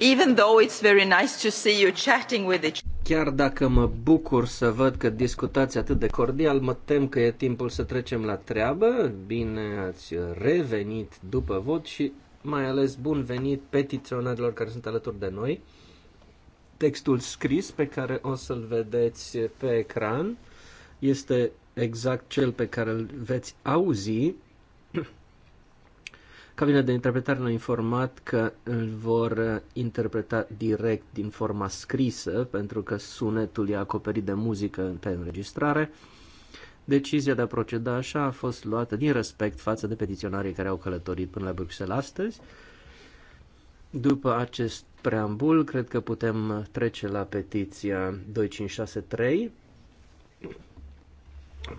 Even though it's very nice to see you chatting with each Chiar dacă mă bucur să văd că discutați atât de cordial, mă tem că e timpul să trecem la treabă. Bine ați revenit după vot și mai ales bun venit petiționarilor care sunt alături de noi. Textul scris pe care o să-l vedeți pe ecran este exact cel pe care îl veți auzi Cabina de interpretare ne-a informat că îl vor interpreta direct din forma scrisă, pentru că sunetul e acoperit de muzică în pe înregistrare. Decizia de a proceda așa a fost luată din respect față de petiționarii care au călătorit până la Bruxelles astăzi. După acest preambul, cred că putem trece la petiția 2563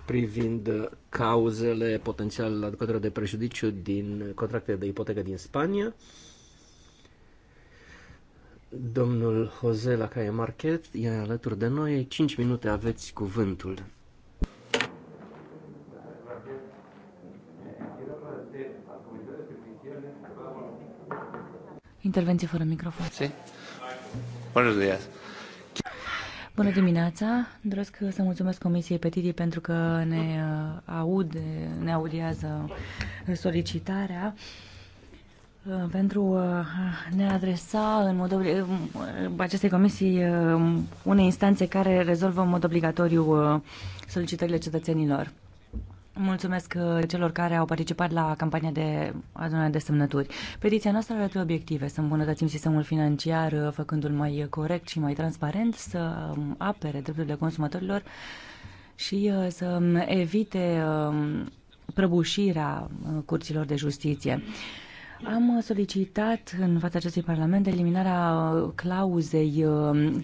privind cauzele potențial aducătoare de prejudiciu din contractele de ipotecă din Spania. Domnul Jose Lacaie Marchet e alături de noi. 5 minute aveți cuvântul. Intervenție fără microfon. Sí. Buenos días. Bună dimineața! Doresc să mulțumesc Comisiei Petitii pentru că ne uh, aud, ne audiază solicitarea uh, pentru uh, a ne adresa în mod acestei comisii unei instanțe care rezolvă în mod obligatoriu solicitările cetățenilor. Mulțumesc uh, celor care au participat la campania de adunare de semnături. Petiția noastră are trei obiective. Să îmbunătățim sistemul financiar, uh, făcându-l mai uh, corect și mai transparent, să um, apere drepturile consumatorilor și să evite um, prăbușirea curților de justiție. Am solicitat în fața acestui Parlament eliminarea clauzei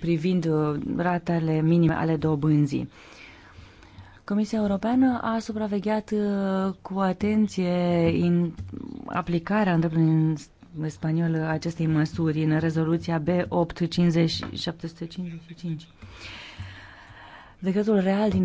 privind ratele minime ale dobânzii. Comisia Europeană a supravegheat uh, cu atenție în aplicarea în spaniol acestei măsuri în rezoluția B855. Decretul real din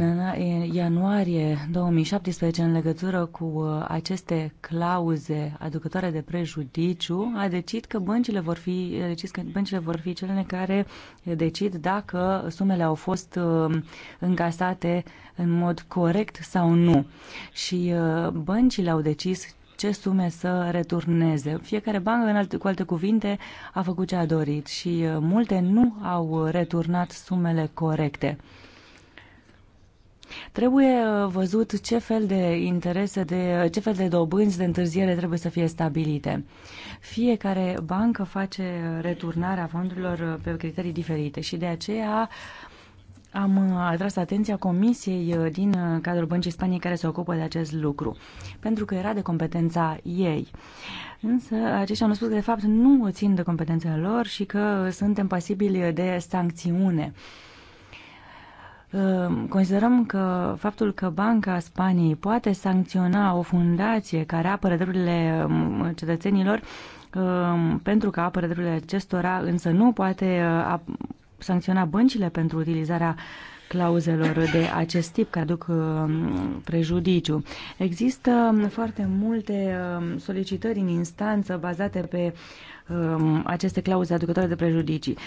ianuarie 2017 în legătură cu uh, aceste clauze aducătoare de prejudiciu a decis că băncile vor fi, decis că băncile vor fi cele care decid dacă sumele au fost uh, încasate în mod corect sau nu. Și uh, băncile au decis ce sume să returneze. Fiecare bancă, în alte, cu alte cuvinte, a făcut ce a dorit și multe nu au returnat sumele corecte. Trebuie uh, văzut ce fel de interese, de, ce fel de dobânzi de întârziere trebuie să fie stabilite. Fiecare bancă face uh, returnarea fondurilor uh, pe criterii diferite și de aceea am atras atenția Comisiei din cadrul Băncii Spaniei care se ocupă de acest lucru, pentru că era de competența ei. Însă aceștia au spus că de fapt nu țin de competența lor și că suntem pasibili de sancțiune. Ehm, considerăm că faptul că Banca Spaniei poate sancționa o fundație care apără drepturile mm, cetățenilor ehm, pentru că apără drepturile acestora, însă nu poate eh, sancționa băncile pentru utilizarea clauzelor de acest tip care aduc ehm, prejudiciu. Există foarte multe solicitări în instanță bazate pe aceste clauze aducătoare de prejudicii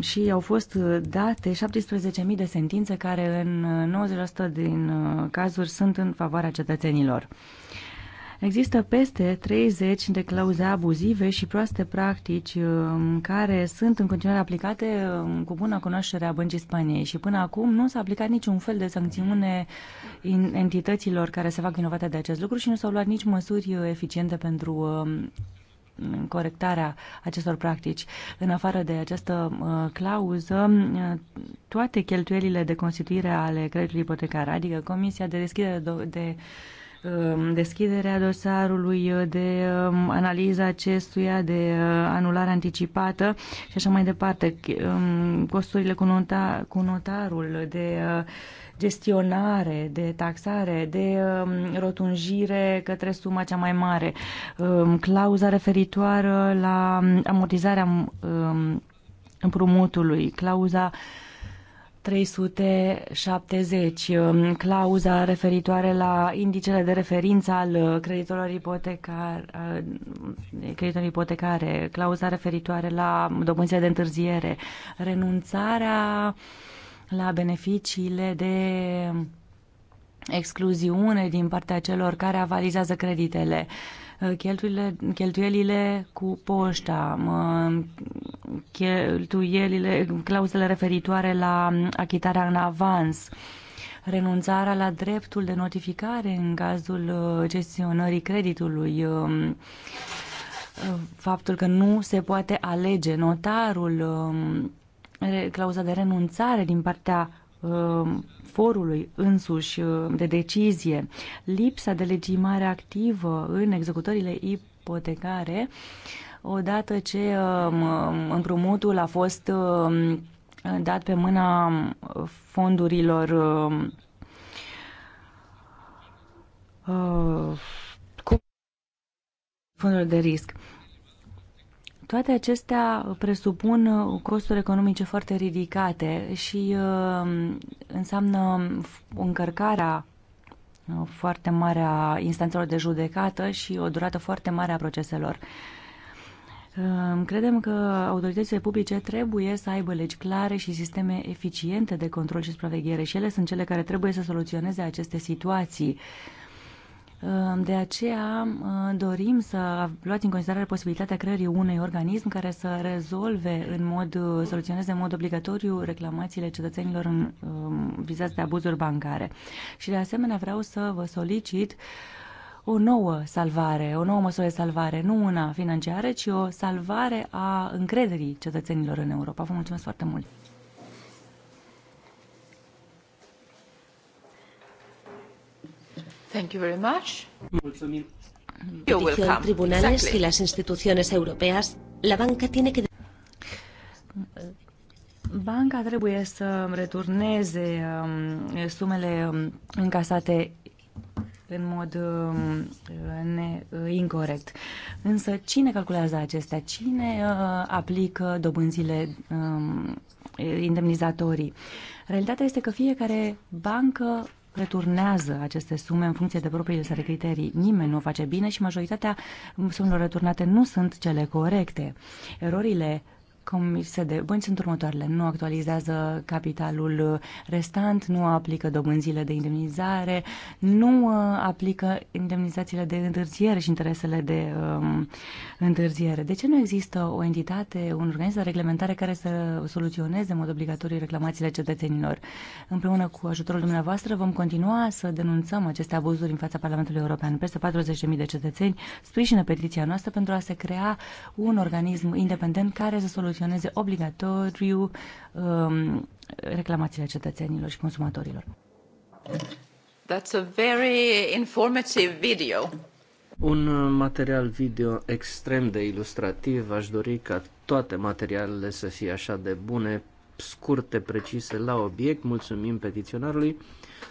și au fost uh, date 17.000 de sentințe care în 90% uh, din uh, cazuri sunt în favoarea cetățenilor. Există peste 30 de clauze abuzive și proaste practici care sunt în continuare aplicate cu bună cunoaștere a Băncii Spaniei și până acum nu s-a aplicat niciun fel de sancțiune entităților care se fac vinovate de acest lucru și nu s-au luat nici măsuri eficiente pentru corectarea acestor practici. În afară de această uh, clauză, uh, toate cheltuielile de constituire ale creditului ipotecar, adică Comisia de Deschidere de um, deschiderea dosarului, uh, de um, analiza acestuia, de anulare anticipată și așa mai departe, um, costurile cu, nota, cu notarul, de gestionare, de taxare, de um, rotunjire către suma cea mai mare, um, clauza referitoare la um, amortizarea împrumutului, clauza 370, clauza referitoare la indicele de referință al uh, creditorilor ipotecar, uh, creditorilor ipotecare, clauza referitoare la dobânzile de întârziere, renunțarea uh, la beneficiile de excluziune din partea celor care avalizează creditele, uh, cheltuielile, cheltuielile cu poșta, cheltuielile, clauzele referitoare la achitarea în avans, renunțarea la dreptul de notificare în cazul uh, gestionării creditului, um, uh, faptul că nu se poate alege notarul um, clauza de renunțare din partea uh, forului însuși uh, de decizie, lipsa de legimare activă în executările ipotecare, odată ce um, împrumutul a fost um, dat pe mâna um, fondurilor uh, fondurilor de risc. Toate acestea presupun uh, costuri economice foarte ridicate și uh, înseamnă încărcarea uh, foarte mare a instanțelor de judecată și o durată foarte mare a proceselor. Credem că autoritățile publice trebuie să aibă legi clare și sisteme eficiente de control și supraveghere și ele sunt cele care trebuie să soluționeze aceste situații. Uh, de aceea uh, dorim să luați în considerare posibilitatea creării unui organism care să rezolve în mod, uh, soluționeze în mod obligatoriu reclamațiile cetățenilor în, um, vizați de abuzuri bancare. Și de asemenea vreau să vă solicit o nouă salvare, o nouă măsură de salvare, nu una financiară, ci o salvare a încrederii cetățenilor în Europa. Vă mulțumesc foarte mult! tribunales y las instituciones europeas, la banca tiene que... Banca trebuie să returneze um, sumele um, încasate în mod um, ne, incorrect. Însă cine calculează acestea? Cine uh, aplică dobânzile indemnizatorii? Realitatea este că fiecare bancă returnează aceste sume în funcție de propriile sale criterii. Nimeni nu o face bine și majoritatea sumelor returnate nu sunt cele corecte. Erorile comise de bănci sunt următoarele. Nu actualizează capitalul restant, nu aplică dobânzile de indemnizare, nu uh, aplică indemnizațiile de întârziere și interesele de um, întârziere. De ce nu există o entitate, un organism de reglementare care să soluționeze în mod obligatoriu reclamațiile cetățenilor? Împreună cu ajutorul dumneavoastră vom continua să denunțăm aceste abuzuri în fața Parlamentului European. Peste 40.000 de cetățeni sprijină petiția noastră pentru a se crea un organism independent care să soluționeze soluționeze obligatoriu um, reclamațiile cetățenilor și consumatorilor. That's a very informative video. Un material video extrem de ilustrativ. Aș dori ca toate materialele să fie așa de bune, scurte, precise, la obiect. Mulțumim petiționarului.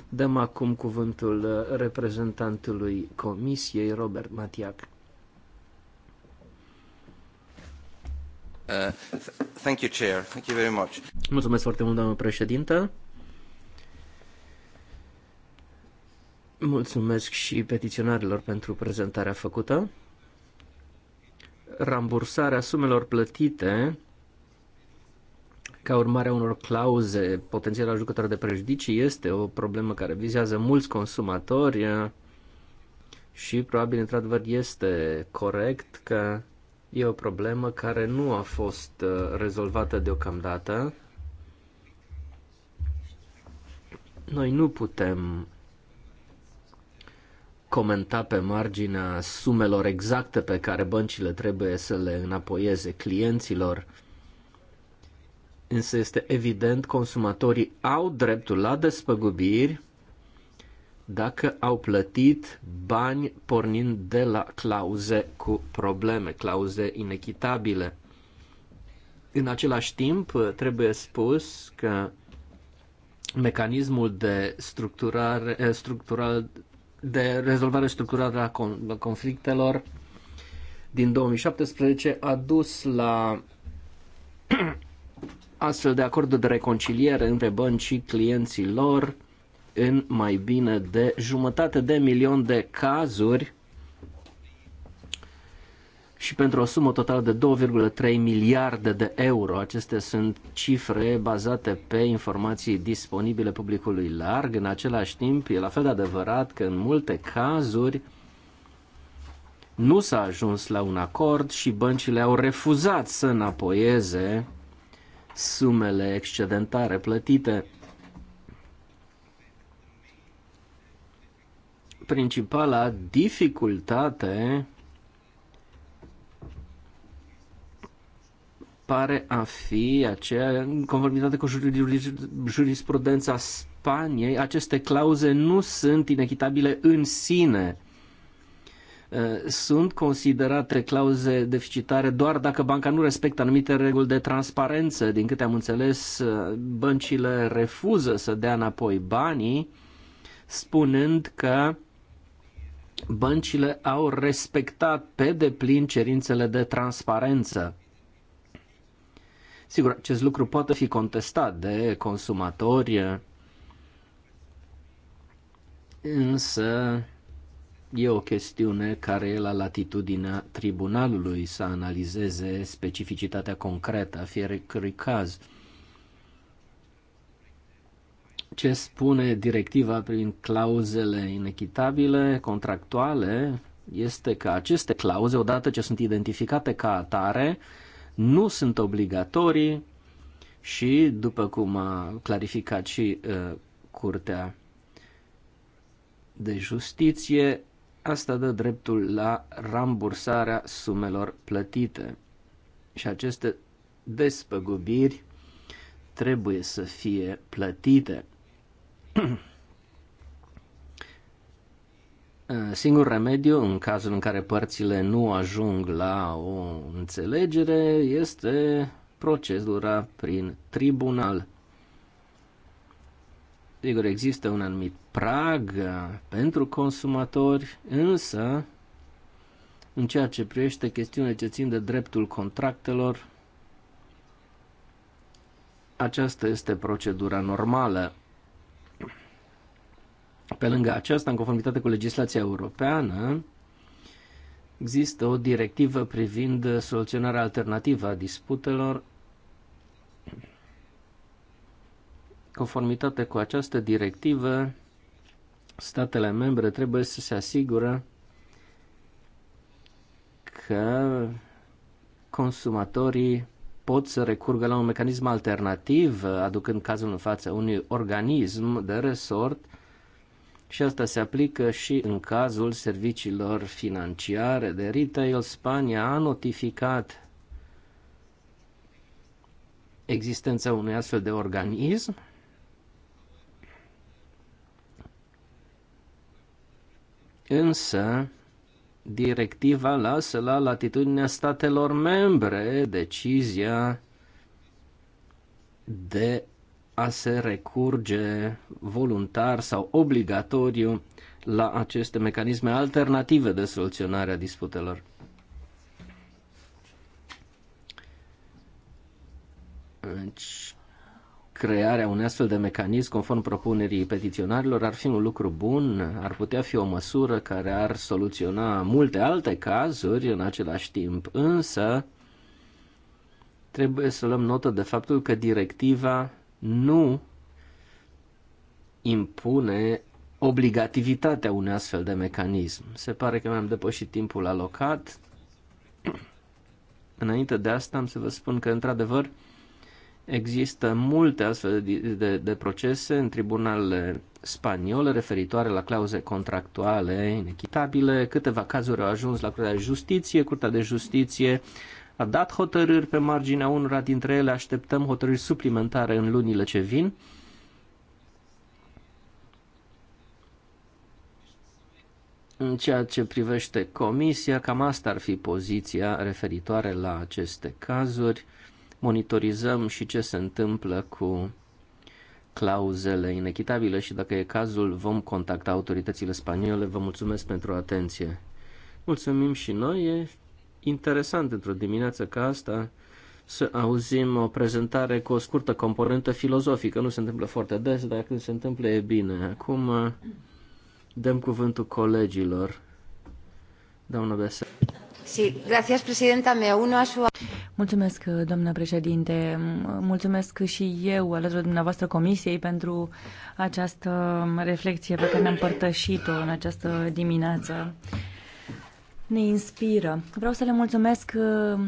Dăm acum cuvântul reprezentantului Comisiei, Robert Matiac. Uh, thank you, Chair. Thank you very much. Mulțumesc foarte mult, doamnă președintă. Mulțumesc și petiționarilor pentru prezentarea făcută. Rambursarea sumelor plătite ca urmare a unor clauze potențial ajucătoare de prejudicii este o problemă care vizează mulți consumatori uh, și probabil într-adevăr este corect că E o problemă care nu a fost uh, rezolvată deocamdată. Noi nu putem comenta pe marginea sumelor exacte pe care băncile trebuie să le înapoieze clienților. Însă este evident, consumatorii au dreptul la despăgubiri dacă au plătit bani pornind de la clauze cu probleme, clauze inechitabile. În același timp, trebuie spus că mecanismul de structurare, eh, structural, de rezolvare structurală a conflictelor din 2017 a dus la astfel de acorduri de reconciliere între bănci și clienții lor, în mai bine de jumătate de milion de cazuri și pentru o sumă totală de 2,3 miliarde de euro. Acestea sunt cifre bazate pe informații disponibile publicului larg. În același timp, e la fel de adevărat că în multe cazuri nu s-a ajuns la un acord și băncile au refuzat să înapoieze sumele excedentare plătite. principala dificultate pare a fi aceea, în conformitate cu jurisprudența Spaniei, aceste clauze nu sunt inechitabile în sine. Uh, sunt considerate clauze deficitare doar dacă banca nu respectă anumite reguli de transparență. Din câte am înțeles, uh, băncile refuză să dea înapoi banii, spunând că uh, băncile au respectat pe deplin cerințele de transparență. Sigur, acest lucru poate fi contestat de consumatori, însă e o chestiune care e la latitudinea tribunalului să analizeze specificitatea concretă a fiecărui caz ce spune directiva prin clauzele inechitabile, contractuale, este că aceste clauze, odată ce sunt identificate ca atare, nu sunt obligatorii și, după cum a clarificat și uh, Curtea de Justiție, asta dă dreptul la rambursarea sumelor plătite. Și aceste despăgubiri trebuie să fie plătite. Eh, Singur remediu în cazul în care părțile nu ajung la o înțelegere este procedura prin tribunal. Sigur, există un anumit prag eh, pentru consumatori, însă în ceea ce privește chestiunile ce țin de dreptul contractelor, aceasta este procedura normală. Pe lângă aceasta, în conformitate cu legislația europeană, există o directivă privind soluționarea alternativă a disputelor. Conformitate cu această directivă, statele membre trebuie să se asigură că consumatorii pot să recurgă la un mecanism alternativ, aducând cazul în față unui organism de resort și asta se aplică și în cazul serviciilor financiare de retail. Spania a notificat existența unui astfel de organism Însă, directiva lasă la latitudinea statelor membre decizia de a se recurge voluntar sau obligatoriu la aceste mecanisme alternative de soluționare a disputelor. Deci, crearea unui astfel de mecanism, conform propunerii petiționarilor, ar fi un lucru bun, ar putea fi o măsură care ar soluționa multe alte cazuri în același timp, însă trebuie să luăm notă de faptul că directiva nu impune obligativitatea unui astfel de mecanism. Se pare că mi-am depășit timpul alocat. Înainte de asta am să vă spun că, într-adevăr, există multe astfel de, de, de procese în tribunalele spaniole referitoare la clauze contractuale inechitabile. Câteva cazuri au ajuns la Curtea de Justiție. Curtea de Justiție a dat hotărâri pe marginea unora dintre ele, așteptăm hotărâri suplimentare în lunile ce vin. În ceea ce privește comisia, cam asta ar fi poziția referitoare la aceste cazuri. Monitorizăm și ce se întâmplă cu clauzele inechitabile și dacă e cazul vom contacta autoritățile spaniole. Vă mulțumesc pentru atenție. Mulțumim și noi, interesant într-o dimineață ca asta să auzim o prezentare cu o scurtă componentă filozofică. Nu se întâmplă foarte des, dar când se întâmplă e bine. Acum uh, dăm cuvântul colegilor. Doamna Besa. Sí, gracias, presidenta. Me uno a su... Mulțumesc, doamna președinte. Mulțumesc și eu, alături de dumneavoastră, Comisiei, pentru această reflexie pe care ne-am părtășit-o în această dimineață ne inspiră. Vreau să le mulțumesc uh,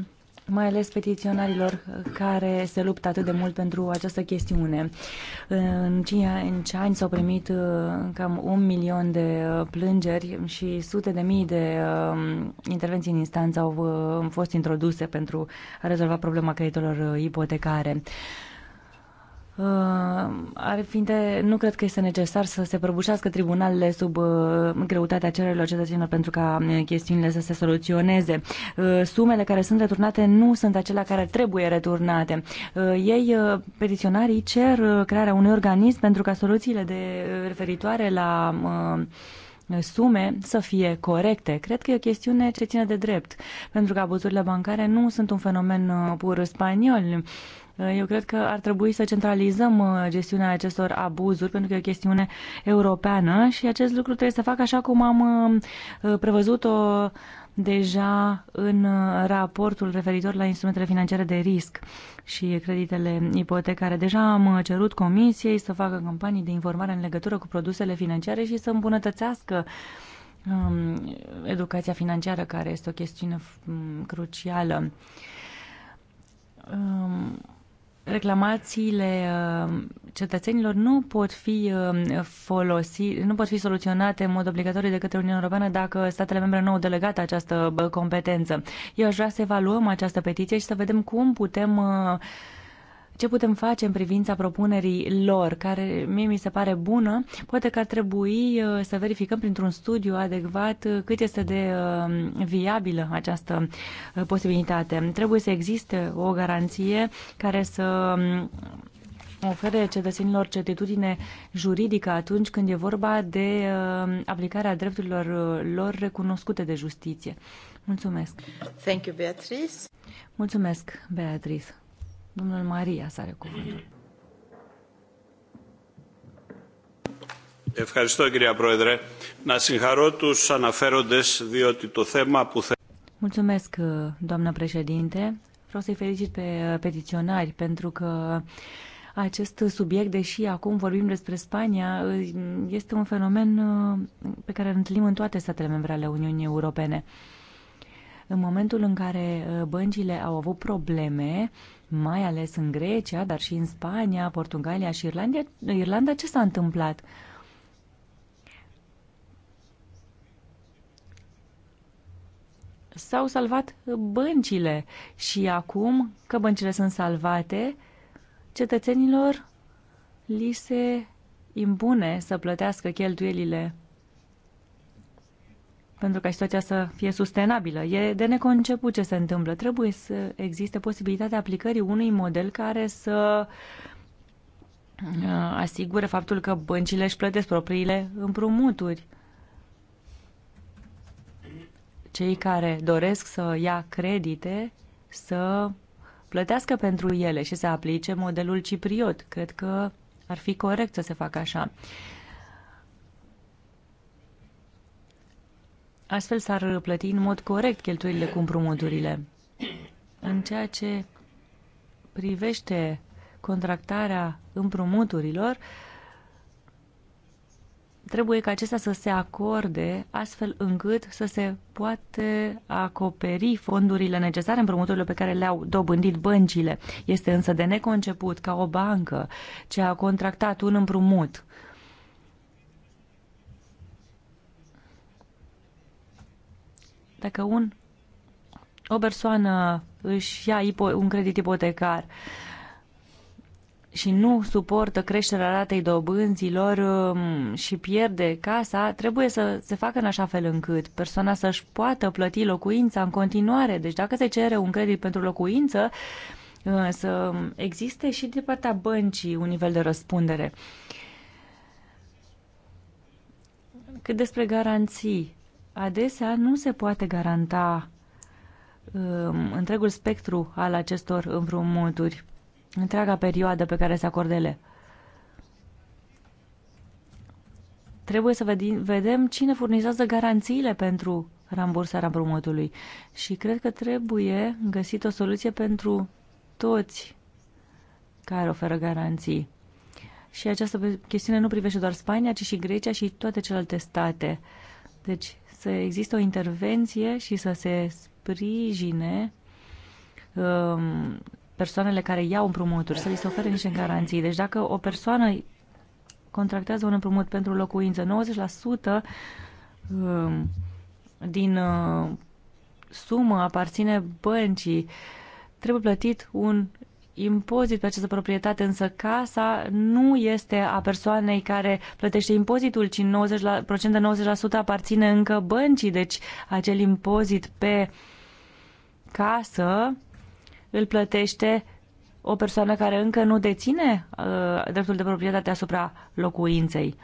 mai ales petiționarilor care se luptă atât de mult pentru această chestiune. În 5 ani s-au primit uh, cam un milion de uh, plângeri și sute de mii de intervenții în instanță au fost introduse pentru a rezolva problema creditorilor ipotecare. Uh, ar fi de, nu cred că este necesar să se prăbușească tribunalele sub uh, greutatea cererilor cetățenilor pentru ca uh, chestiunile să se soluționeze. Uh, sumele care sunt returnate nu sunt acelea care trebuie returnate. Uh, ei, uh, petiționarii, cer uh, crearea unui organism pentru ca soluțiile de uh, referitoare la uh, sume să fie corecte. Cred că e o chestiune ce ține de drept, pentru că abuzurile bancare nu sunt un fenomen uh, pur spaniol. Eu cred că ar trebui să centralizăm uh, gestiunea acestor abuzuri, pentru că e o chestiune europeană și acest lucru trebuie să facă așa cum am uh, uh, prevăzut-o deja în raportul referitor la instrumentele financiare de risc și creditele ipotecare. Deja am cerut comisiei să facă campanii de informare în legătură cu produsele financiare și să îmbunătățească um, educația financiară, care este o chestiune crucială. Um, reclamațiile uh, cetățenilor nu pot fi um, folosite, nu pot fi soluționate în mod obligatoriu de către Uniunea Europeană dacă statele membre nu au delegat această uh, competență. Eu aș vrea să evaluăm această petiție și să vedem cum putem uh, ce putem face în privința propunerii lor, care mie mi se pare bună, poate că ar trebui uh, să verificăm printr-un studiu adecvat uh, cât este de uh, viabilă această posibilitate. Trebuie să existe o garanție care să um, ofere cetățenilor certitudine juridică atunci când e vorba de aplicarea drepturilor lor recunoscute de justiție. Mulțumesc! Thank you, Beatrice! Mulțumesc, Beatrice! Domnul Maria să are cuvântul. Ευχαριστώ κυρία Πρόεδρε. Να συγχαρώ τους αναφέροντες διότι το θέμα που θέλω. Mulțumesc, uh, doamnă președinte. Vreau să-i felicit pe uh, petiționari pentru că acest subiect, deși acum vorbim despre Spania, uh, este un fenomen pe care îl întâlnim în toate statele membre ale Uniunii Europene. În momentul în care băncile au avut probleme, mai ales în Grecia, dar și în Spania, Portugalia și Irlandia, Irlanda, ce s-a întâmplat? S-au salvat băncile și acum că băncile sunt salvate, cetățenilor li se impune să plătească cheltuielile pentru ca situația să fie sustenabilă. E de neconceput ce se întâmplă. Trebuie să existe posibilitatea aplicării unui model care să uh, asigure faptul că băncile își plătesc propriile împrumuturi. Cei care doresc să ia credite să plătească pentru ele și să aplice modelul cipriot. Cred că ar fi corect să se facă așa. Astfel s-ar plăti în mod corect cheltuielile cu împrumuturile. În ceea ce privește contractarea împrumuturilor, trebuie ca acesta să se acorde astfel încât să se poate acoperi fondurile necesare împrumuturile pe care le-au dobândit băncile. Este însă de neconceput ca o bancă ce a contractat un împrumut Dacă un, o persoană își ia ipo, un credit ipotecar și nu suportă creșterea ratei dobânzilor um, și pierde casa, trebuie să se facă în așa fel încât persoana să-și poată plăti locuința în continuare. Deci dacă se cere un credit pentru locuință, uh, să existe și de partea băncii un nivel de răspundere. Cât despre garanții, adesea nu se poate garanta um, întregul spectru al acestor împrumuturi, întreaga perioadă pe care se acordele. Trebuie să vedem cine furnizează garanțiile pentru rambursarea împrumutului și cred că trebuie găsit o soluție pentru toți care oferă garanții. Și această chestiune nu privește doar Spania, ci și Grecia și toate celelalte state. Deci să existe o intervenție și să se sprijine um, persoanele care iau împrumuturi, să li se ofere niște garanții. Deci dacă o persoană contractează un împrumut pentru locuință, 90% um, din uh, sumă aparține băncii. Trebuie plătit un impozit pe această proprietate, însă casa nu este a persoanei care plătește impozitul, ci 90%, la, 90% aparține încă băncii, deci acel impozit pe casă îl plătește o persoană care încă nu deține uh, dreptul de proprietate asupra locuinței.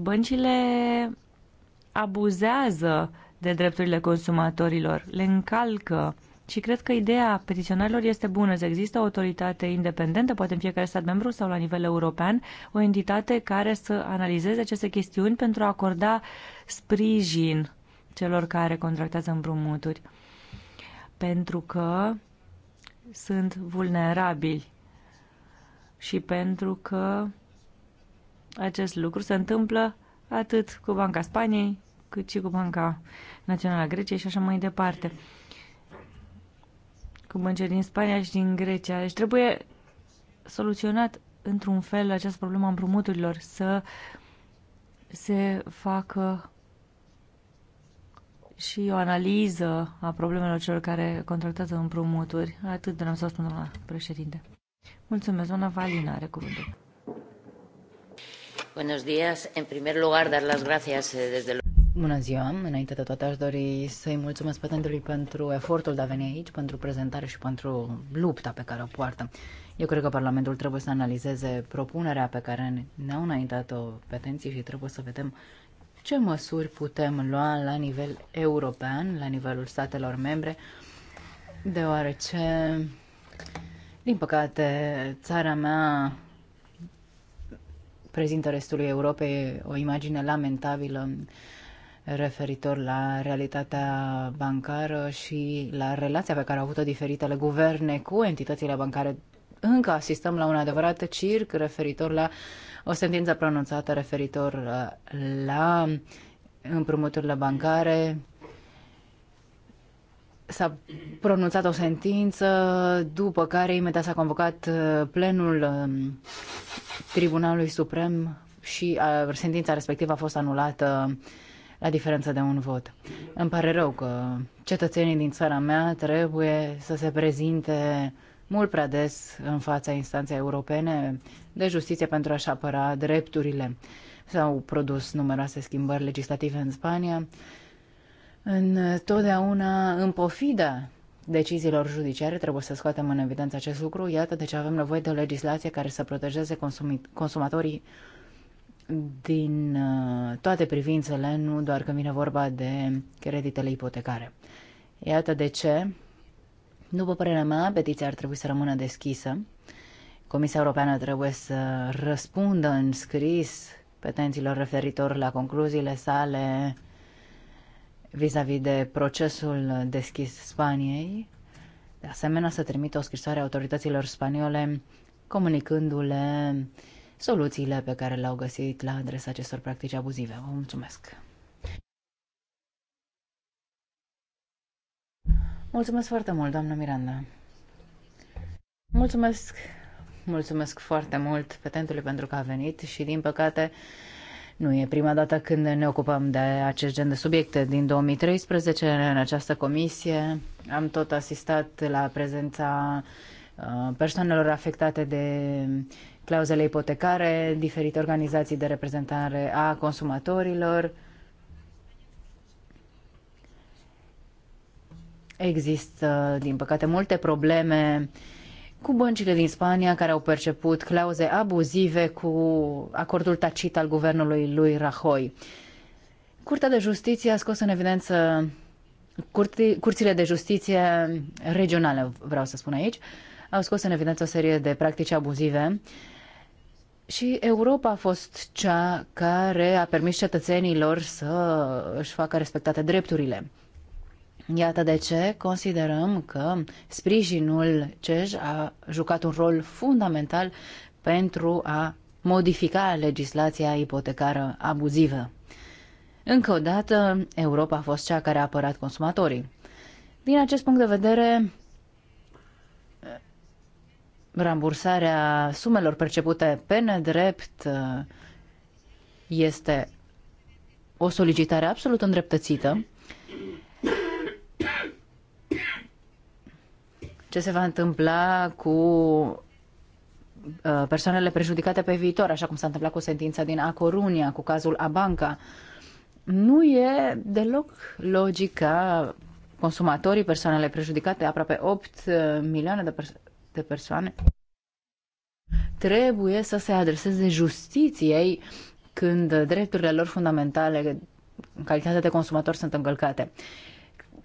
Băncile abuzează de drepturile consumatorilor, le încalcă și cred că ideea petiționarilor este bună. Să există o autoritate independentă, poate în fiecare stat membru sau la nivel european, o entitate care să analizeze aceste chestiuni pentru a acorda sprijin celor care contractează împrumuturi. Pentru că sunt vulnerabili și pentru că acest lucru se întâmplă atât cu Banca Spaniei, cât și cu Banca Națională a Greciei și așa mai departe cu băncile din Spania și din Grecia. Deci trebuie soluționat într-un fel această problemă a împrumuturilor, să se facă și o analiză a problemelor celor care contractează împrumuturi. Atât de să spun, la președinte. Mulțumesc, doamna Valina are cuvântul. Buenos días. En primer lugar, dar las gracias eh, desde Bună ziua! Înainte de toate aș dori să-i mulțumesc patentului pentru efortul de a veni aici, pentru prezentare și pentru lupta pe care o poartă. Eu cred că Parlamentul trebuie să analizeze propunerea pe care ne-au înaintat-o petenții și trebuie să vedem ce măsuri putem lua la nivel european, la nivelul statelor membre, deoarece, din păcate, țara mea prezintă restului Europei o imagine lamentabilă referitor la realitatea bancară și la relația pe care au avut-o diferitele guverne cu entitățile bancare. Încă asistăm la un adevărat circ referitor la o sentință pronunțată referitor uh, la împrumuturile bancare. S-a pronunțat o sentință, după care imediat s-a convocat uh, plenul um, Tribunalului Suprem și uh, sentința respectivă a fost anulată uh, la diferență de un vot. Îmi pare rău că cetățenii din țara mea trebuie să se prezinte mult prea des în fața instanței europene de justiție pentru a-și apăra drepturile. S-au produs numeroase schimbări legislative în Spania. totdeauna, în pofida deciziilor judiciare, trebuie să scoatem în evidență acest lucru. Iată de ce avem nevoie de o legislație care să protejeze consumatorii din uh, toate privințele, nu doar când vine vorba de creditele ipotecare. Iată de ce, după părerea mea, petiția ar trebui să rămână deschisă. Comisia Europeană trebuie să răspundă în scris petenților referitor la concluziile sale vis-a-vis -vis de procesul deschis Spaniei. De asemenea, să trimită o scrisoare autorităților spaniole comunicându-le uh, soluțiile pe care le-au găsit la adresa acestor practici abuzive. Vă mulțumesc! Mulțumesc foarte mult, doamnă Miranda! Mulțumesc! Mulțumesc foarte mult petentului pentru că a venit și, din păcate, nu e prima dată când ne ocupăm de acest gen de subiecte. Din 2013, în această comisie, am tot asistat la prezența uh, persoanelor afectate de clauzele ipotecare, diferite organizații de reprezentare a consumatorilor. Există, din păcate, multe probleme cu băncile din Spania care au perceput clauze abuzive cu acordul tacit al guvernului lui Rajoy. Curtea de Justiție a scos în evidență curti, curțile de justiție regionale, vreau să spun aici, au scos în evidență o serie de practici abuzive și Europa a fost cea care a permis cetățenilor să își facă respectate drepturile. Iată de ce considerăm că sprijinul CEJ a jucat un rol fundamental pentru a modifica legislația ipotecară abuzivă. Încă o dată, Europa a fost cea care a apărat consumatorii. Din acest punct de vedere, rambursarea sumelor percepute pe nedrept uh, este o solicitare absolut îndreptățită. Ce se va întâmpla cu uh, persoanele prejudicate pe viitor, așa cum s-a întâmplat cu sentința din Acorunia, cu cazul Abanca? Nu e deloc logica consumatorii, persoanele prejudicate, aproape 8 uh, milioane de persoane de persoane trebuie să se adreseze justiției când drepturile lor fundamentale în calitate de consumator sunt încălcate.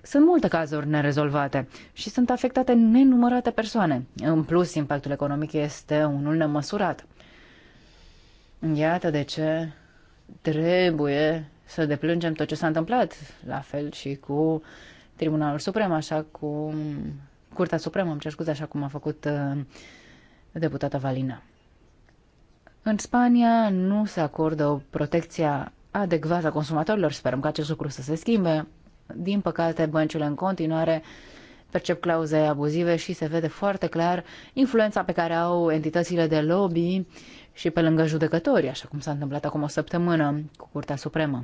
Sunt multe cazuri nerezolvate și sunt afectate nenumărate persoane. În plus, impactul economic este unul nemăsurat. Iată de ce trebuie să deplângem tot ce s-a întâmplat, la fel și cu Tribunalul Suprem, așa cum Curtea Supremă, îmi cer scuze, așa cum a făcut uh, deputata Valina. În Spania nu se acordă o protecție adecvată a consumatorilor. Sperăm că acest lucru să se schimbe. Din păcate, băncile în continuare percep clauze abuzive și se vede foarte clar influența pe care au entitățile de lobby și pe lângă judecători, așa cum s-a întâmplat acum o săptămână cu Curtea Supremă.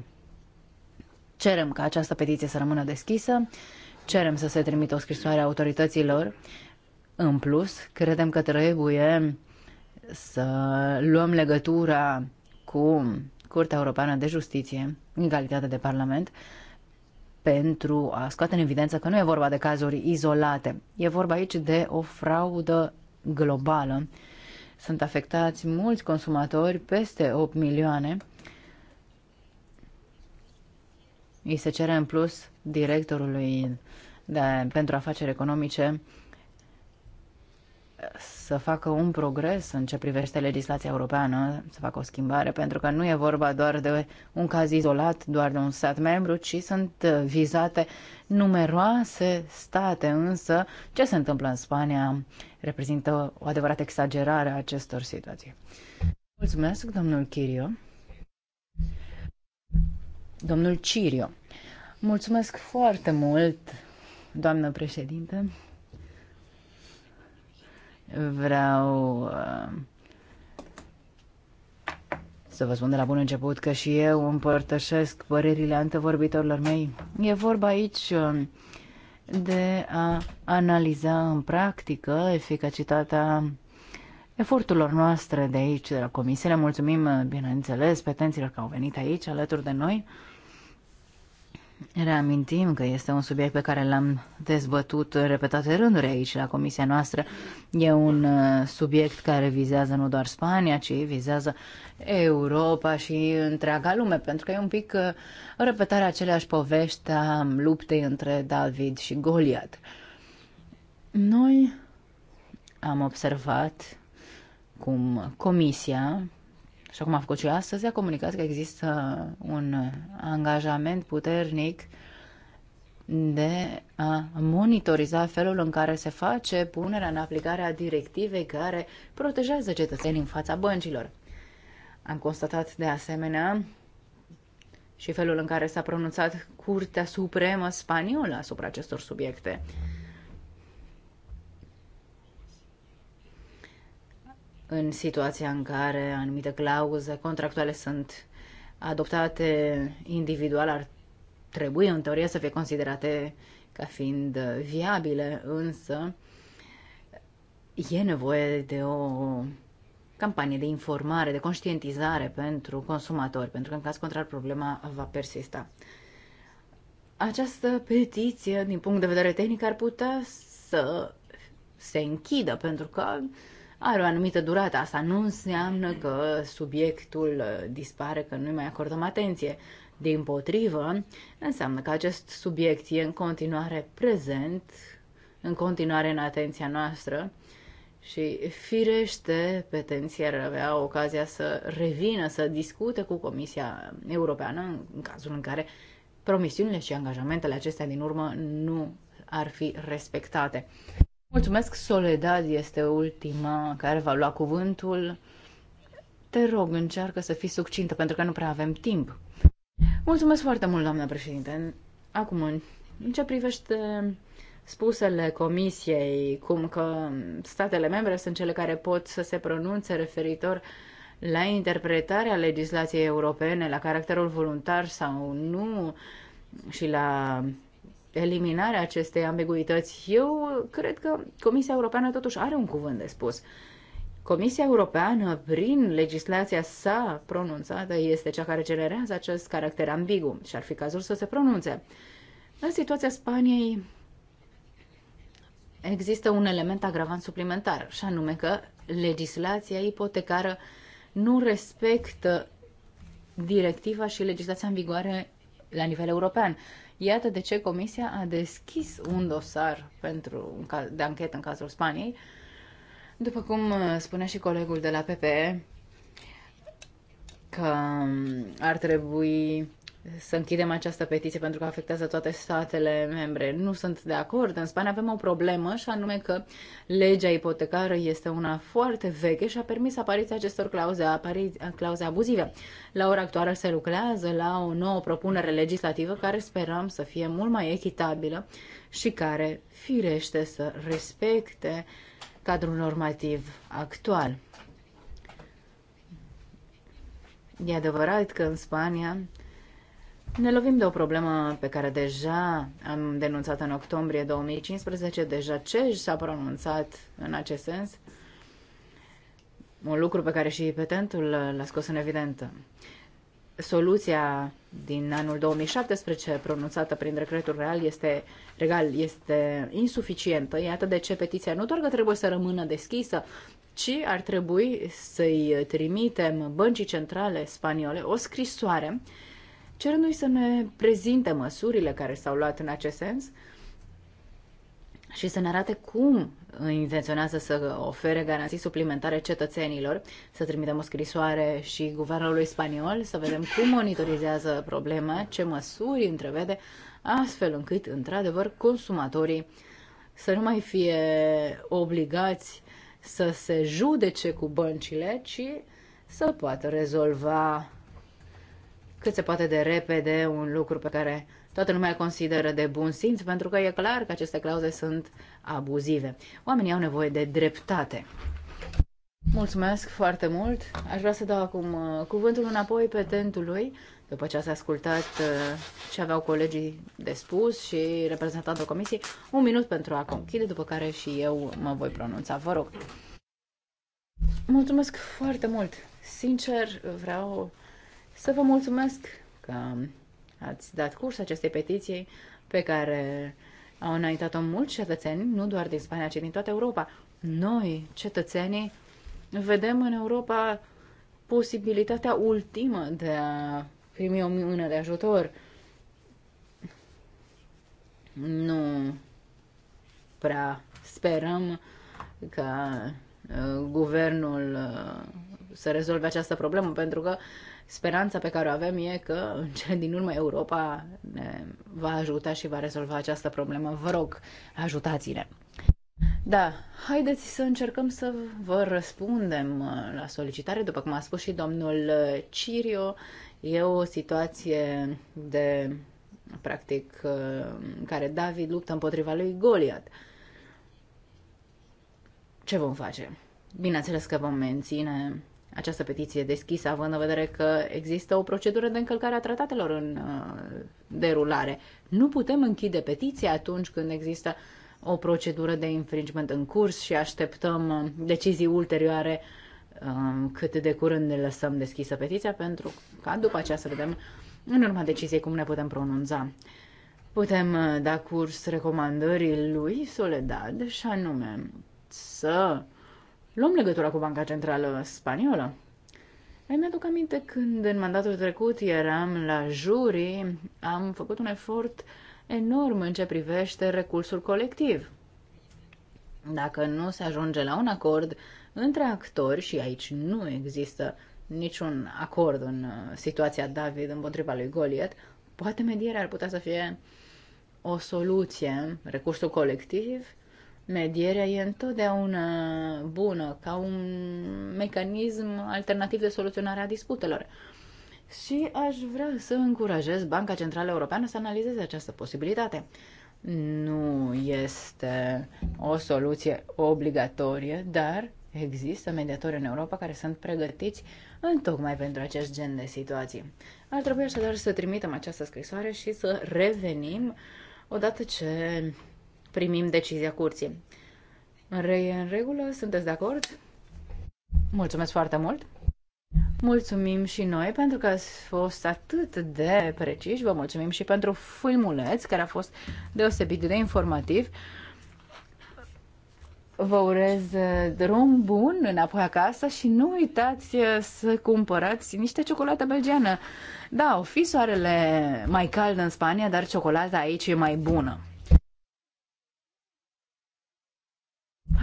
Cerem ca această petiție să rămână deschisă cerem să se trimită o scrisoare a autorităților. În plus, credem că trebuie să luăm legătura cu Curtea Europeană de Justiție, în calitate de Parlament, pentru a scoate în evidență că nu e vorba de cazuri izolate. E vorba aici de o fraudă globală. Sunt afectați mulți consumatori, peste 8 milioane. Îi se cere în plus directorului de, pentru afaceri economice să facă un progres în ce privește legislația europeană, să facă o schimbare, pentru că nu e vorba doar de un caz izolat, doar de un stat membru, ci sunt vizate numeroase state, însă ce se întâmplă în Spania reprezintă o adevărată exagerare a acestor situații. Mulțumesc, domnul Chirio. Domnul Cirio. Mulțumesc foarte mult, doamnă președinte. Vreau uh, să vă spun de la bun început că și eu împărtășesc părerile antevorbitorilor mei. E vorba aici uh, de a analiza în practică eficacitatea eforturilor noastre de aici, de la comisie. Le mulțumim, uh, bineînțeles, petenților că au venit aici alături de noi. Reamintim că este un subiect pe care l-am dezbătut repetate rânduri aici la comisia noastră. E un uh, subiect care vizează nu doar Spania, ci vizează Europa și întreaga lume, pentru că e un pic uh, repetarea aceleași povești a luptei între David și Goliat. Noi am observat cum comisia așa cum a făcut și astăzi, a comunicat că există un angajament puternic de a monitoriza felul în care se face punerea în aplicare a directivei care protejează cetățenii în fața băncilor. Am constatat de asemenea și felul în care s-a pronunțat Curtea Supremă Spaniolă asupra acestor subiecte. în situația în care anumite clauze contractuale sunt adoptate individual, ar trebui în teorie să fie considerate ca fiind uh, viabile, însă e nevoie de o campanie de informare, de conștientizare pentru consumatori, pentru că în caz contrar problema va persista. Această petiție, din punct de vedere tehnic, ar putea să se închidă, pentru că uh, are o anumită durată. Asta nu înseamnă că subiectul uh, dispare, că nu-i mai acordăm atenție. Din potrivă, înseamnă că acest subiect e în continuare prezent, în continuare în atenția noastră și firește pe tențier avea ocazia să revină, să discute cu Comisia Europeană în cazul în care promisiunile și angajamentele acestea din urmă nu ar fi respectate. Mulțumesc, Soledad este ultima care va lua cuvântul. Te rog, încearcă să fii succintă, pentru că nu prea avem timp. Mulțumesc foarte mult, doamna președinte. Acum, în ce privește spusele comisiei, cum că statele membre sunt cele care pot să se pronunțe referitor la interpretarea legislației europene, la caracterul voluntar sau nu și la eliminarea acestei ambiguități, eu cred că Comisia Europeană totuși are un cuvânt de spus. Comisia Europeană, prin legislația sa pronunțată, este cea care generează acest caracter ambigu și ar fi cazul să se pronunțe. În situația Spaniei există un element agravant suplimentar, și anume că legislația ipotecară nu respectă directiva și legislația în vigoare la nivel european. Iată de ce Comisia a deschis un dosar pentru, de anchetă în cazul Spaniei. După cum uh, spunea și colegul de la PPE, că um, ar trebui să închidem această petiție pentru că afectează toate statele membre. Nu sunt de acord. În Spania avem o problemă și anume că legea ipotecară este una foarte veche și a permis apariția acestor clauze, apari, clauze abuzive. La ora actuală se lucrează la o nouă propunere legislativă care sperăm să fie mult mai echitabilă și care firește să respecte cadrul normativ actual. E adevărat că în Spania ne lovim de o problemă pe care deja am denunțat în octombrie 2015, deja ce s-a pronunțat în acest sens, un lucru pe care și petentul l-a scos în evidență. Soluția din anul 2017 pronunțată prin decretul real este, regal este insuficientă. Iată de ce petiția nu doar că trebuie să rămână deschisă, ci ar trebui să-i trimitem băncii centrale spaniole o scrisoare cerându-i să ne prezinte măsurile care s-au luat în acest sens și să ne arate cum intenționează să ofere garanții suplimentare cetățenilor, să trimitem o scrisoare și guvernului spaniol, să vedem cum monitorizează problema, ce măsuri întrevede, astfel încât, într-adevăr, consumatorii să nu mai fie obligați să se judece cu băncile, ci să poată rezolva cât se poate de repede un lucru pe care toată lumea îl consideră de bun simț, pentru că e clar că aceste clauze sunt abuzive. Oamenii au nevoie de dreptate. Mulțumesc foarte mult. Aș vrea să dau acum uh, cuvântul înapoi pe petentului, după ce ați ascultat uh, ce aveau colegii de spus și reprezentantul comisiei, un minut pentru a conchide, după care și eu mă voi pronunța. Vă rog. Mulțumesc foarte mult. Sincer, vreau să vă mulțumesc că ați dat curs acestei petiții pe care au înaintat-o mulți cetățeni, nu doar din Spania, ci din toată Europa. Noi, cetățenii, vedem în Europa posibilitatea ultimă de a primi o mână de ajutor. Nu prea sperăm ca uh, guvernul uh, să rezolve această problemă, pentru că uh, Speranța pe care o avem e că, în cele din urmă, Europa ne va ajuta și va rezolva această problemă. Vă rog, ajutați-ne! Da, haideți să încercăm să vă răspundem uh, la solicitare. După cum a spus și domnul uh, Cirio, e o situație de, practic, uh, care David luptă împotriva lui Goliat. Ce vom face? Bineînțeles că vom menține această petiție deschisă, având în vedere că există o procedură de încălcare a tratatelor în uh, derulare. Nu putem închide petiția atunci când există o procedură de infringement în curs și așteptăm uh, decizii ulterioare um, cât de curând ne lăsăm deschisă petiția pentru ca după aceea să vedem în urma deciziei cum ne putem pronunța. Putem uh, da curs recomandării lui Soledad și anume să luăm legătura cu Banca Centrală Spaniolă. Îmi mi-aduc aminte când în mandatul trecut eram la juri, am făcut un efort enorm în ce privește recursul colectiv. Dacă nu se ajunge la un acord între actori, și aici nu există niciun acord în uh, situația David împotriva lui Goliat, poate medierea ar putea să fie o soluție, recursul colectiv, Medierea e întotdeauna bună ca un mecanism alternativ de soluționare a disputelor. Și aș vrea să încurajez Banca Centrală Europeană să analizeze această posibilitate. Nu este o soluție obligatorie, dar există mediatori în Europa care sunt pregătiți tocmai pentru acest gen de situații. Ar trebui așadar să trimitem această scrisoare și să revenim odată ce primim decizia curții. Re în regulă? Sunteți de acord? Mulțumesc foarte mult! Mulțumim și noi pentru că ați fost atât de preciși. Vă mulțumim și pentru filmuleț care a fost deosebit de informativ. Vă urez drum bun înapoi acasă și nu uitați să cumpărați niște ciocolată belgeană. Da, o fi soarele mai cald în Spania, dar ciocolata aici e mai bună.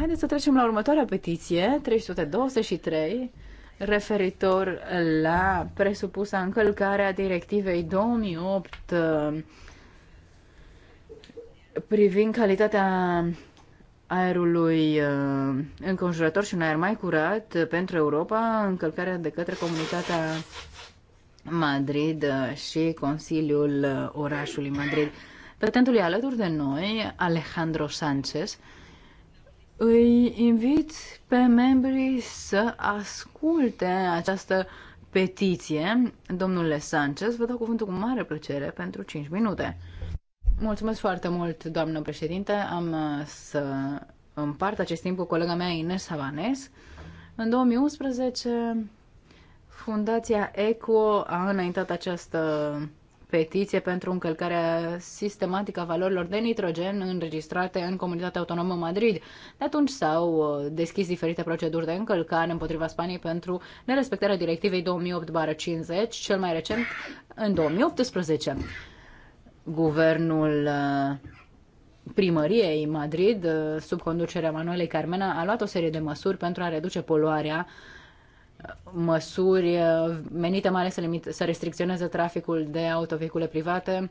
Haideți să trecem la următoarea petiție, 323, referitor la presupusa încălcare a directivei 2008 uh, privind calitatea aerului uh, înconjurător și un aer mai curat pentru Europa, încălcarea de către comunitatea Madrid uh, și Consiliul Orașului Madrid. e alături de noi, Alejandro Sánchez, îi invit pe membrii să asculte această petiție. Domnule Sanchez, vă dau cuvântul cu mare plăcere pentru 5 minute. Mulțumesc foarte mult, doamnă președinte. Am uh, să împart acest timp cu colega mea Ines Savanes. În 2011, Fundația ECO a înaintat această petiție pentru încălcarea sistematică a valorilor de nitrogen înregistrate în Comunitatea Autonomă Madrid. De atunci s-au uh, deschis diferite proceduri de încălcare împotriva Spaniei pentru nerespectarea directivei 2008-50, cel mai recent în 2018. Guvernul uh, primăriei Madrid, uh, sub conducerea Manuelei Carmena, a luat o serie de măsuri pentru a reduce poluarea măsuri uh, menite mai ales să, limite, să restricționeze traficul de autovehicule private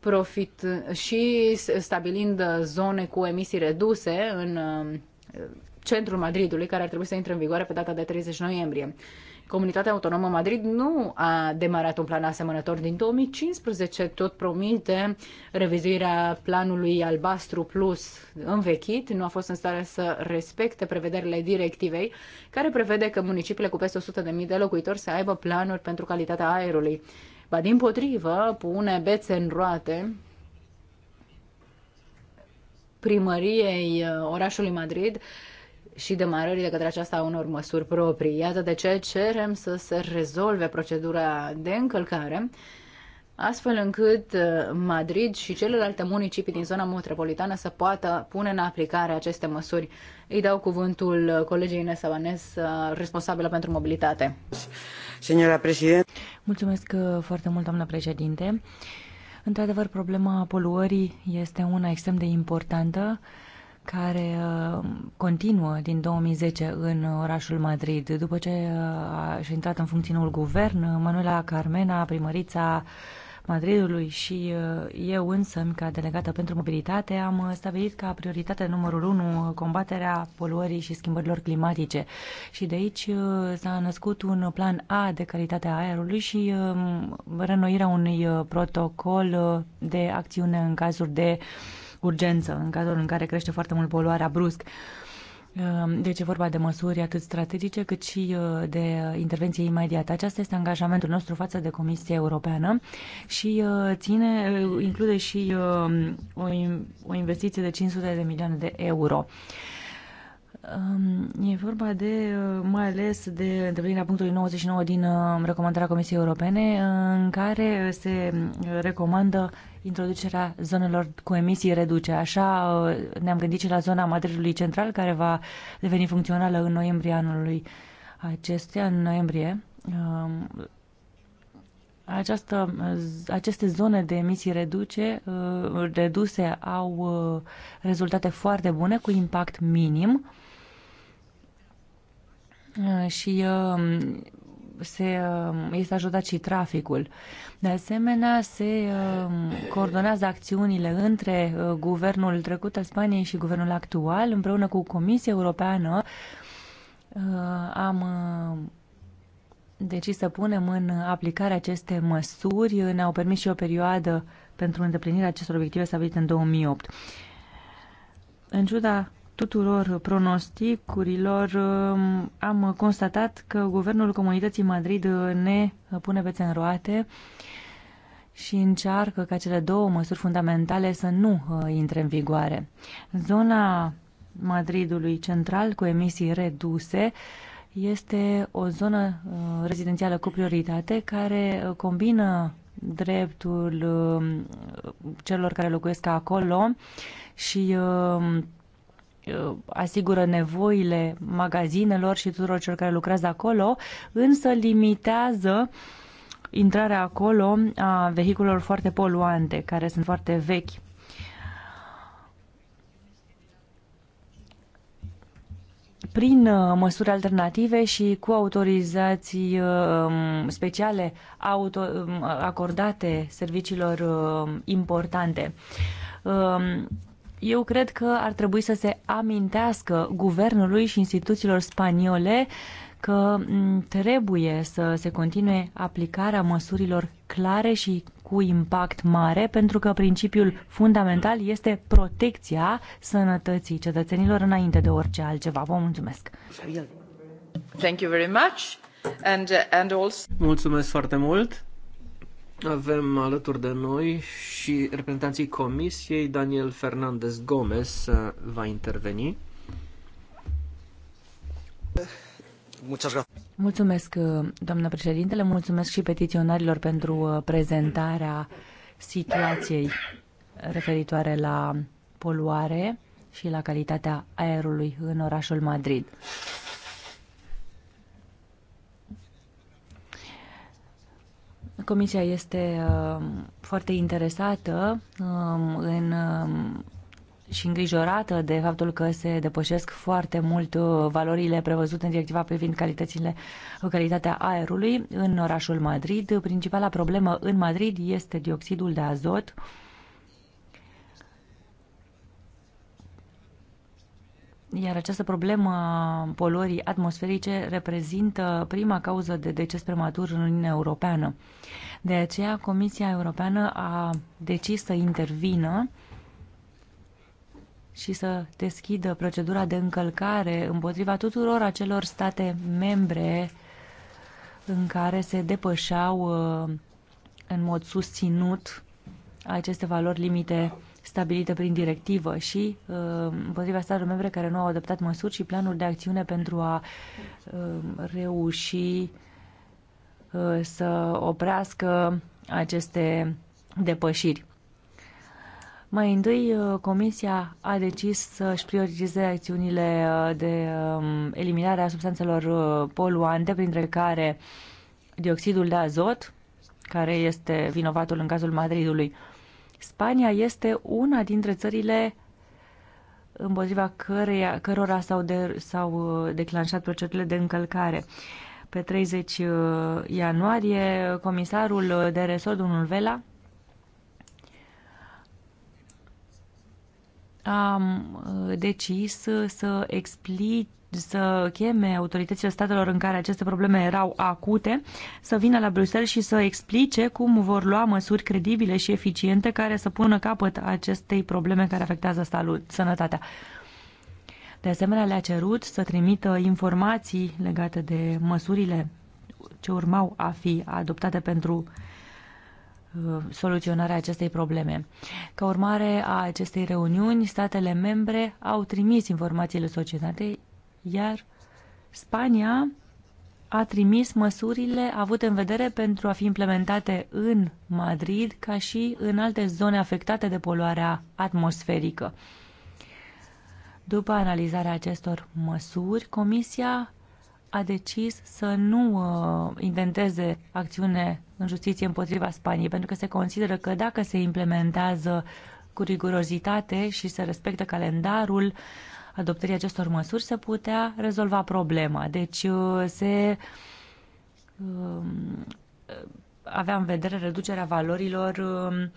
profit și stabilind zone cu emisii reduse în uh, centrul Madridului, care ar trebui să intre în vigoare pe data de 30 noiembrie. Comunitatea Autonomă Madrid nu a demarat un plan asemănător din 2015, tot promite revizuirea planului albastru plus învechit, nu a fost în stare să respecte prevederile directivei, care prevede că municipiile cu peste 100.000 de locuitori să aibă planuri pentru calitatea aerului. Ba din potrivă, pune bețe în roate primăriei uh, orașului Madrid și demarării de către aceasta a unor măsuri proprii. Iată de ce cerem să se rezolve procedura de încălcare, astfel încât uh, Madrid și celelalte municipii din zona metropolitană să poată pune în aplicare aceste măsuri. Îi dau cuvântul colegii Inesa Banes, uh, responsabilă pentru mobilitate. Senora președinte. Mulțumesc uh, foarte mult, doamnă președinte. Într-adevăr, problema poluării este una extrem de importantă care uh, continuă din 2010 în orașul Madrid. După ce și-a uh, intrat în funcție noul guvern, uh, Manuela Carmena, primărița Madridului și eu însă, ca delegată pentru mobilitate, am stabilit ca prioritate numărul 1 combaterea poluării și schimbărilor climatice. Și de aici s-a născut un plan A de calitate a aerului și um, renoirea unui protocol de acțiune în cazuri de uh, urgență în cazul în care crește foarte mult poluarea brusc. Ehm, deci e vorba de măsuri atât strategice cât și uh, de intervenție imediată. Aceasta este angajamentul nostru față de Comisia Europeană și uh, ține, uh, include și um, o, o investiție de 500 de milioane de euro. Ehm, e vorba de, mai ales de întâlnirea punctului 99 din recomandarea Comisiei Europene, în care se recomandă introducerea zonelor cu emisii reduce. Așa uh, ne-am gândit și la zona Madridului Central, care va deveni funcțională în noiembrie anului acestea, în noiembrie. Um, această, aceste zone de emisii reduce, uh, reduse au uh, rezultate foarte bune, cu impact minim și um, se, uh, este ajutat și traficul. De asemenea, se uh, coordonează acțiunile între uh, guvernul trecut al Spaniei și guvernul actual, împreună cu Comisia Europeană. Am decis să punem în aplicare aceste măsuri. Ne-au permis și o perioadă pentru îndeplinirea acestor obiective stabilite în 2008. În ciuda tuturor pronosticurilor um, am constatat că guvernul Comunității Madrid ne pune pe în roate și încearcă ca cele două măsuri fundamentale să nu uh, intre în vigoare. Zona Madridului central cu emisii reduse este o zonă uh, rezidențială cu prioritate care uh, combină dreptul um, celor care locuiesc acolo și um, Uh, asigură nevoile magazinelor și tuturor celor care lucrează acolo, însă limitează intrarea acolo a vehiculelor foarte poluante, care sunt foarte vechi. Prin uh, măsuri alternative și cu autorizații uh, um, speciale auto, um, acordate serviciilor importante um, eu cred că ar trebui să se amintească guvernului și instituțiilor spaniole că trebuie să se continue aplicarea măsurilor clare și cu impact mare, pentru că principiul fundamental este protecția sănătății cetățenilor înainte de orice altceva. Vă mulțumesc! Thank you very much. And, uh, and also... Mulțumesc foarte mult! Avem alături de noi și reprezentanții comisiei, Daniel Fernandez Gomez uh, va interveni. Mulțumesc, uh, doamnă președintele, mulțumesc și petiționarilor pentru uh, prezentarea situației referitoare la poluare și la calitatea aerului în orașul Madrid. Comisia este um, foarte interesată um, în, um, și îngrijorată de faptul că se depășesc foarte mult uh, valorile prevăzute în directiva privind calitățile, uh, calitatea aerului în orașul Madrid. Principala problemă în Madrid este dioxidul de azot, Iar această problemă a poluării atmosferice reprezintă prima cauză de deces prematur în Uniunea Europeană. De aceea, Comisia Europeană a decis să intervină și să deschidă procedura de încălcare împotriva tuturor acelor state membre în care se depășeau uh, în mod susținut aceste valori limite stabilită prin directivă și uh, împotriva statelor membre care nu au adoptat măsuri și planuri de acțiune pentru a uh, reuși uh, să oprească aceste depășiri. Mai întâi, Comisia a decis să-și prioritizeze acțiunile de um, eliminare a substanțelor poluante, printre care dioxidul de azot, care este vinovatul în cazul Madridului. Spania este una dintre țările împotriva căreia, cărora s-au, de, s-au uh, declanșat procedurile de încălcare. Pe 30 uh, ianuarie, comisarul de resort, domnul Vela, a uh, decis să explice să cheme autoritățile statelor în care aceste probleme erau acute să vină la Bruxelles și să explice cum vor lua măsuri credibile și eficiente care să pună capăt acestei probleme care afectează salut, sănătatea. De asemenea, le-a cerut să trimită informații legate de măsurile ce urmau a fi adoptate pentru uh, soluționarea acestei probleme. Ca urmare a acestei reuniuni, statele membre au trimis informațiile societății iar Spania a trimis măsurile avute în vedere pentru a fi implementate în Madrid ca și în alte zone afectate de poluarea atmosferică. După analizarea acestor măsuri, Comisia a decis să nu uh, intenteze acțiune în justiție împotriva Spaniei, pentru că se consideră că dacă se implementează cu rigurozitate și se respectă calendarul, uh, adoptării acestor măsuri se putea rezolva problema. Deci uh, se uh, avea în vedere reducerea valorilor um,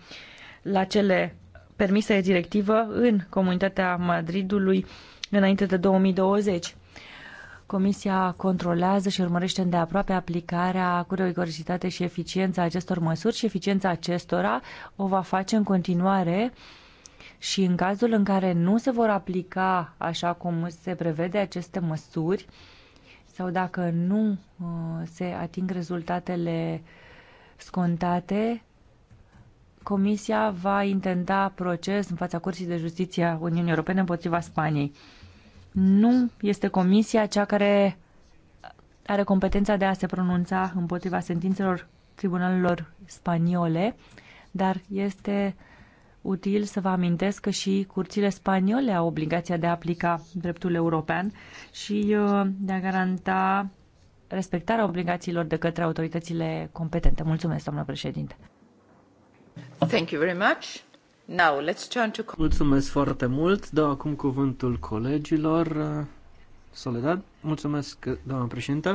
la cele permise de directivă în comunitatea Madridului înainte de 2020. Comisia controlează și urmărește îndeaproape aplicarea cu rigorositate și eficiența acestor măsuri și eficiența acestora o va face în continuare uh, și în cazul în care nu se vor aplica așa cum se prevede aceste măsuri sau dacă nu uh, se ating rezultatele scontate, Comisia va intenta proces în fața Curții de Justiție a Uniunii Europene împotriva Spaniei. Nu este Comisia cea care are competența de a se pronunța împotriva sentințelor tribunalelor spaniole, dar este uh, util să vă amintesc că și curțile spaniole au obligația de a aplica dreptul european și uh, de a garanta respectarea obligațiilor de către autoritățile competente. Mulțumesc, doamnă președinte. Thank you very much. Now, let's turn to... Mulțumesc foarte mult. Dau acum cuvântul colegilor. Soledad, mulțumesc, doamnă președinte.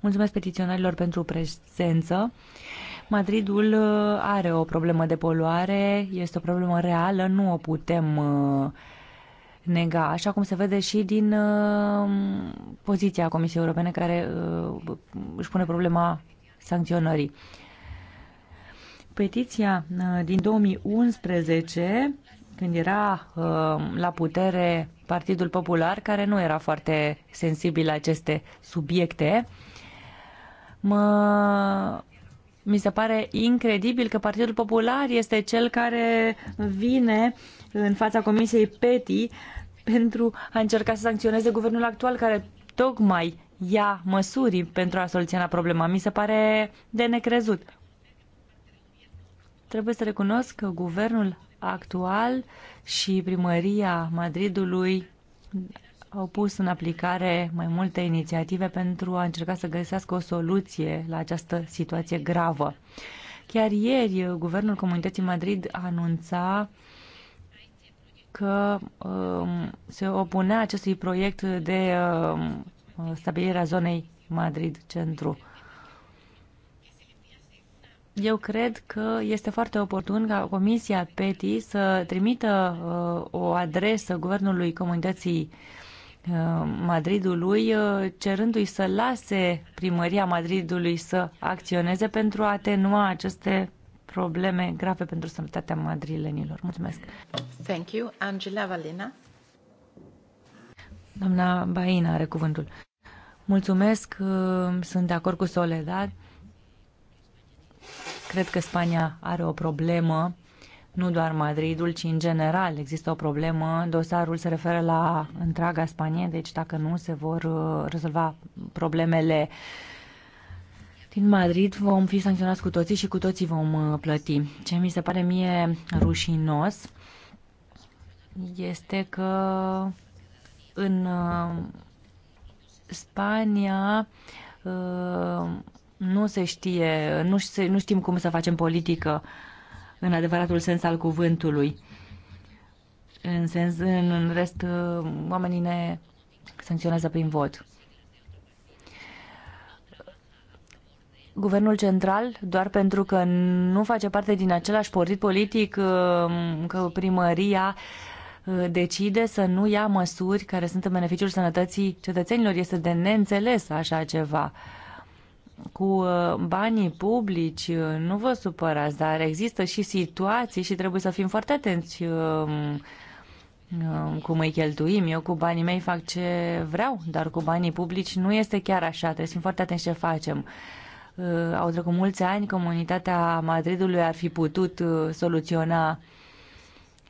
Mulțumesc petiționarilor pentru prezență. Madridul uh, are o problemă de poluare, este o problemă reală, nu o putem uh, nega, așa cum se vede și din uh, poziția Comisiei Europene care își pune problema sancționării. Petiția din 2011 când era la putere Partidul Popular, care nu era foarte sensibil la aceste subiecte, mă mi se pare incredibil că Partidul Popular este cel care vine în fața Comisiei PETI pentru a încerca să sancționeze guvernul actual care tocmai ia măsuri pentru a soluționa problema. Mi se pare de necrezut. Trebuie să recunosc că guvernul actual și primăria Madridului au pus în aplicare mai multe inițiative pentru a încerca să găsească o soluție la această situație gravă. Chiar ieri, Guvernul Comunității Madrid anunța că um, se opunea acestui proiect de um, stabilirea zonei Madrid-Centru. Eu cred că este foarte oportun ca Comisia PETI să trimită uh, o adresă Guvernului Comunității uh, Uh, Madridului, uh, cerându-i să lase primăria Madridului să acționeze pentru a atenua aceste probleme grave pentru sănătatea madrilenilor. Mulțumesc! Thank you, Angela Valina. Doamna Baina are cuvântul. Mulțumesc, uh, sunt de acord cu Soledad. Cred că Spania are o problemă nu doar Madridul, ci în general există o problemă. Dosarul se referă la întreaga Spanie, deci dacă nu se vor uh, rezolva problemele din Madrid, vom fi sancționați cu toții și cu toții vom uh, plăti. Ce mi se pare mie rușinos este că în uh, Spania nu se știe, nu, nu știm cum să facem politică în adevăratul sens al cuvântului. În sens, în rest, uh, oamenii ne sancționează prin vot. Guvernul central, doar pentru că nu face parte din același partid politic, uh, că primăria uh, decide să nu ia măsuri care sunt în beneficiul sănătății cetățenilor. Este de neînțeles așa ceva. Uh, cu uh, banii publici, uh, nu vă supărați, dar există și situații și trebuie să fim foarte atenți um, um, cum îi cheltuim. Eu cu banii mei fac ce vreau, dar cu banii publici nu este chiar așa. Trebuie să fim foarte atenți ce facem. Uh, au trecut mulți ani, comunitatea Madridului ar fi putut soluționa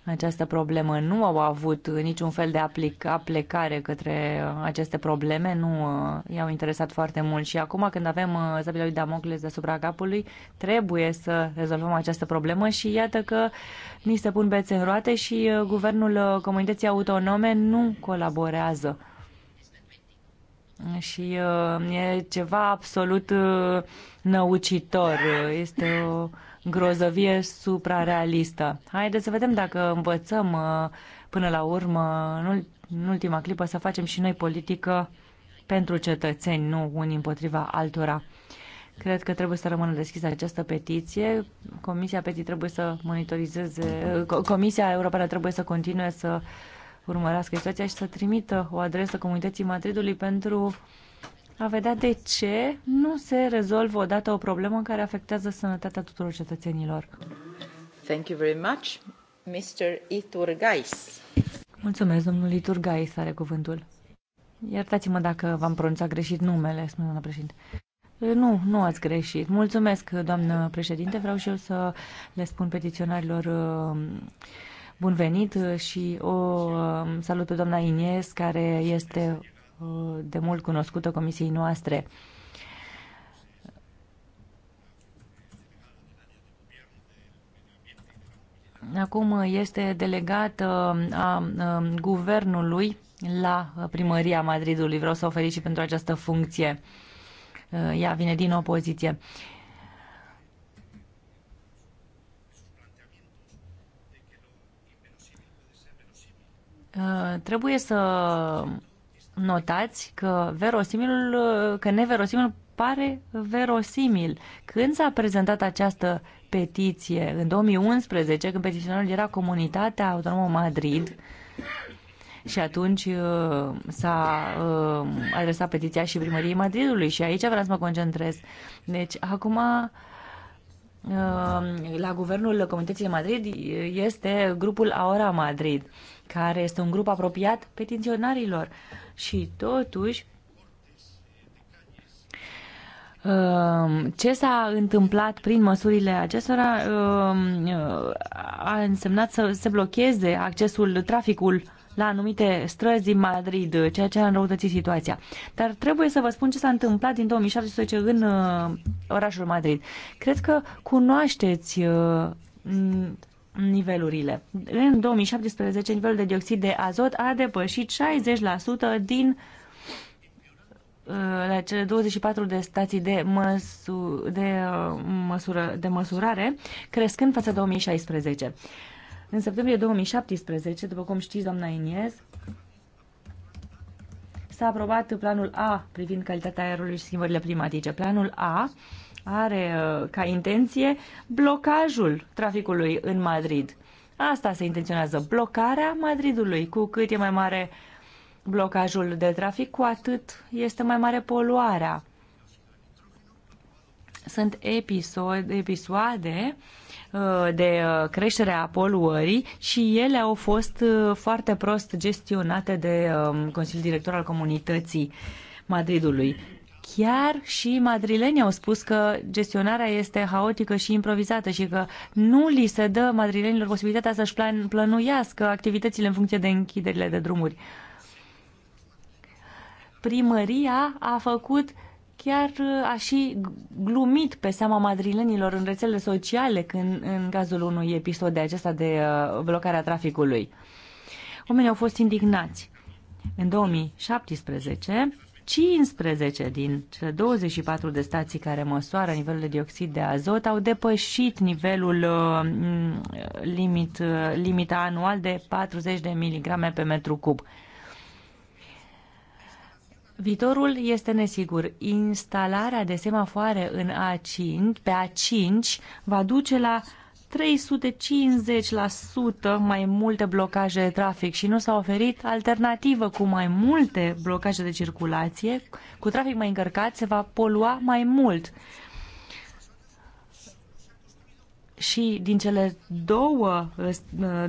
această problemă. Nu au avut niciun fel de aplic- aplecare către uh, aceste probleme, nu uh, i-au interesat foarte mult și acum când avem uh, zăbile lui Damocles deasupra capului, trebuie să rezolvăm această problemă și iată că ni se pun bețe în roate și guvernul comunității autonome nu colaborează. Și e ceva absolut năucitor. Este o grozăvie suprarealistă. Haideți să vedem dacă învățăm uh, până la urmă, în ultima clipă, să facem și noi politică pentru cetățeni, nu unii împotriva altora. Cred că trebuie să rămână deschisă această petiție. Comisia Petii trebuie să monitorizeze, uh, Comisia Europeană trebuie să continue să urmărească situația și să trimită o adresă comunității Madridului pentru a vedea de ce nu se rezolvă odată o problemă care afectează sănătatea tuturor cetățenilor. Thank you very much, Mr. Iturgais. Mulțumesc, domnul Iturgais are cuvântul. Iertați-mă dacă v-am pronunțat greșit numele, spune doamna președinte. Nu, nu ați greșit. Mulțumesc, doamnă președinte. Vreau și eu să le spun petiționarilor bun venit și o salut pe doamna Inies, care este Uh, de mult cunoscută comisiei noastre. Acum este delegat uh, a uh, guvernului la primăria Madridului. Vreau să o felicit pentru această funcție. Ea vine din opoziție. Trebuie să notați că verosimilul, că neverosimilul pare verosimil. Când s-a prezentat această petiție? În 2011, când petiționarul era Comunitatea Autonomă Madrid, și atunci uh, s-a uh, adresat petiția și primăriei Madridului și aici vreau să mă concentrez. Deci, acum uh, la guvernul Comunității de Madrid este grupul Aora Madrid, care este un grup apropiat petiționarilor. Și totuși, um, ce s-a întâmplat prin măsurile acestora um, a însemnat să se blocheze accesul, traficul la anumite străzi din Madrid, ceea ce a înrăutățit situația. Dar trebuie să vă spun ce s-a întâmplat din 2017 în uh, orașul Madrid. Cred că cunoașteți uh, nivelurile. În 2017, nivelul de dioxid de azot a depășit 60% din uh, la cele 24 de stații de, măsu, de, uh, măsură, de măsurare, crescând față 2016. În septembrie 2017, după cum știți, doamna Iniez, s-a aprobat planul A privind calitatea aerului și schimbările climatice. Planul A are uh, ca intenție blocajul traficului în Madrid. Asta se intenționează, blocarea Madridului. Cu cât e mai mare blocajul de trafic, cu atât este mai mare poluarea. Sunt episod, episoade uh, de uh, creștere a poluării și ele au fost foarte prost gestionate de um, Consiliul Director al Comunității Madridului. Chiar și madrilenii au spus că gestionarea este haotică și improvizată și că nu li se dă madrilenilor posibilitatea să-și plan- plănuiască activitățile în funcție de închiderile de drumuri. Primăria a făcut chiar a și glumit pe seama madrilenilor în rețelele sociale când, în cazul unui episod de acesta de uh, blocarea traficului. Oamenii au fost indignați. În 2017, 15 din cele 24 de stații care măsoară nivelul de dioxid de azot au depășit nivelul uh, mm, limit, uh, limita anual de 40 de miligrame pe metru cub. Viitorul este nesigur. Instalarea de semafoare în A5, pe A5 va duce la 350% mai multe blocaje de trafic și nu s-a oferit alternativă cu mai multe blocaje de circulație, cu trafic mai încărcat se va polua mai mult. Și din cele două,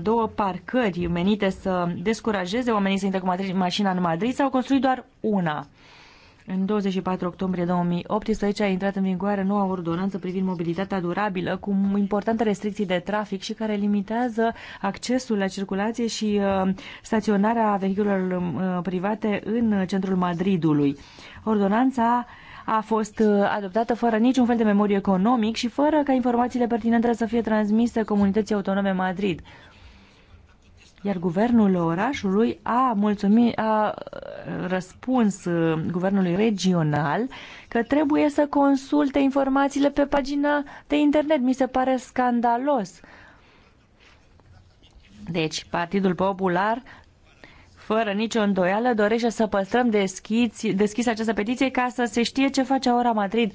două parcări menite să descurajeze oamenii să intre cu mașina în Madrid, s-au construit doar una. În 24 octombrie 2018 a intrat în vigoare noua ordonanță privind mobilitatea durabilă cu importante restricții de trafic și care limitează accesul la circulație și uh, staționarea vehiculelor uh, private în centrul Madridului. Ordonanța a fost uh, adoptată fără niciun fel de memoriu economic și fără ca informațiile pertinente să fie transmise comunității autonome Madrid iar guvernul orașului a, mulțumit, a răspuns uh, guvernului regional că trebuie să consulte informațiile pe pagina de internet. Mi se pare scandalos. Deci, Partidul Popular fără nicio îndoială, dorește să păstrăm deschis, deschis această petiție ca să se știe ce face Ora Madrid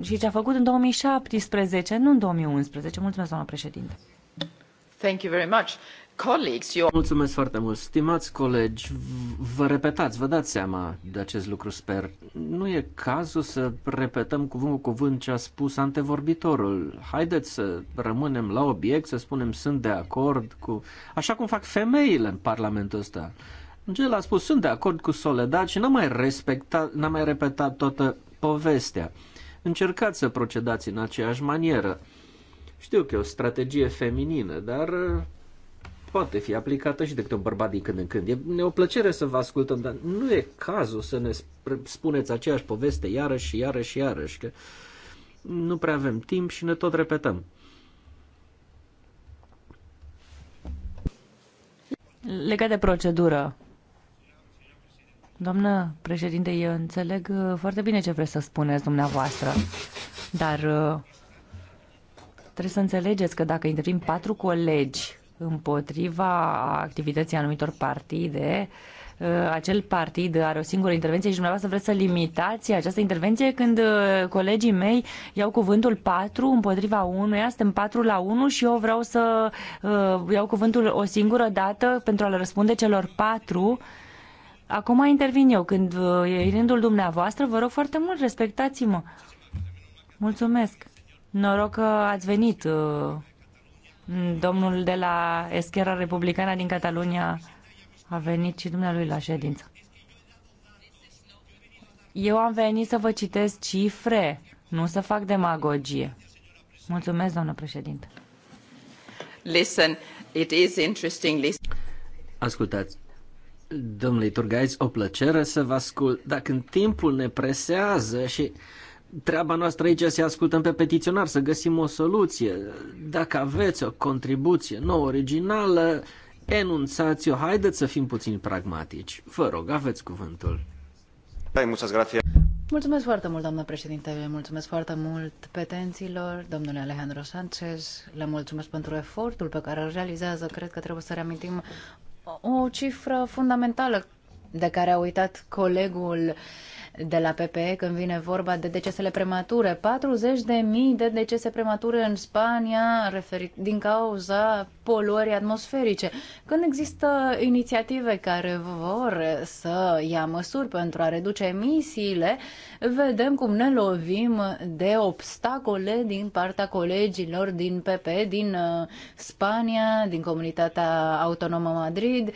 și ce a făcut în 2017, nu în 2011. Mulțumesc, doamna președinte. Thank you very much colleagues, you... Mulțumesc foarte mult. Stimați colegi, vă repetați, vă dați seama de acest lucru, sper. Nu e cazul să repetăm cuvânt cu cuvânt ce a spus antevorbitorul. Haideți să rămânem la obiect, să spunem sunt de acord cu... Așa cum fac femeile în Parlamentul ăsta. Angel a spus sunt de acord cu Soledad și n-a mai, respectat, n-a mai repetat toată povestea. Încercați să procedați în aceeași manieră. Știu că e o strategie feminină, dar poate fi aplicată și de câte un bărbat din când în când. E, ne o plăcere să vă ascultăm, dar nu e cazul să ne spuneți aceeași poveste iarăși și iarăși și iarăși, că nu prea avem timp și ne tot repetăm. Legat de procedură, doamnă președinte, eu înțeleg uh, foarte bine ce vreți să spuneți dumneavoastră, dar uh, trebuie să înțelegeți că dacă intervin patru colegi împotriva activității anumitor partide, uh, acel partid are o singură intervenție și dumneavoastră vreți să limitați această intervenție când uh, colegii mei iau cuvântul 4 împotriva 1, suntem 4 la 1 și eu vreau să uh, iau cuvântul o singură dată pentru a l răspunde celor 4. Acum intervin eu când e rândul dumneavoastră, vă rog foarte mult, respectați-mă. Mulțumesc. Noroc că ați venit Domnul de la Eschera Republicana din Catalunia a venit și dumnealui la ședință. Eu am venit să vă citesc cifre, nu să fac demagogie. Mulțumesc, doamnă președinte. Listen, it is interesting. Ascultați, domnule Turgaiți, o plăcere să vă ascult, Dacă în timpul ne presează și treaba noastră aici să ascultăm pe petiționar, să găsim o soluție. Dacă aveți o contribuție nouă, originală, enunțați-o, haideți să fim puțin pragmatici. Vă rog, aveți cuvântul. Mulțumesc foarte mult, doamnă președinte, mulțumesc foarte mult petenților, domnule Alejandro Sanchez, le mulțumesc pentru efortul pe care îl realizează. Cred că trebuie să reamintim o cifră fundamentală de care a uitat colegul uh, de la PPE când vine vorba de decesele premature. 40.000 de decese premature în Spania referit, din cauza poluării atmosferice. Când există inițiative care vor să ia măsuri pentru a reduce emisiile, vedem cum ne lovim de obstacole din partea colegilor din PP, din uh, Spania, din Comunitatea Autonomă Madrid,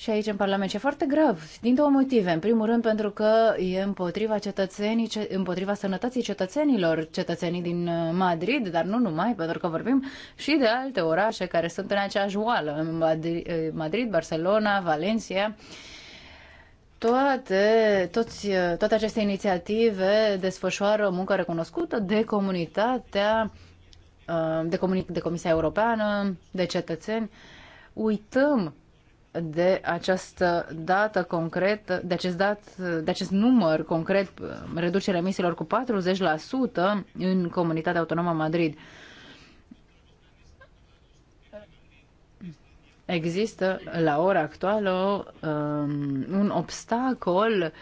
și aici în Parlament. Și e foarte grav, din două motive. În primul rând pentru că e împotriva, cetățenii, împotriva sănătății cetățenilor, cetățenii din uh, Madrid, dar nu numai, pentru că vorbim și de alte orașe care sunt în aceeași oală, uh, Madrid, Barcelona, Valencia. Toate, toți, uh, toate aceste inițiative desfășoară o muncă recunoscută de comunitatea, de, comuni- de Comisia Europeană, de cetățeni. Uităm de această dată concretă, de acest, dat, de acest număr concret, reducerea emisiilor cu 40% în Comunitatea Autonomă Madrid. Există la ora actuală um, un obstacol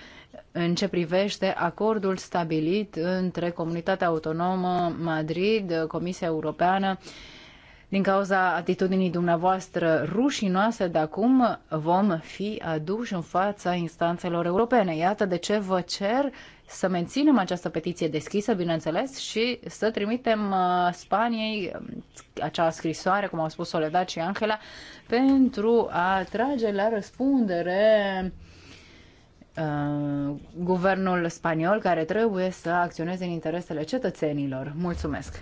în ce privește acordul stabilit între Comunitatea Autonomă Madrid, Comisia Europeană, uh, din cauza atitudinii dumneavoastră rușinoase de acum vom fi aduși în fața instanțelor europene. Iată de ce vă cer să menținem această petiție deschisă, bineînțeles, și să trimitem uh, Spaniei um, acea scrisoare, cum au spus Soledad și Angela, pentru a trage la răspundere Uh, guvernul spaniol care trebuie să acționeze în interesele cetățenilor. Mulțumesc!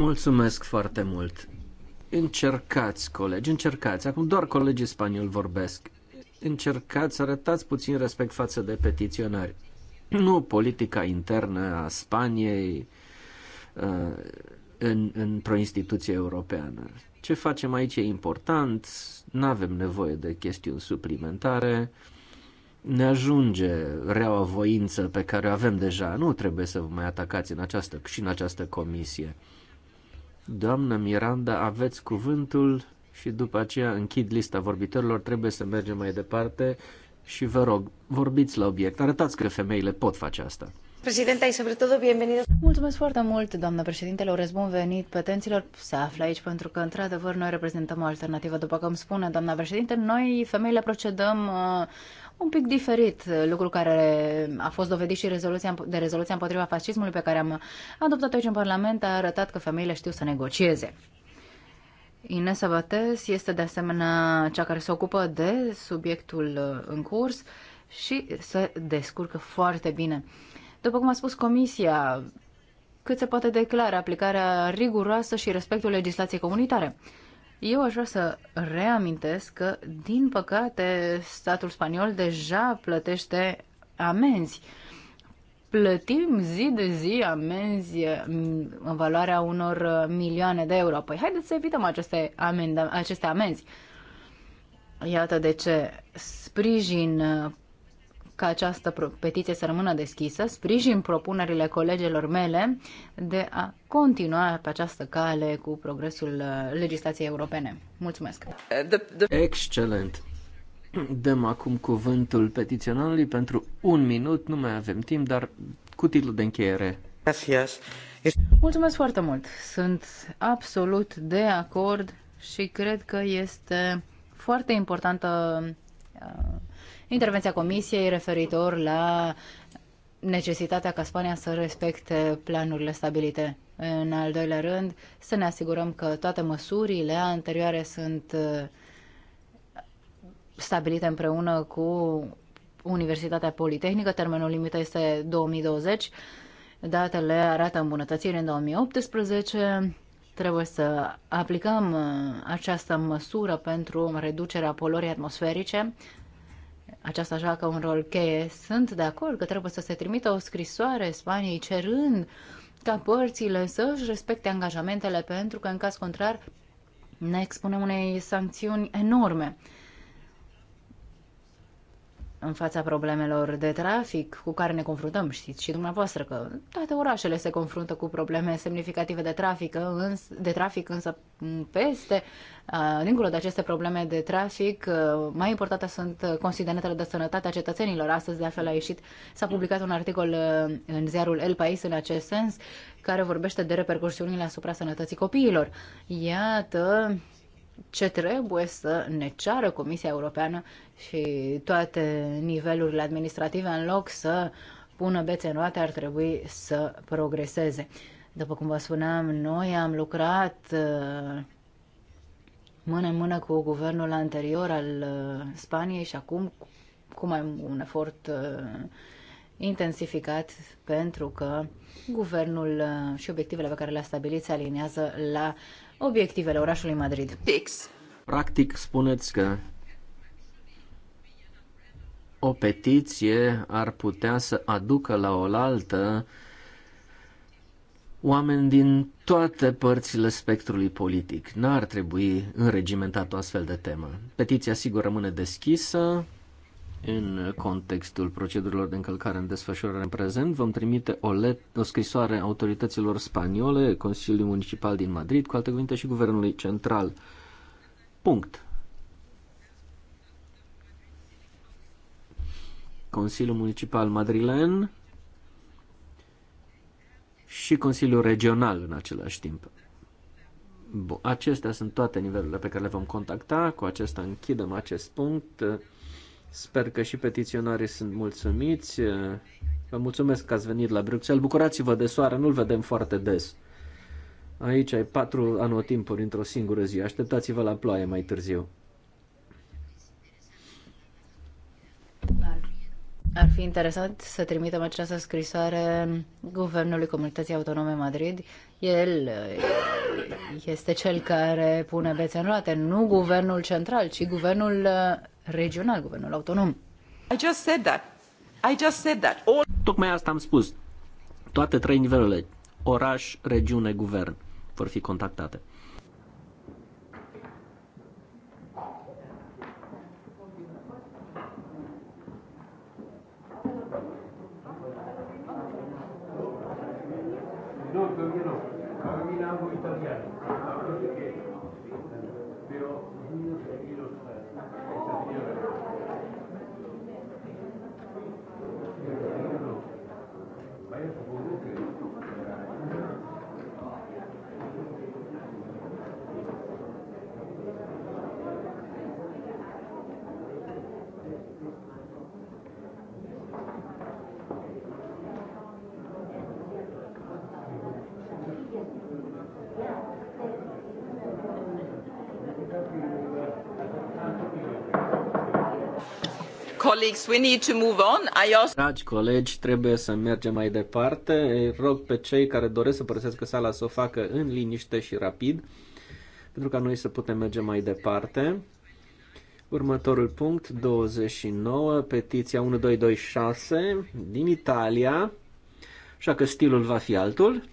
Mulțumesc foarte mult! Încercați, colegi, încercați. Acum doar colegii spanioli vorbesc. Încercați să arătați puțin respect față de petiționari. Nu politica internă a Spaniei într uh, în, în proinstituție europeană. Ce facem aici e important, nu avem nevoie de chestiuni suplimentare ne ajunge reaua voință pe care o avem deja. Nu trebuie să vă mai atacați în această, și în această comisie. Doamnă Miranda, aveți cuvântul și după aceea închid lista vorbitorilor, trebuie să mergem mai departe și vă rog, vorbiți la obiect, arătați că femeile pot face asta. Președinta, și sobre todo, bienvenido. Mulțumesc foarte mult, doamnă președinte, le urez bun venit petenților. Se află aici pentru că, într-adevăr, noi reprezentăm o alternativă. După cum spune doamna președinte, noi, femeile, procedăm uh, un pic diferit, uh, lucru care a fost dovedit și rezoluția, de rezoluția împotriva fascismului pe care am adoptat-o aici în Parlament, a arătat că femeile știu să negocieze. Inesa Abates este de asemenea cea care se ocupă de subiectul uh, în curs și se descurcă foarte bine. După cum a spus Comisia, cât se poate declara aplicarea riguroasă și respectul legislației comunitare. Eu aș vrea să reamintesc că, din păcate, statul spaniol deja plătește amenzi. Plătim zi de zi amenzi mm, în valoarea unor uh, milioane de euro. Păi haideți să evităm aceste, amende, aceste amenzi. Iată de ce sprijin uh, ca această petiție să rămână deschisă, sprijin propunerile colegelor mele de a continua pe această cale cu progresul uh, legislației europene. Mulțumesc! Excelent! Dăm acum cuvântul petiționarului pentru un minut, nu mai avem timp, dar cu titlul de încheiere. Gracias. Mulțumesc foarte mult! Sunt absolut de acord și cred că este foarte importantă uh, intervenția Comisiei referitor la necesitatea ca Spania să respecte planurile stabilite. În al doilea rând, să ne asigurăm că toate măsurile anterioare sunt uh, stabilite împreună cu Universitatea Politehnică. Termenul limită este 2020. Datele arată îmbunătățiri în 2018. Trebuie să aplicăm uh, această măsură pentru reducerea polorii atmosferice aceasta joacă un rol cheie. Sunt de acord că trebuie să se trimită o scrisoare Spaniei cerând ca părțile să își respecte angajamentele pentru că, în caz contrar, ne expunem unei sancțiuni enorme în fața problemelor de trafic cu care ne confruntăm. Știți și dumneavoastră că toate orașele se confruntă cu probleme semnificative de trafic, îns, de trafic însă peste, dincolo de aceste probleme de trafic, mai importante sunt considerentele de sănătate a cetățenilor. Astăzi, de altfel, a ieșit, s-a publicat un articol în ziarul El País în acest sens, care vorbește de repercursiunile asupra sănătății copiilor. Iată, ce trebuie să ne ceară Comisia Europeană și toate nivelurile administrative, în loc să pună bețe în roate, ar trebui să progreseze. După cum vă spuneam, noi am lucrat uh, mână în mână cu guvernul anterior al uh, Spaniei și acum cu mai un efort uh, intensificat pentru că guvernul și obiectivele pe care le-a stabilit se aliniază la obiectivele orașului Madrid. Fix. Practic, spuneți că o petiție ar putea să aducă la oaltă oameni din toate părțile spectrului politic. N-ar trebui înregimentat o astfel de temă. Petiția, sigur, rămâne deschisă, în contextul procedurilor de încălcare în desfășurare în prezent, vom trimite o, let, o scrisoare autorităților spaniole, Consiliul Municipal din Madrid, cu alte cuvinte și Guvernului Central. Punct. Consiliul Municipal Madrilen și Consiliul Regional în același timp. Bun. Acestea sunt toate nivelurile pe care le vom contacta. Cu acesta închidem acest punct. Sper că și petiționarii sunt mulțumiți. Vă mulțumesc că ați venit la Bruxelles. Bucurați-vă de soare, nu-l vedem foarte des. Aici ai patru anotimpuri într-o singură zi. Așteptați-vă la ploaie mai târziu. Ar fi interesant să trimitem această scrisoare Guvernului Comunității Autonome Madrid. El eh, este cel care pune bețe în roate, nu guvernul central, ci guvernul eh, regional, guvernul autonom. I just said that. I just said that. All... Tocmai asta am spus. Toate trei nivelurile, oraș, regiune, guvern, vor fi contactate. colleagues, we need to move on. I also... Dragi colegi, trebuie să mergem mai departe. Îi rog pe cei care doresc să părăsească sala să o facă în liniște și rapid, pentru ca noi să putem merge mai departe. Următorul punct, 29, petiția 1226 din Italia, așa că stilul va fi altul.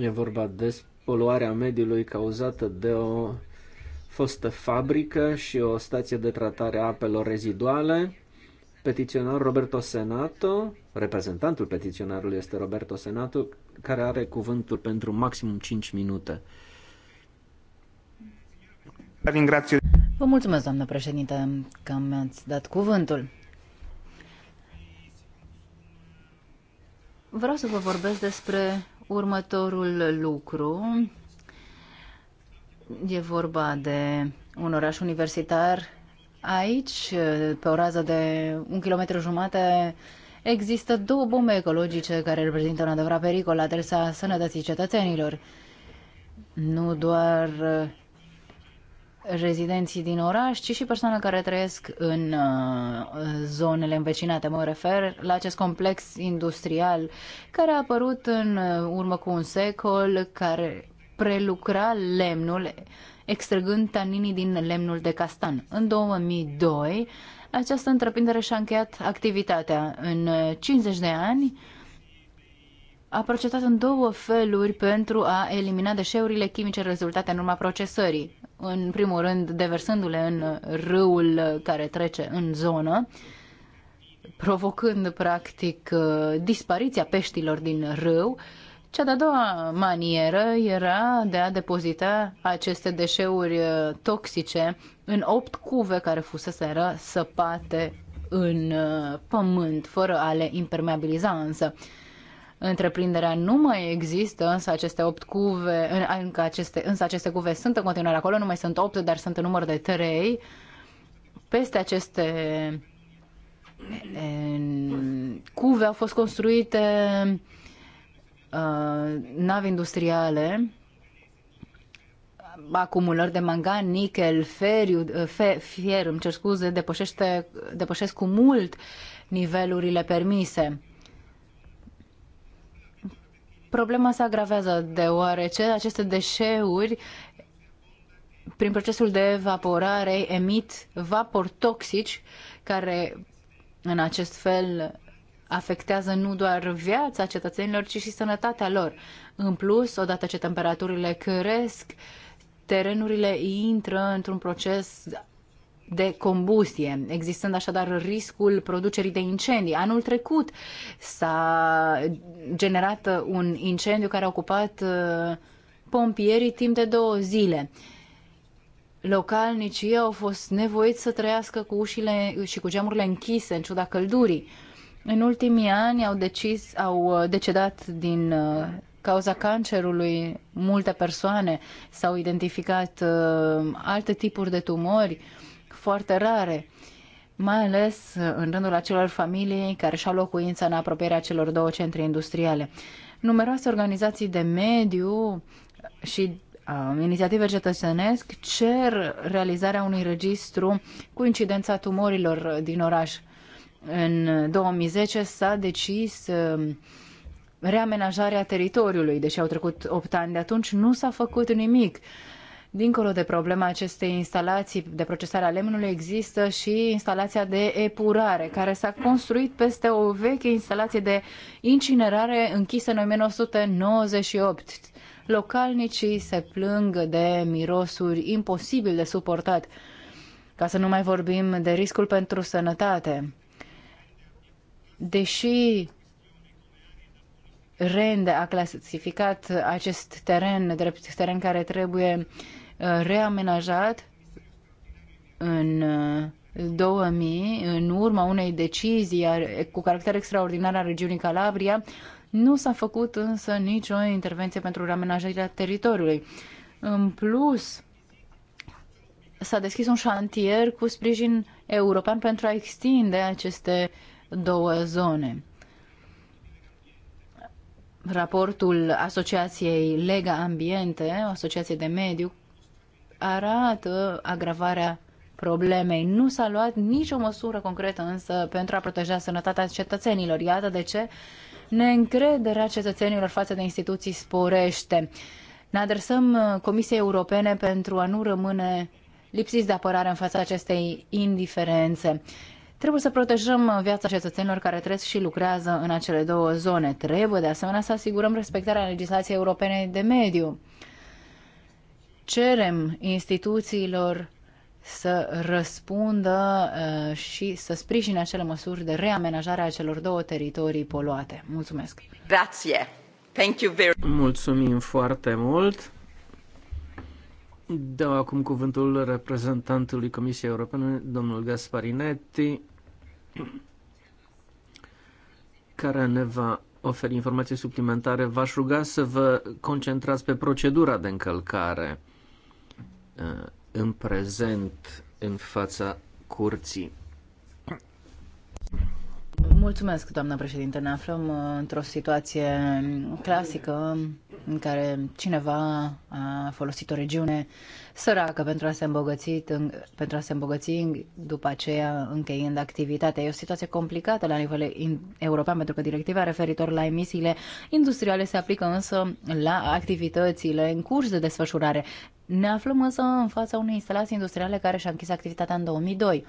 E vorba despre poluarea mediului cauzată de o fostă fabrică și o stație de tratare a apelor reziduale. Petiționar Roberto Senato, reprezentantul petiționarului este Roberto Senato, care are cuvântul pentru maximum 5 minute. Vă mulțumesc, doamnă președinte, că mi-ați dat cuvântul. Vreau să vă vorbesc despre următorul lucru E vorba de un oraș universitar. Aici, pe o rază de un kilometru jumate, există două bombe ecologice care reprezintă un adevărat pericol la adresa sănătății cetățenilor. Nu doar uh, rezidenții din oraș, ci și persoane care trăiesc în uh, zonele învecinate. Mă refer la acest complex industrial care a apărut în uh, urmă cu un secol, care prelucra lemnul extrăgând taninii din lemnul de castan. În 2002, această întreprindere și-a încheiat activitatea. În 50 de ani, a procedat în două feluri pentru a elimina deșeurile chimice rezultate în urma procesării. În primul rând, deversându-le în râul care trece în zonă, provocând practic dispariția peștilor din râu cea de-a doua manieră era de a depozita aceste deșeuri uh, toxice în opt cuve care fusese săpate în uh, pământ, fără a le impermeabiliza însă. Întreprinderea nu mai există, însă aceste opt cuve, în, încă aceste, însă aceste cuve sunt în continuare acolo, nu mai sunt opt, dar sunt în număr de trei. Peste aceste eh, eh, cuve au fost construite Uh, nave industriale, acumulări de mangan, nichel, feriu, uh, fe, fier, îmi cer scuze, depășește, depășesc cu mult nivelurile permise. Problema se agravează deoarece aceste deșeuri prin procesul de evaporare emit vapori toxici care în acest fel afectează nu doar viața cetățenilor, ci și sănătatea lor. În plus, odată ce temperaturile cresc, terenurile intră într-un proces de combustie, existând așadar riscul producerii de incendii. Anul trecut s-a generat un incendiu care a ocupat uh, pompierii timp de două zile. Localnicii au fost nevoiți să trăiască cu ușile și cu geamurile închise, în ciuda căldurii în ultimii ani au decis, au uh, decedat din uh, cauza cancerului multe persoane, s-au identificat uh, alte tipuri de tumori foarte rare, mai ales în rândul acelor familii care și-au locuința în apropierea celor două centre industriale. Numeroase organizații de mediu și inițiative cetățenesc cer realizarea unui registru cu incidența tumorilor din oraș. În 2010 s-a decis um, reamenajarea teritoriului, deși au trecut 8 ani de atunci, nu s-a făcut nimic. Dincolo de problema acestei instalații de procesare a lemnului, există și instalația de epurare, care s-a construit peste o veche instalație de incinerare închisă în 1998. Localnicii se plâng de mirosuri imposibil de suportat, ca să nu mai vorbim de riscul pentru sănătate. Deși Rende a clasificat acest teren drept teren care trebuie uh, reamenajat în 2000, uh, în urma unei decizii cu caracter extraordinar a regiunii Calabria, nu s-a făcut însă nicio intervenție pentru reamenajarea teritoriului. În plus, s-a deschis un șantier cu sprijin european pentru a extinde aceste uh, două zone. Raportul Asociației Lega Ambiente, o asociație de mediu, arată agravarea problemei. Nu s-a luat nicio măsură concretă însă pentru a proteja sănătatea cetățenilor. Iată de ce neîncrederea cetățenilor față de instituții sporește. Ne adresăm Comisiei Europene pentru a nu rămâne lipsiți de apărare în fața acestei indiferențe. Trebuie să protejăm viața cetățenilor care trăiesc și lucrează în acele două zone. Trebuie, de asemenea, să asigurăm respectarea legislației europene de mediu. Cerem instituțiilor să răspundă uh, și să sprijine acele măsuri de reamenajare a celor două teritorii poluate. Mulțumesc! Grazie! Thank you very Mulțumim foarte mult! Dau acum cuvântul reprezentantului Comisiei Europene, domnul Gasparinetti, care ne va oferi informații suplimentare. V-aș ruga să vă concentrați pe procedura de încălcare eh, în prezent în fața curții. Mulțumesc, doamnă președinte. Ne aflăm uh, într-o situație clasică în care cineva a folosit o regiune săracă pentru a se îmbogăți, pentru a se îmbogăți după aceea încheiind activitatea. E o situație complicată la nivel european pentru că directiva referitor la emisiile industriale se aplică însă la activitățile în curs de desfășurare. Ne aflăm însă în fața unei instalații industriale care și-a închis activitatea în 2002.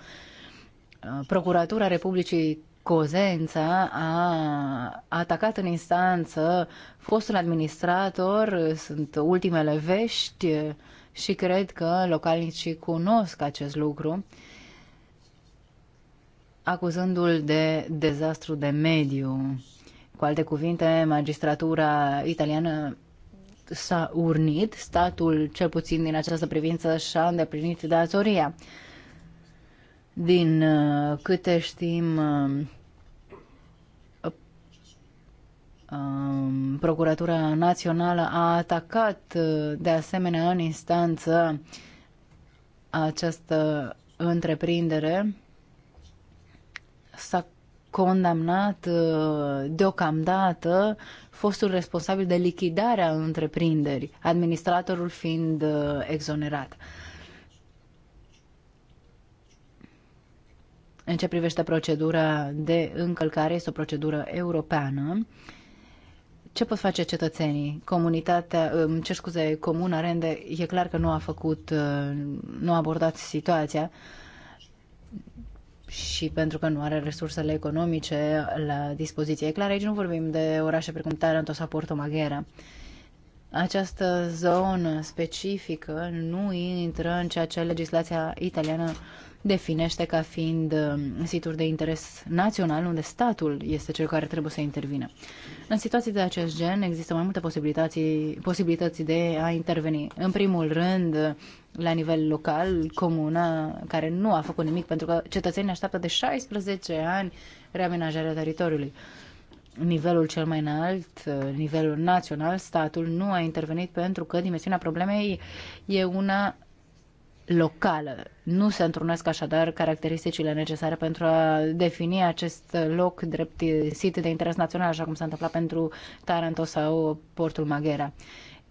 Uh, Procuratura Republicii Cozența a atacat în instanță fostul administrator, sunt ultimele vești și cred că localnicii cunosc acest lucru, acuzându-l de dezastru de mediu. Cu alte cuvinte, magistratura italiană s-a urnit, statul, cel puțin din această privință, și-a îndeplinit datoria. Din uh, câte știm, uh, um, Procuratura Națională a atacat uh, de asemenea în instanță această întreprindere. S-a condamnat deocamdată fostul responsabil de lichidarea întreprinderii, administratorul fiind exonerat. În ce privește procedura de încălcare, este o procedură europeană. Ce pot face cetățenii? Comunitatea, ce scuze, comuna Rende, e clar că nu a făcut, uh, nu a abordat situația și pentru că nu are resursele economice la dispoziție. E clar, aici nu vorbim de orașe precum Taranto sau Porto Maghera. Această zonă specifică nu intră în ceea ce legislația italiană definește ca fiind um, situri de interes național, unde statul este cel care trebuie să intervină. În situații de acest gen există mai multe posibilități, posibilități de a interveni. În primul rând, la nivel local, comuna care nu a făcut nimic, pentru că cetățenii așteaptă de 16 ani reamenajarea teritoriului nivelul cel mai înalt, nivelul național, statul nu a intervenit pentru că dimensiunea problemei e una locală. Nu se întrunesc așadar caracteristicile necesare pentru a defini acest loc drept sit de interes național, așa cum s-a întâmplat pentru Taranto sau portul Maghera.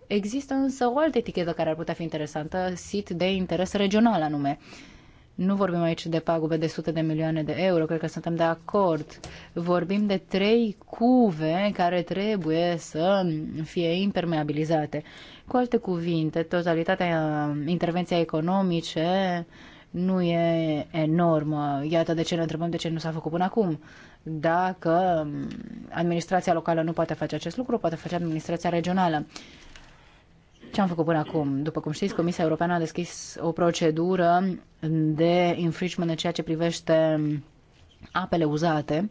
Există însă o altă etichetă care ar putea fi interesantă, sit de interes regional anume. Nu vorbim aici de pagube de sute de milioane de euro, cred că suntem de acord. Vorbim de trei cuve care trebuie să fie impermeabilizate. Cu alte cuvinte, totalitatea uh, intervenției economice nu e enormă. Iată de ce ne întrebăm de ce nu s-a făcut până acum. Dacă um, administrația locală nu poate face acest lucru, poate face administrația regională. Ce am făcut până acum? După cum știți, Comisia Europeană a deschis o procedură de infringement în ceea ce privește um, apele uzate.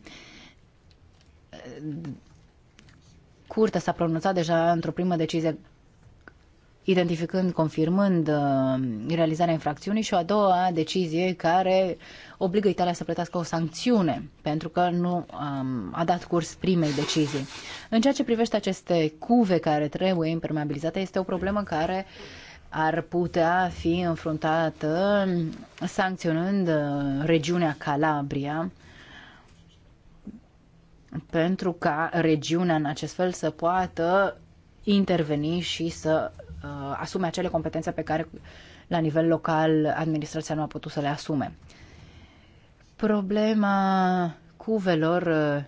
Curtea s-a pronunțat deja într-o primă decizie identificând, confirmând uh, realizarea infracțiunii și o a doua decizie care obligă Italia să plătească o sancțiune pentru că nu um, a dat curs primei decizii. În ceea ce privește aceste cuve care trebuie impermeabilizate, este o problemă care ar putea fi înfruntată sancționând uh, regiunea Calabria, pentru ca regiunea în acest fel să poată interveni și să uh, asume acele competențe pe care la nivel local administrația nu a putut să le asume. Problema cuvelor uh,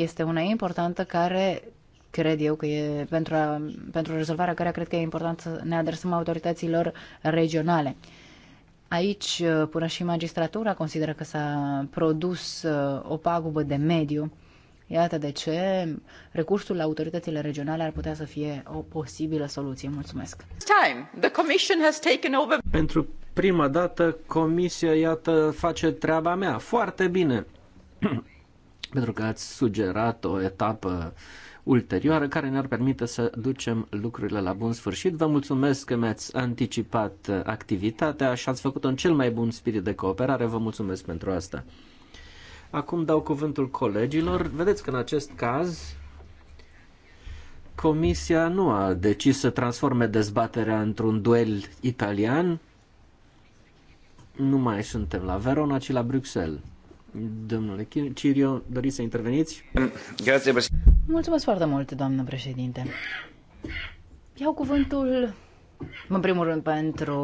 este una importantă care cred eu că e pentru, a, pentru rezolvarea care cred că e important să ne adresăm autorităților regionale. Aici, uh, până și magistratura consideră că s-a produs uh, o pagubă de mediu Iată de ce recursul la autoritățile regionale ar putea să fie o posibilă soluție. Mulțumesc! Time. The commission has taken over... Pentru prima dată, Comisia, iată, face treaba mea foarte bine. Pentru că ați sugerat o etapă ulterioară care ne-ar permite să ducem lucrurile la bun sfârșit. Vă mulțumesc că mi-ați anticipat activitatea și ați făcut-o în cel mai bun spirit de cooperare. Vă mulțumesc pentru asta. Acum dau cuvântul colegilor. Vedeți că în acest caz Comisia nu a decis să transforme dezbaterea într-un duel italian. Nu mai suntem la Verona, ci la Bruxelles. Domnule Cirio, doriți să interveniți? Mulțumesc foarte mult, doamnă președinte. Iau cuvântul, în primul rând, pentru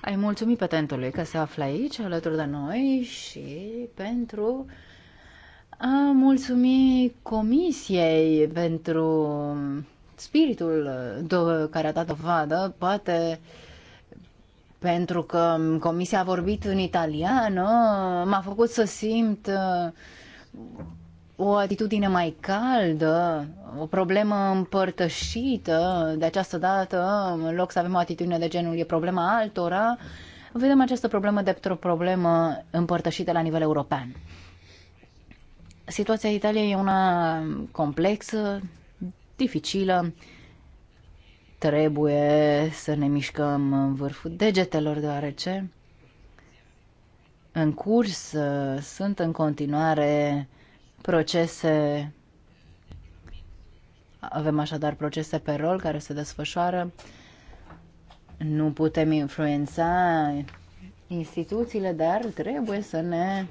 ai mulțumit petentului că se află aici alături de noi și pentru a mulțumi comisiei pentru spiritul care a dat dovadă, poate pentru că comisia a vorbit în italiană, m-a făcut să simt uh, o atitudine mai caldă, o problemă împărtășită de această dată, în loc să avem o atitudine de genul e problema altora, vedem această problemă de o problemă împărtășită la nivel european. Situația Italiei e una complexă, dificilă, trebuie să ne mișcăm în vârful degetelor, deoarece în curs sunt în continuare procese. Avem așadar procese pe rol care se desfășoară. Nu putem influența instituțiile, dar trebuie să ne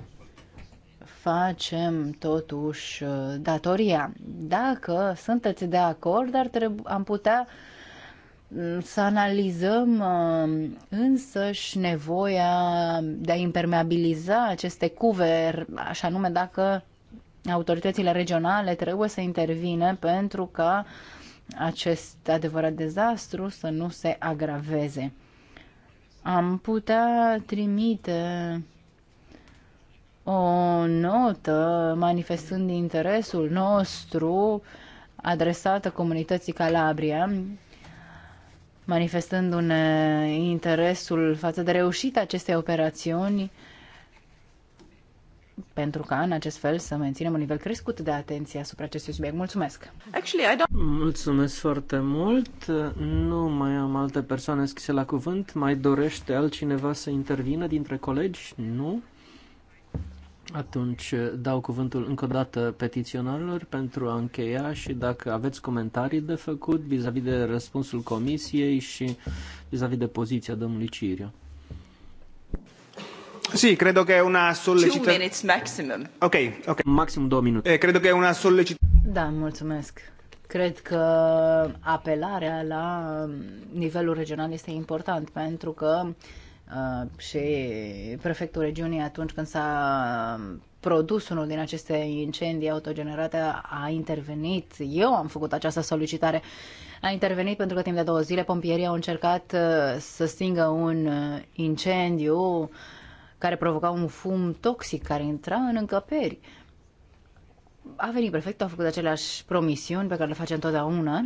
facem totuși uh, datoria. Dacă sunteți de acord, dar trebuie am putea mm, să analizăm uh, însăși nevoia de a impermeabiliza aceste cuveri, așa nume dacă autoritățile regionale trebuie să intervină pentru ca acest adevărat dezastru să nu se agraveze. Am putea trimite o notă manifestând interesul nostru adresată comunității Calabria, manifestându-ne interesul față de reușita acestei operațiuni pentru ca în acest fel să menținem un nivel crescut de atenție asupra acestui subiect. Mulțumesc! Actually, I don't... Mulțumesc foarte mult! Nu mai am alte persoane scrise la cuvânt. Mai dorește altcineva să intervină dintre colegi? Nu? Atunci dau cuvântul încă o dată petiționarilor pentru a încheia și dacă aveți comentarii de făcut vis-a-vis -vis de răspunsul comisiei și vis-a-vis -vis de poziția domnului Cirio. Sì, credo che è una sollecitazione. Two minutes maximum. Ok, ok. Maxim două minute. Eh, credo che è una sollecitazione. Da, mulțumesc. Cred că apelarea la um, nivelul regional este important pentru că uh, și prefectul regiunii atunci când s-a um, produs unul din aceste incendii autogenerate a intervenit. Eu am făcut această solicitare. A intervenit pentru că timp de două zile pompierii au încercat uh, să stingă un uh, incendiu care provoca un fum toxic care intra în încăperi. A venit prefectul, a făcut aceleași promisiuni pe care le face întotdeauna.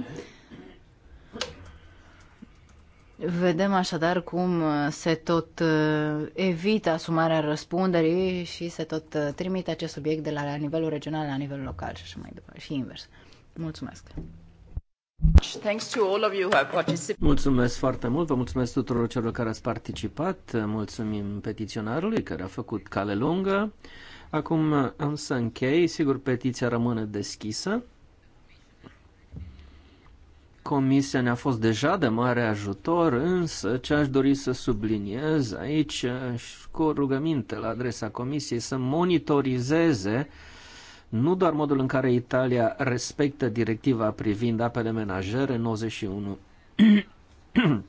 Vedem așadar cum uh, se tot uh, evită asumarea răspunderii și se tot uh, trimite acest subiect de la nivelul regional la nivelul local și așa mai departe, și invers. Mulțumesc! Mulțumesc foarte mult, vă mulțumesc tuturor celor care ați participat, mulțumim petiționarului care a făcut cale lungă. Acum am să închei, sigur petiția rămâne deschisă. Comisia ne-a fost deja de mare ajutor, însă ce aș dori să subliniez aici, cu rugăminte la adresa Comisiei, să monitorizeze nu doar modul în care Italia respectă directiva privind apele menajere 91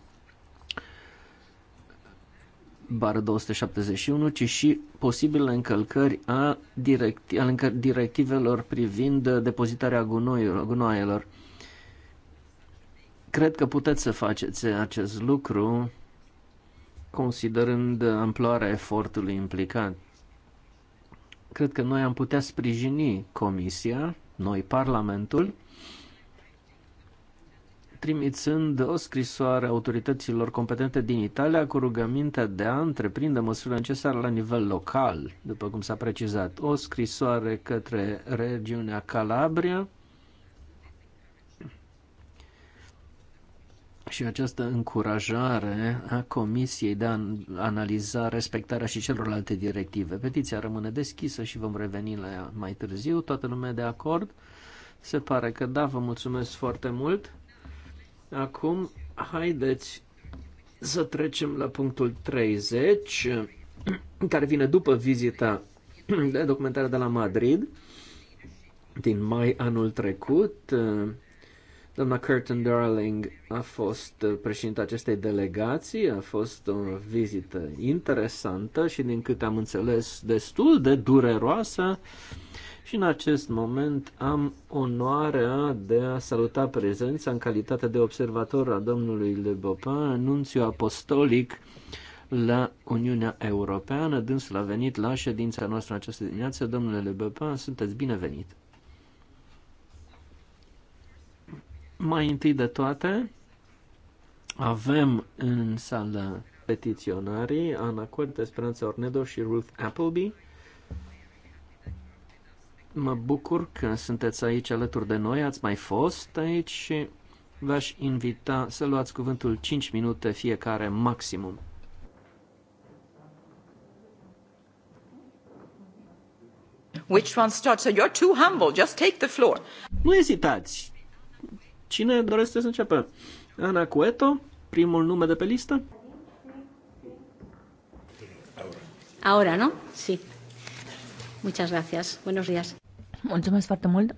bară 271, ci și posibile încălcări a directi- al directivelor privind depozitarea gunoaielor. Cred că puteți să faceți acest lucru considerând amploarea efortului implicat. Cred că noi am putea sprijini Comisia, noi Parlamentul, trimițând o scrisoare autorităților competente din Italia cu rugămintea de a întreprinde măsurile necesare la nivel local, după cum s-a precizat. O scrisoare către regiunea Calabria, și această încurajare a Comisiei de a analiza respectarea și celorlalte directive. Petiția rămâne deschisă și vom reveni la ea mai târziu. Toată lumea de acord? Se pare că da, vă mulțumesc foarte mult. Acum, haideți să trecem la punctul 30, care vine după vizita de documentare de la Madrid din mai anul trecut. Doamna Curtin Darling a fost uh, președinta acestei delegații, a fost o vizită interesantă și, din câte am înțeles, destul de dureroasă. Și în acest moment am onoarea de a saluta prezența în calitate de observator a domnului Le Bopin, anunțiu apostolic la Uniunea Europeană. Dânsul a venit la ședința noastră în această dimineață. Domnule Le Bopin, sunteți binevenit! Mai întâi de toate, avem în sală petiționarii Ana Corte, Speranța Ornedo și Ruth Appleby. Mă bucur că sunteți aici alături de noi, ați mai fost aici și v-aș invita să luați cuvântul 5 minute fiecare maximum. Which one starts? So you're too humble. Just take the floor. Nu ezitați. Cine dorește să începe? Ana Cueto, primul nume de pe listă? Ahora, ¿no? Sí. Muchas gracias. Buenos días. Mulțumesc foarte mult.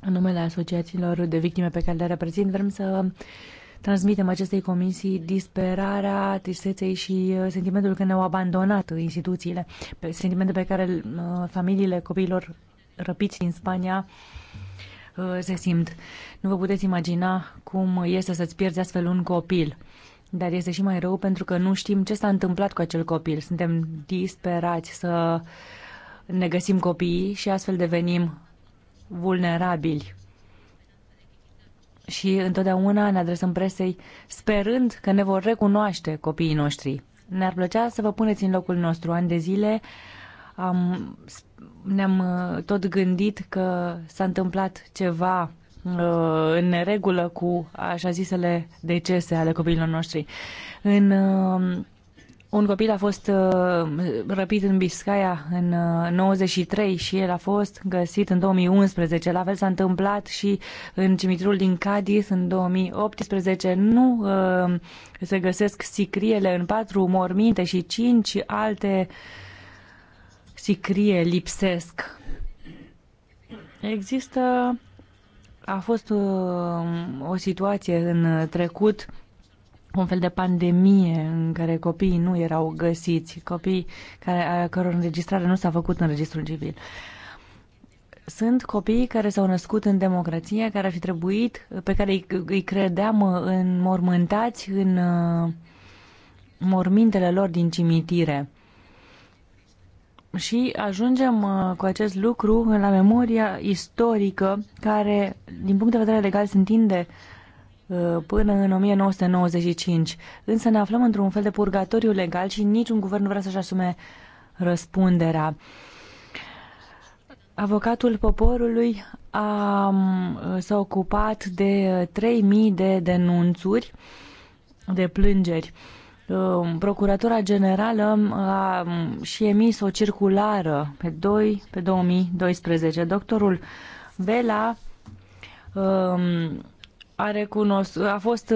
În numele asociațiilor de victime pe care le reprezint, vrem să transmitem acestei comisii disperarea, tristeței și uh, sentimentul că ne-au abandonat instituțiile, sentimente pe care uh, familiile copiilor răpiți din Spania Uh, se simt. Nu vă puteți imagina cum este să-ți pierzi astfel un copil. Dar este și mai rău pentru că nu știm ce s-a întâmplat cu acel copil. Suntem disperați să ne găsim copiii și astfel devenim vulnerabili. Și întotdeauna ne adresăm presei sperând că ne vor recunoaște copiii noștri. Ne-ar plăcea să vă puneți în locul nostru ani de zile, am, ne-am uh, tot gândit că s-a întâmplat ceva uh, în neregulă cu așa zisele decese ale copiilor noștri. În, um, un copil a fost uh, răpit în Biscaia în 93 și el a fost găsit în 2011. La fel s-a întâmplat și în cimitirul din Cadiz în 2018. Nu se găsesc sicriele în patru morminte și cinci alte uh, sicrie lipsesc. Există, a fost uh, o situație în trecut, un fel de pandemie în care copiii nu erau găsiți, copii care, a căror înregistrare nu s-a făcut în registrul civil. Sunt copiii care s-au născut în democrație, care ar fi trebuit, pe care îi, îi credeam uh, înmormântați în uh, mormintele lor din cimitire și ajungem uh, cu acest lucru la memoria istorică care, din punct de vedere legal, se întinde uh, până în 1995. Însă ne aflăm într-un fel de purgatoriu legal și niciun guvern nu vrea să-și asume răspunderea. Avocatul poporului a, s-a ocupat de 3.000 uh, de denunțuri, de plângeri. Um, procuratura Generală um, a um, și emis o circulară pe 2 pe 2012. Doctorul Vela a, recunos, a fost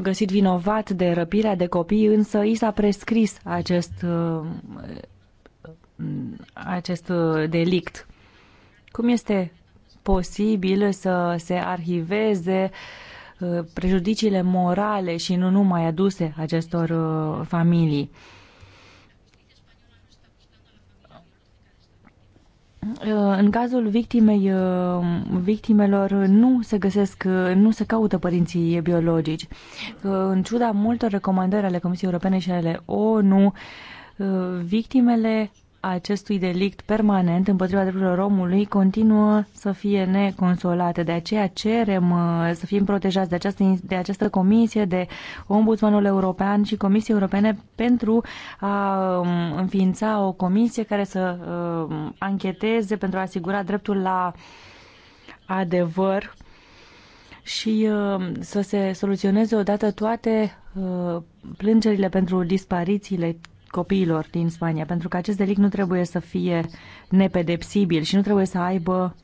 găsit vinovat de răpirea de copii, însă i s-a prescris acest, acest uh, delict. Cum este posibil să se arhiveze uh, Uh, prejudiciile morale și nu numai aduse acestor uh, familii. Uh, în cazul victimei, victimelor nu se găsesc, nu se caută părinții biologici. În ciuda multor recomandări ale Comisiei Europene și ale ONU, victimele acestui delict permanent împotriva drepturilor omului continuă să fie neconsolată De aceea cerem uh, să fim protejați de această, de această comisie, de Ombudsmanul European și Comisie Europene pentru a um, înființa o comisie care să um, ancheteze pentru a asigura dreptul la adevăr și um, să se soluționeze odată toate uh, plângerile pentru disparițiile copiilor din Spania, pentru că acest delict nu trebuie să fie nepedepsibil și nu trebuie să aibă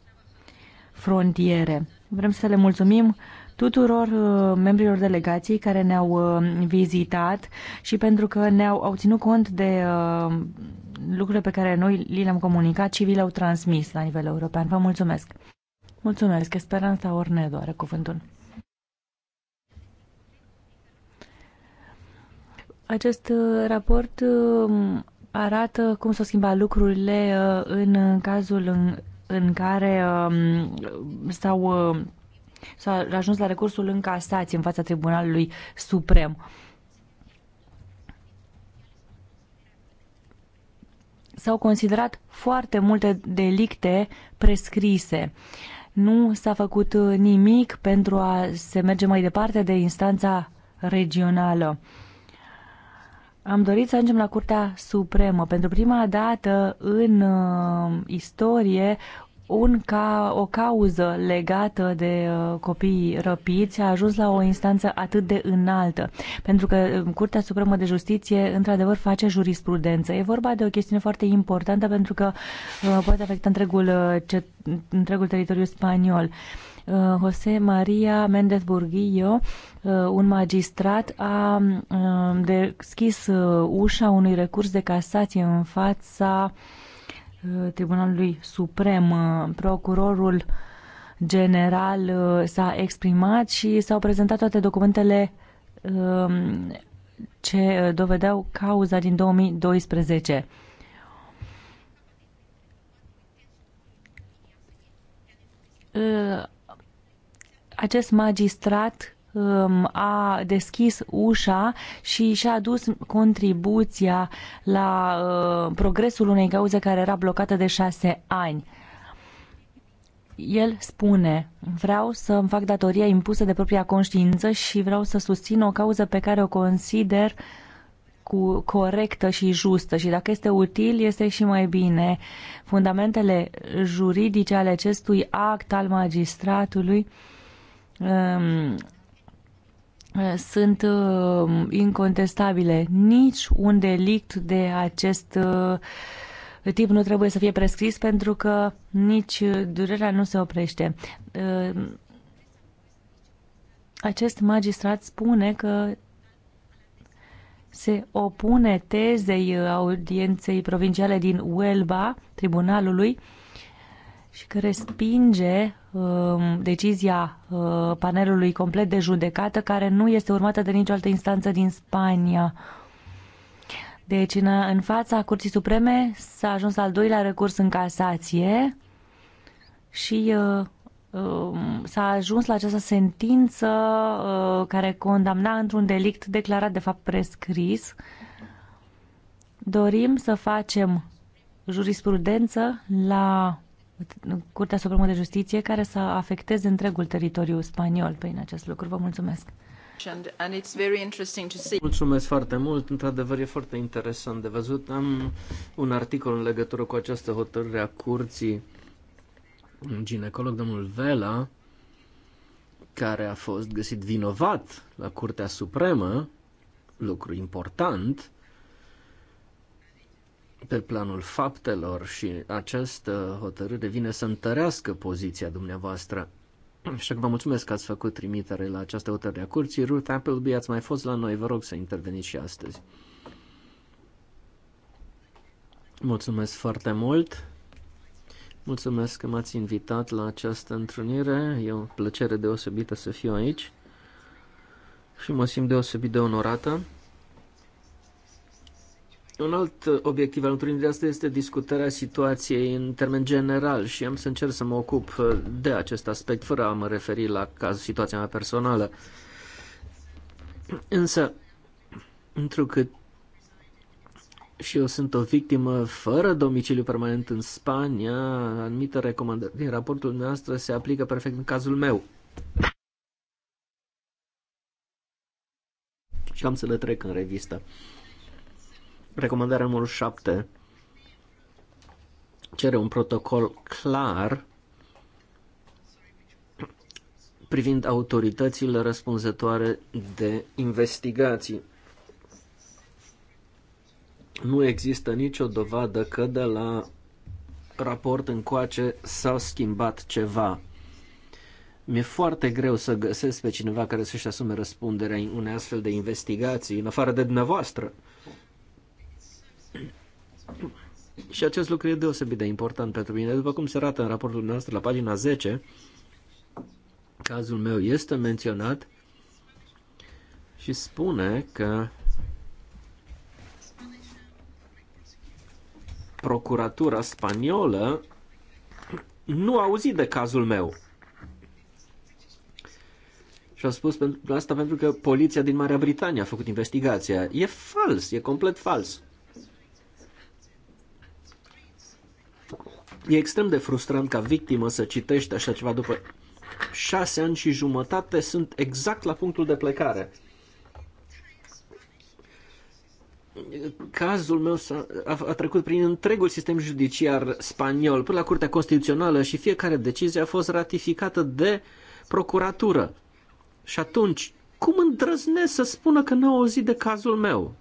frontiere. Vrem să le mulțumim tuturor uh, membrilor delegației care ne-au uh, vizitat și pentru că ne-au au ținut cont de uh, lucrurile pe care noi li le-am comunicat și vi le-au transmis la nivel european. Vă mulțumesc! Mulțumesc! Speranța ori ne doare cuvântul. Acest uh, raport um, arată cum s-au schimbat lucrurile uh, în cazul în, în care um, s-au uh, s-a ajuns la recursul în casație în fața Tribunalului Suprem. S-au considerat foarte multe delicte prescrise. Nu s-a făcut nimic pentru a se merge mai departe de instanța regională. Am dorit să ajungem la Curtea Supremă. Pentru prima dată în uh, istorie, un ca, o cauză legată de uh, copii răpiți a ajuns la o instanță atât de înaltă, pentru că uh, Curtea Supremă de Justiție într-adevăr face jurisprudență. E vorba de o chestiune foarte importantă pentru că uh, poate afecta întregul, uh, ce, întregul teritoriu spaniol. Uh, José María Méndez Burguillo Uh, un magistrat a uh, deschis uh, ușa unui recurs de casație în fața Tribunalului Suprem. Procurorul general s-a exprimat și s-au prezentat toate documentele um, ce dovedeau cauza din 2012. Acest magistrat Um, a deschis ușa și și-a adus contribuția la uh, progresul unei cauze care era blocată de șase ani. El spune, vreau să îmi fac datoria impusă de propria conștiință și vreau să susțin o cauză pe care o consider cu corectă și justă și dacă este util, este și mai bine. Fundamentele juridice ale acestui act al magistratului um, sunt uh, incontestabile. Nici un delict de acest uh, tip nu trebuie să fie prescris pentru că nici uh, durerea nu se oprește. Acest magistrat spune că se opune tezei audienței provinciale din Uelba, tribunalului, și că respinge uh, decizia uh, panelului complet de judecată, care nu este urmată de nicio altă instanță din Spania. Deci, în, în fața Curții Supreme s-a ajuns al doilea recurs în casație și uh, um, s-a ajuns la această sentință uh, care condamna într-un delict declarat de fapt prescris. Dorim să facem jurisprudență la Curtea Supremă de Justiție care să afecteze întregul teritoriu spaniol prin acest lucru. Vă mulțumesc! Mulțumesc foarte mult, într-adevăr e foarte interesant de văzut. Am un articol în legătură cu această hotărâre a curții, un ginecolog, domnul Vela, care a fost găsit vinovat la Curtea Supremă, lucru important, pe planul faptelor și această uh, hotărâre vine să întărească poziția dumneavoastră. Așa că vă mulțumesc că ați făcut trimitere la această hotărâre a curții. Ruth Appleby, ați mai fost la noi, vă rog să interveniți și astăzi. Mulțumesc foarte mult. Mulțumesc că m-ați invitat la această întrunire. E o plăcere deosebită să fiu aici și mă simt deosebit de onorată. Un alt obiectiv al întâlnirii de astăzi este discutarea situației în termen general și am să încerc să mă ocup uh, de acest aspect fără a mă referi la caz, situația mea personală. Însă, întrucât și eu sunt o victimă fără domiciliu permanent în Spania, anumite recomandări din raportul noastră se aplică perfect în cazul meu. Și am să le trec în revistă. Recomandarea numărul 7 cere un protocol clar privind autoritățile răspunzătoare de investigații. Nu există nicio dovadă că de la raport încoace s-a schimbat ceva. Mi-e foarte greu să găsesc pe cineva care să-și asume răspunderea în unei astfel de investigații, în afară de dumneavoastră. Uh, și acest lucru e deosebit de important pentru mine. După cum se arată în raportul nostru la pagina 10, cazul meu este menționat și spune că procuratura spaniolă nu a auzit de cazul meu. Și a spus pentru asta pentru că poliția din Marea Britanie a făcut investigația. E fals, e complet fals. E extrem de frustrant ca victimă să citești așa ceva după șase ani și jumătate sunt exact la punctul de plecare. Cazul meu a a, a trecut prin întregul sistem judiciar spaniol, până la Curtea Constituțională și fiecare decizie a fost ratificată de procuratură. Și atunci, cum îndrăznesc să spună că n-au auzit de cazul meu?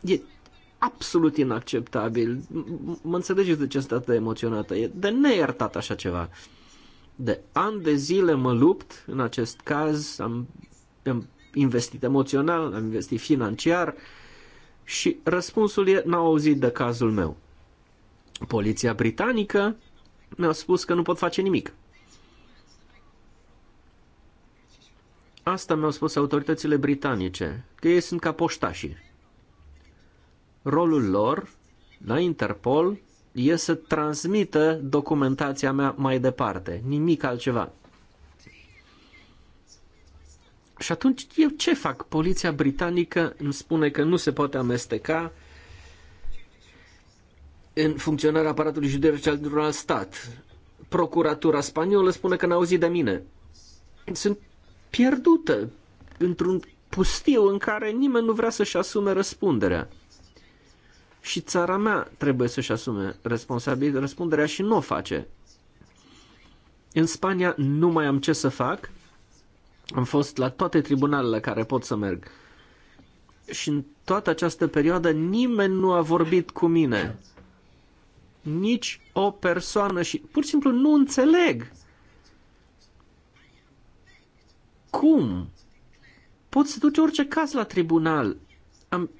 E absolut inacceptabil. Mă înțelegeți de ce sunt atât emoționată. E de neiertat așa ceva. De ani de zile mă lupt în acest caz, am, am investit emoțional, am investit financiar și răspunsul e n-au auzit de cazul meu. Poliția britanică mi-a spus că nu pot face nimic. Asta mi-au spus autoritățile britanice, că ei sunt ca poștașii rolul lor la Interpol e să transmită documentația mea mai departe, nimic altceva. Și atunci eu ce fac? Poliția britanică îmi spune că nu se poate amesteca în funcționarea aparatului judiciar dintr-un alt stat. Procuratura spaniolă spune că n-a auzit de mine. Sunt pierdută într-un pustiu în care nimeni nu vrea să-și asume răspunderea și țara mea trebuie să-și asume responsabil răspunderea și nu o face. În Spania nu mai am ce să fac. Am fost la toate tribunalele care pot să merg. Și în toată această perioadă nimeni nu a vorbit cu mine. Nici o persoană și pur și simplu nu înțeleg. Cum? Poți să duci orice caz la tribunal. Am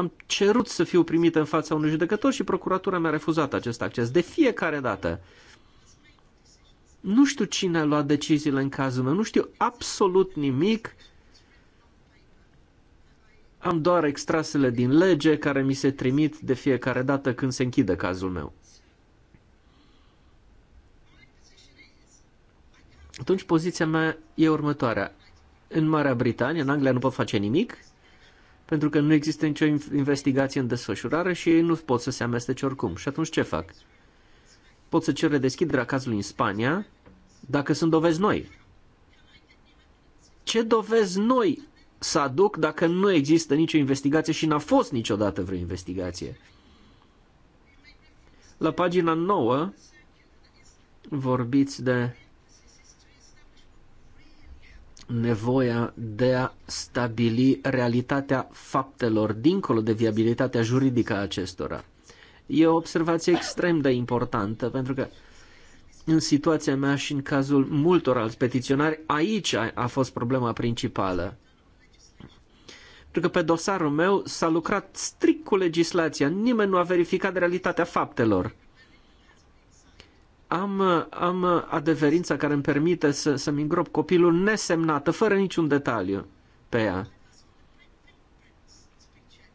am cerut să fiu primită în fața unui judecător și procuratura mi-a refuzat acest acces de fiecare dată. Nu știu cine a luat deciziile în cazul meu, nu știu absolut nimic. Am doar extrasele din lege care mi se trimit de fiecare dată când se închide cazul meu. Atunci poziția mea e următoarea. În Marea Britanie, în Anglia nu pot face nimic, pentru că nu există nicio investigație în desfășurare și ei nu pot să se amestece oricum. Și atunci ce fac? Pot să cer deschiderea cazului în Spania dacă sunt dovezi noi. Ce dovezi noi să aduc dacă nu există nicio investigație și n-a fost niciodată vreo investigație? La pagina 9 vorbiți de nevoia de a stabili realitatea faptelor dincolo de viabilitatea juridică a acestora. E o observație extrem de importantă pentru că în situația mea și în cazul multor alți petiționari, aici a fost problema principală. Pentru că pe dosarul meu s-a lucrat strict cu legislația, nimeni nu a verificat realitatea faptelor am, am adeverința care îmi permite să, să-mi îngrop copilul nesemnată, fără niciun detaliu pe ea.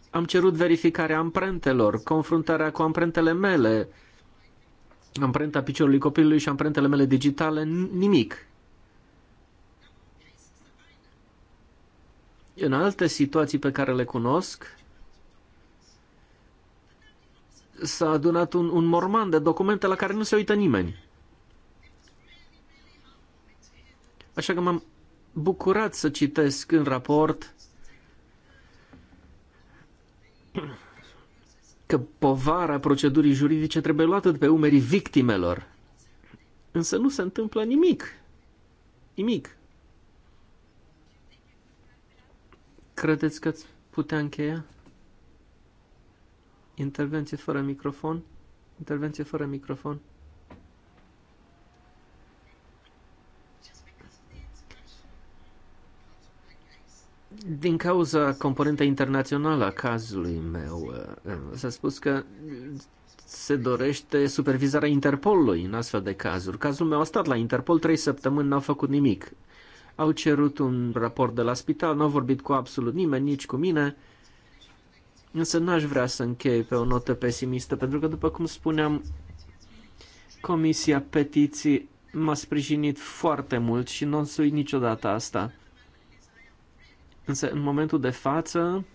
Am cerut verificarea amprentelor, confruntarea cu amprentele mele, amprenta piciorului copilului și amprentele mele digitale, nimic. În alte situații pe care le cunosc, s-a adunat un, un morman de documente la care nu se uită nimeni. Așa că m-am bucurat să citesc în raport că povara procedurii juridice trebuie luată de pe umerii victimelor. Însă nu se întâmplă nimic. Nimic. Credeți că ați putea încheia? Intervenție fără microfon. Intervenție fără microfon. Din cauza componentei internațională a cazului meu, eh, s-a spus că se dorește supervizarea Interpolului în astfel de cazuri. Cazul meu a stat la Interpol trei săptămâni, n-au făcut nimic. Au cerut un raport de la spital, n-au vorbit cu absolut nimeni, nici cu mine. Însă n-aș vrea să închei pe o notă pesimistă, pentru că, după cum spuneam, Comisia Petiții m-a sprijinit foarte mult și nu o să niciodată asta. Însă, în momentul de față,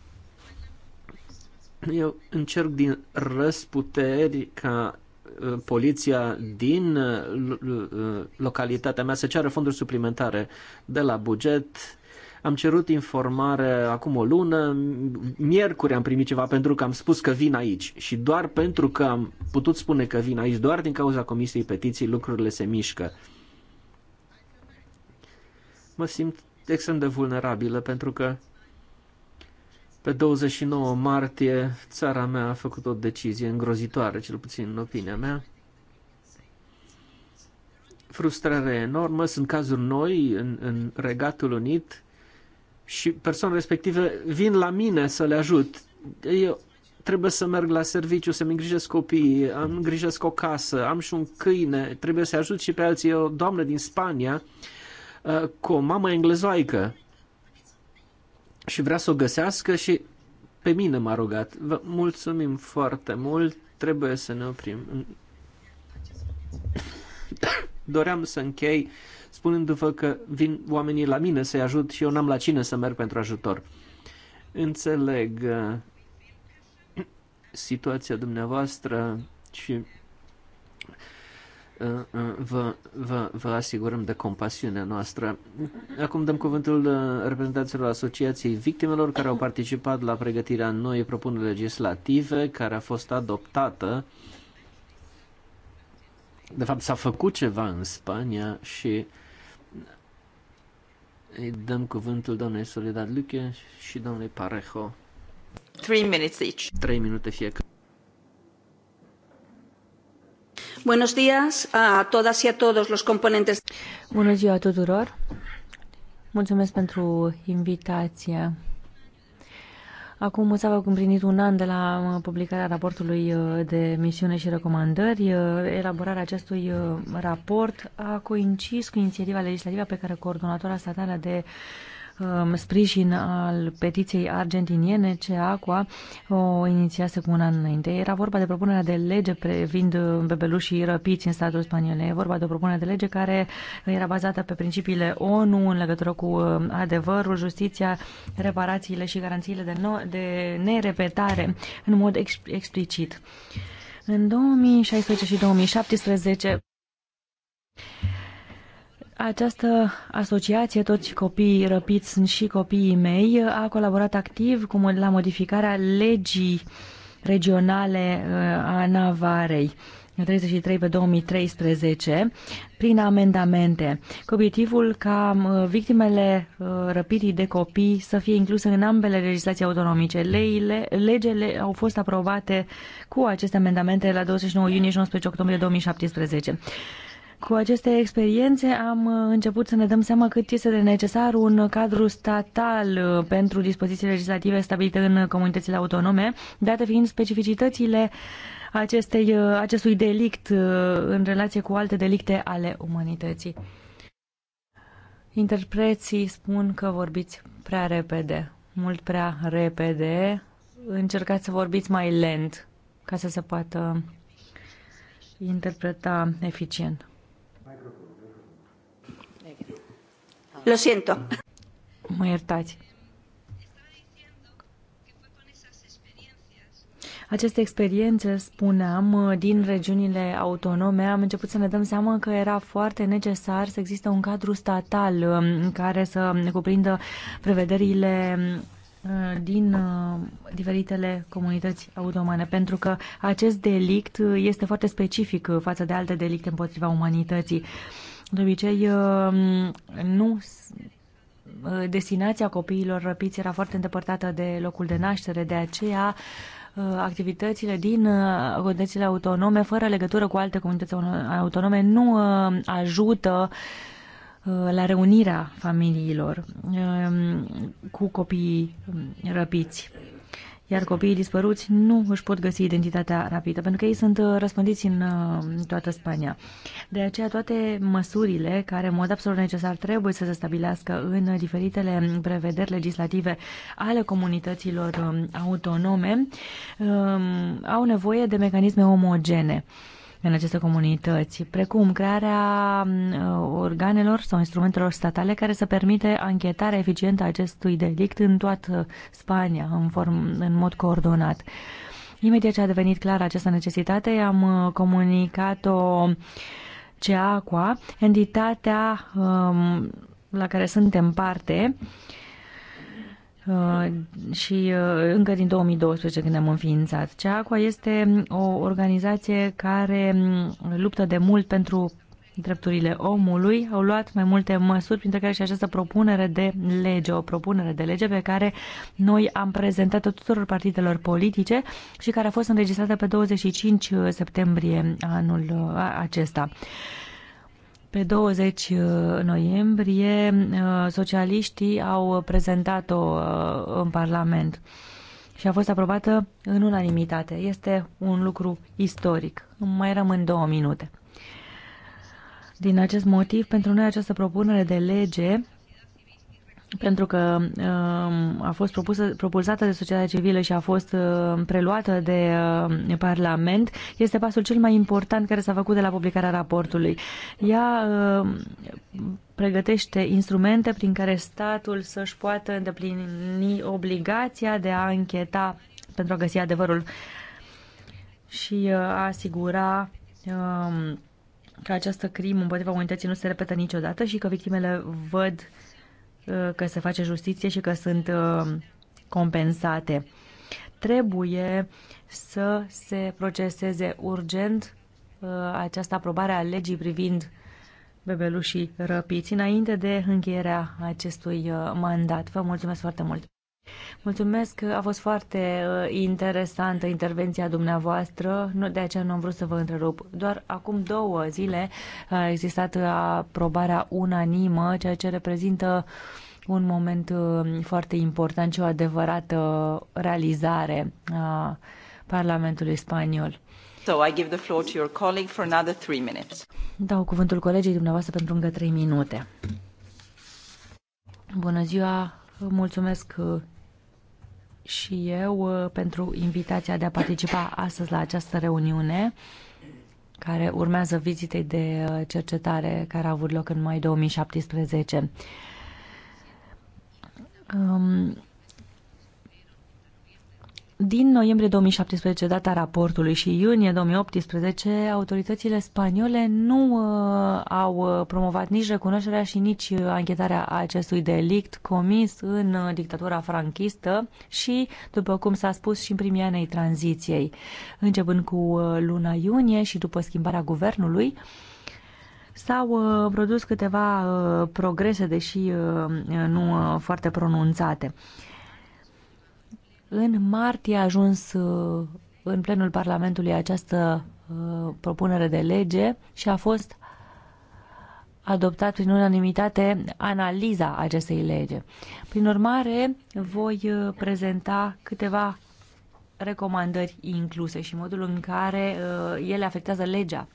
eu încerc din răsputeri ca uh, poliția din uh, uh, localitatea mea să ceară fonduri suplimentare de la buget am cerut informare acum o lună, miercuri am primit ceva pentru că am spus că vin aici și doar pentru că am putut spune că vin aici, doar din cauza Comisiei Petiții, lucrurile se mișcă. Mă simt extrem de vulnerabilă pentru că pe 29 martie țara mea a făcut o decizie îngrozitoare, cel puțin în opinia mea frustrare enormă, sunt cazuri noi în, în Regatul Unit, și persoanele respective vin la mine să le ajut. Eu trebuie să merg la serviciu, să-mi îngrijesc copiii, am îngrijesc o casă, am și un câine, trebuie să ajut și pe alții. o doamnă din Spania uh, cu o mamă englezoaică și vrea să o găsească și pe mine m-a rugat. Vă mulțumim foarte mult, trebuie să ne oprim. Doream să închei spunându-vă că vin oamenii la mine să-i ajut și eu n-am la cine să merg pentru ajutor. Înțeleg uh, situația dumneavoastră și uh, uh, vă, vă, vă asigurăm de compasiunea noastră. Acum dăm cuvântul reprezentanților Asociației Victimelor care au participat la pregătirea noii propuneri legislative care a fost adoptată. De fapt, s-a făcut ceva în Spania și îi dăm cuvântul doamnei Soledad Luche și doamnei Parejo. Three minutes each. Trei minute fiecare. Buenos días a todas y a todos los componentes. Bună ziua tuturor. Mulțumesc pentru invitația Acum s-a împlinit un an de la uh, publicarea raportului uh, de misiune și recomandări. Uh, elaborarea acestui raport a coincis cu inițiativa legislativă pe care coordonatora statală de uh, Um, sprijin al petiției argentiniene ce Aqua o inițiase cu un an înainte. Era vorba de propunerea de lege privind bebelușii răpiți în statul spaniol. E vorba de o propunere de lege care era bazată pe principiile ONU în legătură cu um, adevărul, justiția, reparațiile și garanțiile de, no de nerepetare în mod ex explicit. În 2016 și 2017 această asociație, toți copiii răpiți sunt și copiii mei, a colaborat activ cu, la modificarea legii regionale uh, a Navarei. 33 pe 2013 prin amendamente, cu obiectivul ca uh, victimele uh, răpirii de copii să fie incluse în ambele legislații autonomice. Leile, legele au fost aprobate cu aceste amendamente la 29 iunie și 19 octombrie 2017. Cu aceste experiențe am uh, început să ne dăm seama cât este de necesar un cadru statal uh, pentru dispoziții legislative stabilite în comunitățile autonome, date fiind specificitățile acestei, uh, acestui delict în relație cu alte delicte ale umanității. Interpreții spun că vorbiți prea repede, mult prea repede. Încercați să vorbiți mai lent ca să se poată interpreta eficient. Lo siento. Mă iertați. Aceste experiențe, spuneam, din regiunile autonome, am început să ne dăm seama că era foarte necesar să existe un cadru statal um, care să cuprindă prevederile um, din uh, diferitele comunități autonome. pentru că acest delict este foarte specific față de alte delicte împotriva umanității. De obicei, um, nu uh, destinația copiilor răpiți era foarte îndepărtată de locul de naștere, de aceea uh, activitățile din uh, comunitățile autonome, fără legătură cu alte comunități autonome, nu ajută la reunirea familiilor um, cu copiii um, răpiți iar copiii dispăruți nu își pot găsi identitatea rapidă, pentru că ei sunt uh, răspândiți în uh, toată Spania. De aceea toate măsurile care în mod absolut necesar trebuie să se stabilească în diferitele prevederi legislative ale comunităților um, autonome um, au nevoie de mecanisme omogene în aceste comunități, precum crearea mm, organelor sau instrumentelor statale care să permite anchetarea eficientă a acestui delict în toată Spania, în, form, în mod coordonat. Imediat ce a devenit clară această necesitate, am uh, comunicat-o CEACUA, entitatea um, la care suntem parte, uh, Uh, și uh, încă din 2012 când am înființat. CEACUA este o organizație care mm, luptă de mult pentru drepturile omului, au luat mai multe măsuri, printre care și această propunere de lege, o propunere de lege pe care noi am prezentat-o tuturor partidelor politice și care a fost înregistrată pe 25 septembrie anul uh, acesta. Pe 20 uh, noiembrie, uh, socialiștii au prezentat-o uh, în Parlament și a fost aprobată în unanimitate. Este un lucru istoric. Mai rămân două minute. Din acest motiv, pentru noi această propunere de lege pentru că um, a fost propusă, propulsată de societatea civilă și a fost um, preluată de um, Parlament, este pasul cel mai important care s-a făcut de la publicarea raportului. Ea pregătește instrumente prin care statul să-și poată îndeplini obligația de a încheta pentru a găsi adevărul și uh, a asigura că această crimă împotriva unității nu se repetă niciodată și că victimele văd uh, Uh, că se face justiție și că sunt uh, compensate. Trebuie să se proceseze urgent uh, această aprobare a legii privind bebelușii răpiți înainte de încheierea acestui mandat. Vă mulțumesc foarte mult! Mulțumesc, a fost foarte uh, interesantă intervenția dumneavoastră, de aceea nu am vrut să vă întrerup. Doar acum două zile a existat uh, aprobarea unanimă, ceea ce reprezintă un moment uh, foarte important și o adevărată realizare a Parlamentului Spaniol. So I give the floor to your colleague for another three minutes. Dau cuvântul colegii dumneavoastră pentru încă trei minute. Bună ziua, mulțumesc și eu uh, pentru invitația de a participa astăzi la această reuniune care urmează vizitei de uh, cercetare care a avut loc în mai 2017. Um, din noiembrie 2017, data raportului, și iunie 2018, autoritățile spaniole nu uh, au uh, promovat nici recunoașterea și nici uh, anchetarea acestui delict comis în uh, dictatura franchistă și, după cum s-a spus, și în primii ani ai tranziției. Începând cu uh, luna iunie și după schimbarea guvernului, S-au uh, produs câteva uh, progrese, deși uh, nu uh, foarte pronunțate. Uh, în martie a ajuns uh, în plenul Parlamentului această uh, propunere de lege și a fost adoptat prin unanimitate analiza acestei lege. Prin urmare, voi uh, prezenta câteva recomandări incluse și modul în care ele afectează legea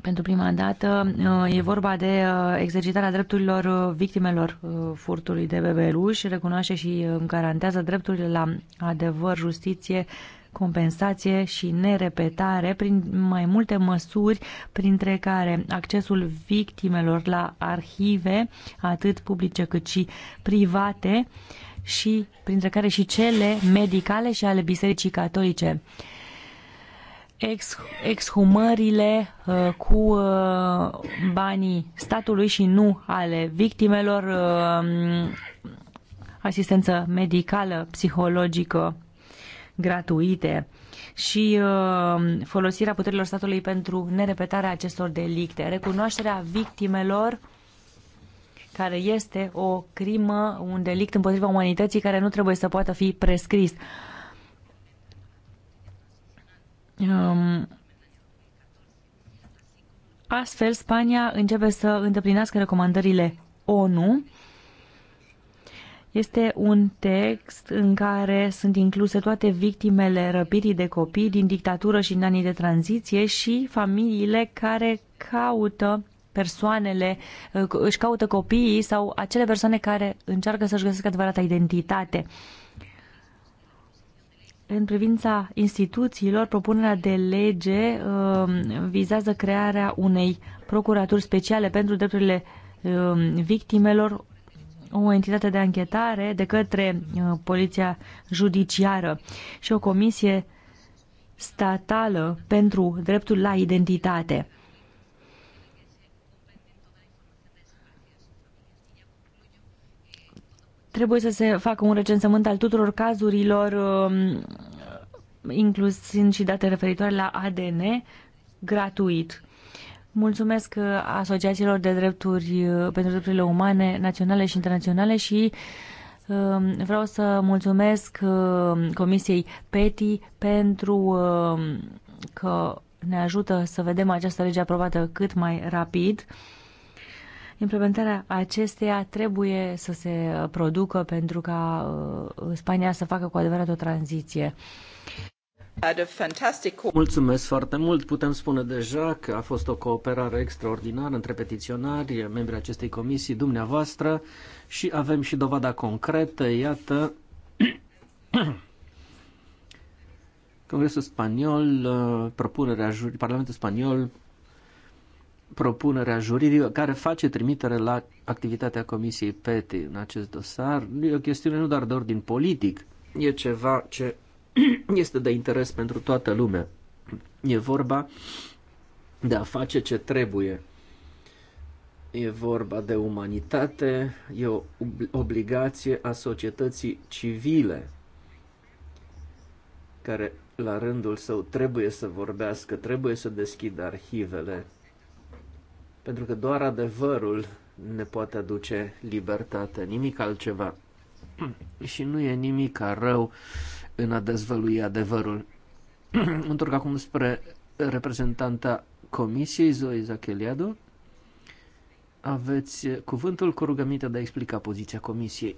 pentru prima dată uh, e vorba de uh, exercitarea drepturilor uh, victimelor furtului de bebeluși, recunoaște și garantează drepturile la adevăr, justiție, compensație și nerepetare prin mai multe măsuri, printre care accesul victimelor la arhive, atât publice cât și private, și printre care și cele medicale și ale Bisericii Catolice ex, exhumările uh, cu uh, banii statului și nu ale victimelor, uh, asistență medicală, psihologică gratuite și uh, folosirea puterilor statului pentru nerepetarea acestor delicte, recunoașterea victimelor care este o crimă, un delict împotriva umanității care nu trebuie să poată fi prescris. Uh, Um, astfel, Spania începe să îndeplinească recomandările ONU. Este un text în care sunt incluse toate victimele răpirii de copii din dictatură și în anii de tranziție și familiile care caută persoanele, uh, își caută copiii sau acele persoane care încearcă să-și găsească adevărata identitate. În privința instituțiilor, propunerea de lege um, vizează crearea unei procuraturi speciale pentru drepturile um, victimelor, o entitate de anchetare de către uh, poliția judiciară și o comisie statală pentru dreptul la identitate. Trebuie să se facă un recensământ al tuturor cazurilor, um, inclusiv și date referitoare la ADN, gratuit. Mulțumesc uh, asociațiilor de drepturi uh, pentru drepturile umane naționale și internaționale și um, vreau să mulțumesc uh, Comisiei PETI pentru um, că ne ajută să vedem această lege aprobată cât mai rapid. Implementarea acesteia trebuie să se producă pentru ca uh, Spania să facă cu adevărat o tranziție. Mulțumesc foarte mult. Putem spune deja că a fost o cooperare extraordinară între petiționari, membrii acestei comisii, dumneavoastră și avem și dovada concretă. Iată, Congresul Spaniol, uh, propunerea Parlamentul Spaniol propunerea juridică care face trimitere la activitatea Comisiei PETI în acest dosar. E o chestiune nu doar de ordin politic, e ceva ce este de interes pentru toată lumea. E vorba de a face ce trebuie. E vorba de umanitate, e o obligație a societății civile care la rândul său trebuie să vorbească, trebuie să deschidă arhivele, pentru că doar adevărul ne poate aduce libertate, nimic altceva. Și nu e nimic rău în a dezvălui adevărul. Întorc acum spre reprezentanta Comisiei, Zoe Zacheliadu. Aveți cuvântul cu rugămintea de a explica poziția Comisiei.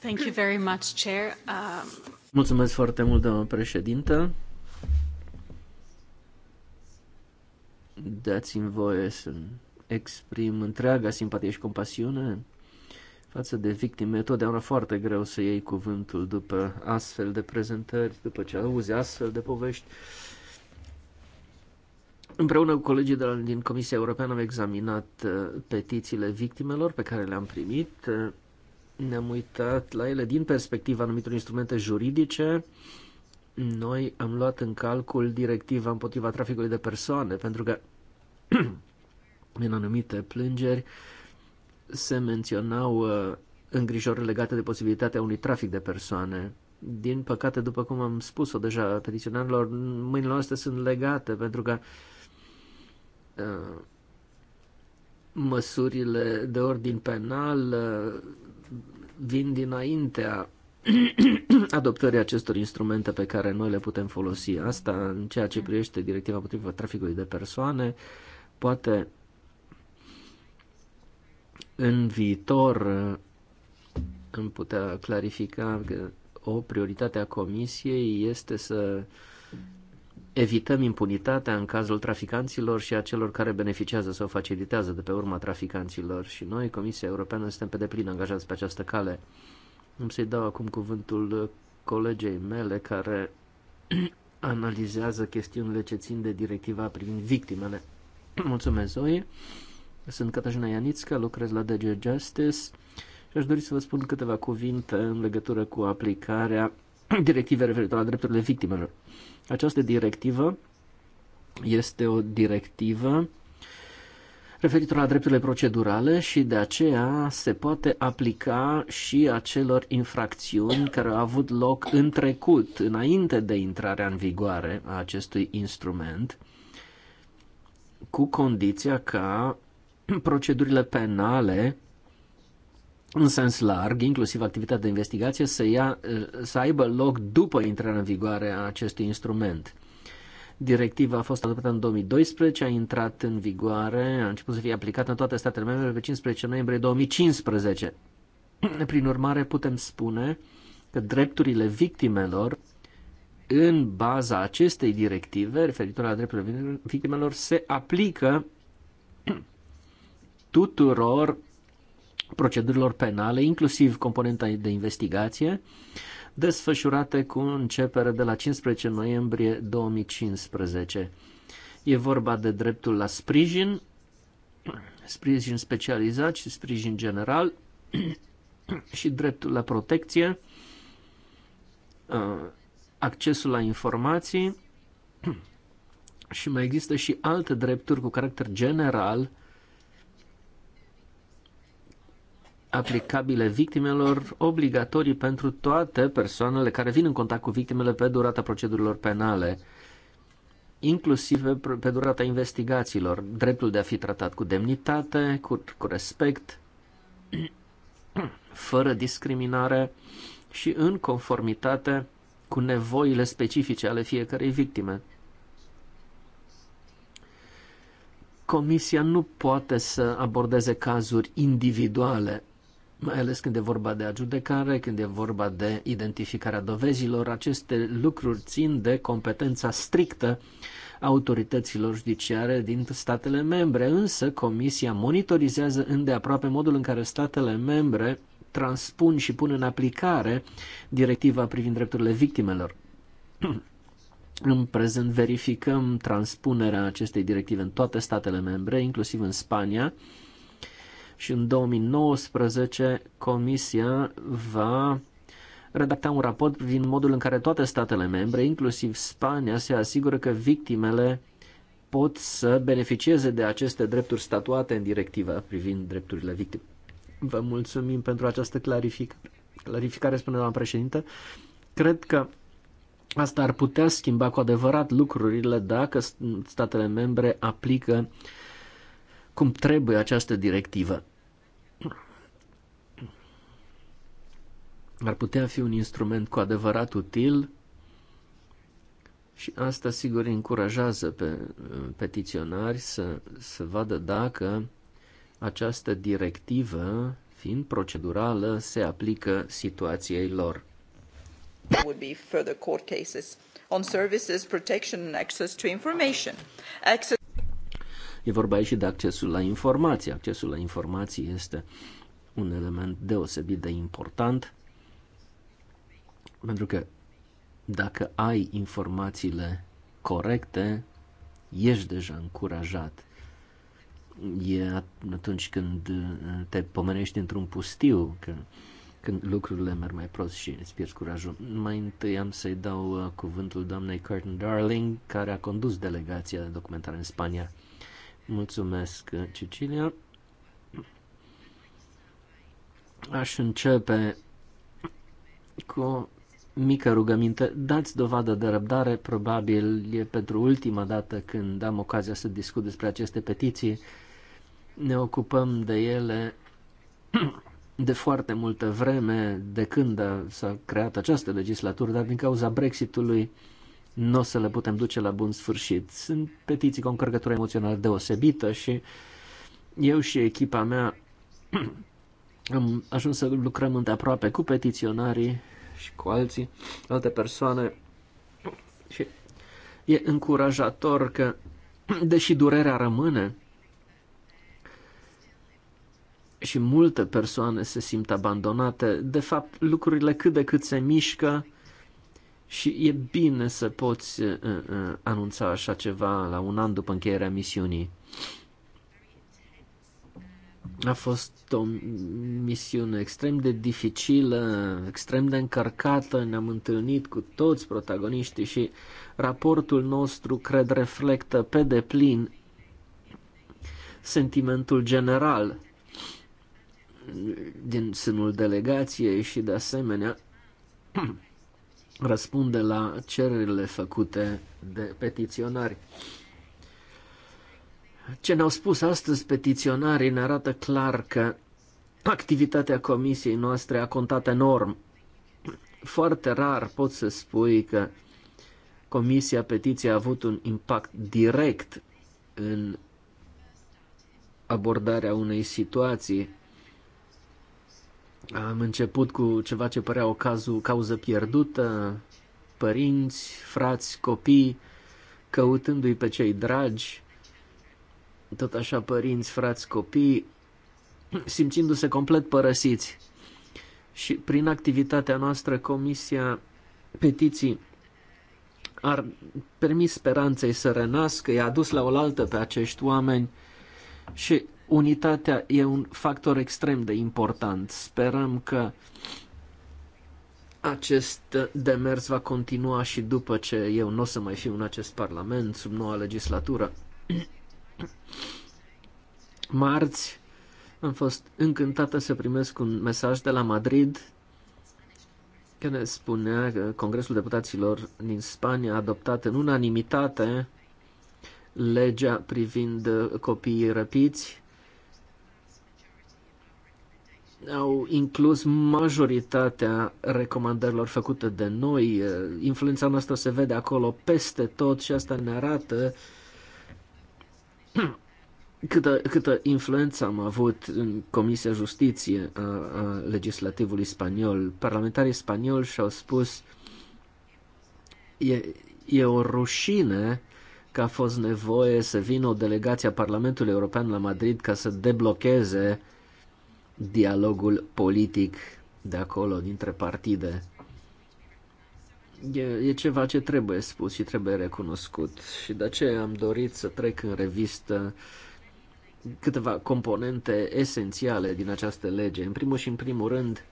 Thank you very much, Chair. Um... Mulțumesc foarte mult, doamnă președintă. Dați-mi voie să exprim întreaga simpatie și compasiune față de victime. Totdeauna foarte greu să iei cuvântul după astfel de prezentări, după ce auzi astfel de povești. Împreună cu colegii de la, din Comisia Europeană am examinat uh, petițiile victimelor pe care le-am primit. Uh, ne-am uitat la ele din perspectiva anumitor instrumente juridice, uh, noi am luat în calcul directiva împotriva traficului de persoane, pentru că în anumite plângeri se menționau uh, îngrijori legate de posibilitatea unui trafic de persoane. Din păcate, după cum am spus-o deja petiționarilor, mâinile noastre sunt legate, pentru că uh, măsurile de ordin penal uh, vin dinaintea adoptării acestor instrumente pe care noi le putem folosi. Asta în ceea ce privește directiva împotriva traficului de persoane, poate în viitor îmi eh, putea clarifica că o prioritate a Comisiei este să evităm impunitatea în cazul traficanților și a celor care beneficiază sau facilitează de pe urma traficanților și noi, Comisia Europeană, suntem pe deplin angajați pe această cale. Am să-i dau acum cuvântul uh, colegei mele care analizează chestiunile ce țin de directiva privind victimele. Mulțumesc, Zoe. Sunt Catajina Ianițca, lucrez la DG Justice și aș dori să vă spun câteva cuvinte în legătură cu aplicarea directivei referitoare la drepturile victimelor. Această directivă este o directivă referitor la drepturile procedurale și de aceea se poate aplica și acelor infracțiuni care au avut loc în trecut, înainte de intrarea în vigoare a acestui instrument, cu condiția ca procedurile penale în sens larg, inclusiv activitatea de investigație, să, ia, să aibă loc după intrarea în vigoare a acestui instrument. Directiva a fost adoptată în 2012, a intrat în vigoare, a început să fie aplicată în toate statele membre pe 15 noiembrie 2015. Prin urmare, putem spune că drepturile victimelor în baza acestei directive referitor la drepturile victimelor se aplică tuturor procedurilor penale, inclusiv componenta de investigație, desfășurate cu începere de la 15 noiembrie 2015. E vorba de dreptul la sprijin, sprijin specializat și sprijin general și dreptul la protecție, uh, accesul la informații și mai există și alte drepturi cu caracter general aplicabile victimelor obligatorii pentru toate persoanele care vin în contact cu victimele pe durata procedurilor penale, inclusiv pe durata investigațiilor, dreptul de a fi tratat cu demnitate, cu, cu respect, fără discriminare și în conformitate cu nevoile specifice ale fiecarei victime. Comisia nu poate să abordeze cazuri individuale mai ales când e vorba de adjudecare, când e vorba de identificarea dovezilor, aceste lucruri țin de competența strictă autorităților judiciare din statele membre, însă Comisia monitorizează îndeaproape modul în care statele membre transpun și pun în aplicare directiva privind drepturile victimelor. În prezent verificăm transpunerea acestei directive în toate statele membre, inclusiv în Spania, și în 2019 Comisia va redacta un raport privind modul în care toate statele membre, inclusiv Spania, se asigură că victimele pot să beneficieze de aceste drepturi statuate în directivă privind drepturile victime. Vă mulțumim pentru această clarificare, clarificare spune doamna președinte. Cred că asta ar putea schimba cu adevărat lucrurile dacă statele membre aplică cum trebuie această directivă. ar putea fi un instrument cu adevărat util și asta sigur încurajează pe uh, petiționari să, să vadă dacă această directivă, fiind procedurală, se aplică situației lor. Would be further court cases on services, protection and access to information. Access... E vorba aici și de accesul la informații. Accesul la informații este un element deosebit de important pentru că dacă ai informațiile corecte, ești deja încurajat. E atunci când uh, te pomenești într-un pustiu, că, când lucrurile merg mai prost și îți pierzi curajul. Mai întâi am să-i dau uh, cuvântul doamnei Curtin Darling, care a condus delegația de documentare în Spania. Mulțumesc, uh, Cecilia. Aș începe cu mică rugăminte, dați dovadă de răbdare, probabil e pentru ultima dată când am ocazia să discut despre aceste petiții. Ne ocupăm de ele de foarte multă vreme, de când s-a creat această legislatură, dar din cauza Brexitului nu o să le putem duce la bun sfârșit. Sunt petiții cu o încărcătură emoțională deosebită și eu și echipa mea am ajuns să lucrăm îndeaproape cu petiționarii și cu alții, alte persoane. Și e încurajator că, deși durerea rămâne, și multe persoane se simt abandonate, de fapt lucrurile cât de cât se mișcă și e bine să poți uh, uh, anunța așa ceva la un an după încheierea misiunii. A fost o misiune extrem de dificilă, extrem de încărcată, ne-am întâlnit cu toți protagoniștii și raportul nostru, cred, reflectă pe deplin sentimentul general din sânul delegației și, de asemenea, răspunde la cererile făcute de petiționari. Ce ne-au spus astăzi petiționarii ne arată clar că activitatea comisiei noastre a contat enorm. Foarte rar pot să spui că comisia petiției a avut un impact direct în abordarea unei situații. Am început cu ceva ce părea o cazu, cauză pierdută, părinți, frați, copii, căutându-i pe cei dragi, tot așa părinți, frați, copii, simțindu-se complet părăsiți. Și prin activitatea noastră, Comisia Petiții ar permis speranței să renască, i-a adus la oaltă pe acești oameni și unitatea e un factor extrem de important. Sperăm că acest demers va continua și după ce eu nu o să mai fiu în acest parlament, sub noua legislatură. Marți am fost încântată să primesc un mesaj de la Madrid că ne spunea că Congresul Deputaților din Spania a adoptat în unanimitate legea privind copiii răpiți. Au inclus majoritatea recomandărilor făcute de noi. Influența noastră se vede acolo peste tot și asta ne arată uh, câtă, câtă influență am avut în Comisia Justiție a, a legislativului spaniol. Parlamentarii spanioli și-au spus e, e o rușine că a fost nevoie să vină o delegație a Parlamentului European la Madrid ca să deblocheze dialogul politic de acolo, dintre partide e, e ceva ce trebuie spus și trebuie recunoscut și de aceea am dorit să trec în revistă câteva componente esențiale din această lege. În primul și în primul rând,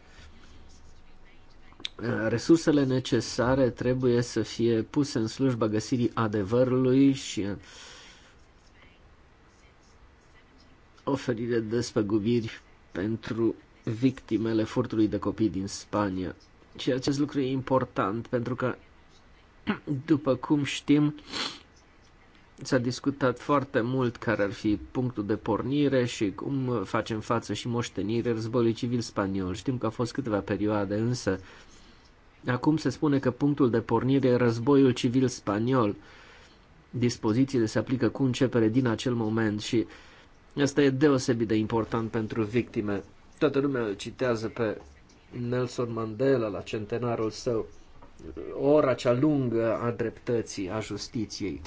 resursele necesare trebuie să fie puse în slujba găsirii adevărului și oferire de spăgubiri pentru victimele furtului de copii din Spania. Și acest lucru e important pentru că, după cum știm, s-a discutat foarte mult care ar fi punctul de pornire și cum facem față și moștenire războiului civil spaniol. Știm că a fost câteva perioade, însă acum se spune că punctul de pornire e războiul civil spaniol. Dispozițiile se aplică cu începere din acel moment și asta e deosebit de important pentru victime. Toată lumea îl citează pe Nelson Mandela la centenarul său ora cea lungă a dreptății, a justiției.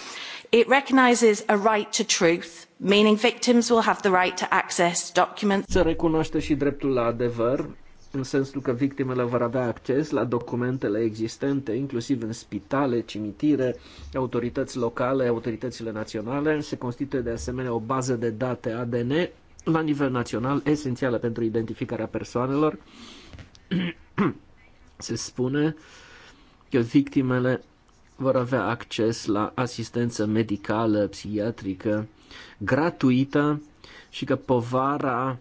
It recognizes a right to truth, meaning victims will have the right to access documents. Se recunoaște și dreptul la adevăr, în sensul că victimele vor avea acces la documentele existente, inclusiv în spitale, cimitire, autorități locale, autoritățile naționale. Se constituie de asemenea o bază de date ADN la nivel național, esențială pentru identificarea persoanelor Se spune că victimele vor avea acces la asistență medicală, psihiatrică, gratuită și că povara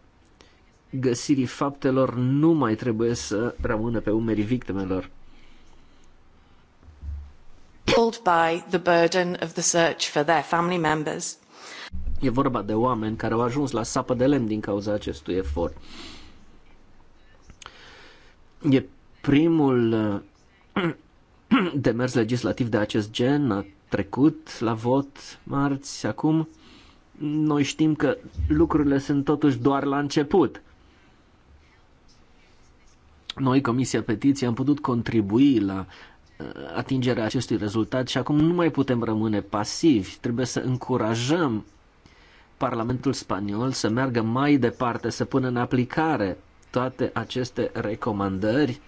găsirii faptelor nu mai trebuie să rămână pe umerii victimelor. by the burden of the search for their family members. E vorba de oameni care au ajuns la sapă de lemn din cauza acestui efort. E primul eh, demers legislativ de acest gen, a trecut la vot marți, acum. Noi știm că lucrurile sunt totuși doar la început. Noi, Comisia Petiție, am putut contribui la eh, atingerea acestui rezultat și acum nu mai putem rămâne pasivi. Trebuie să încurajăm Parlamentul spaniol să meargă mai departe, să pună în aplicare toate aceste recomandări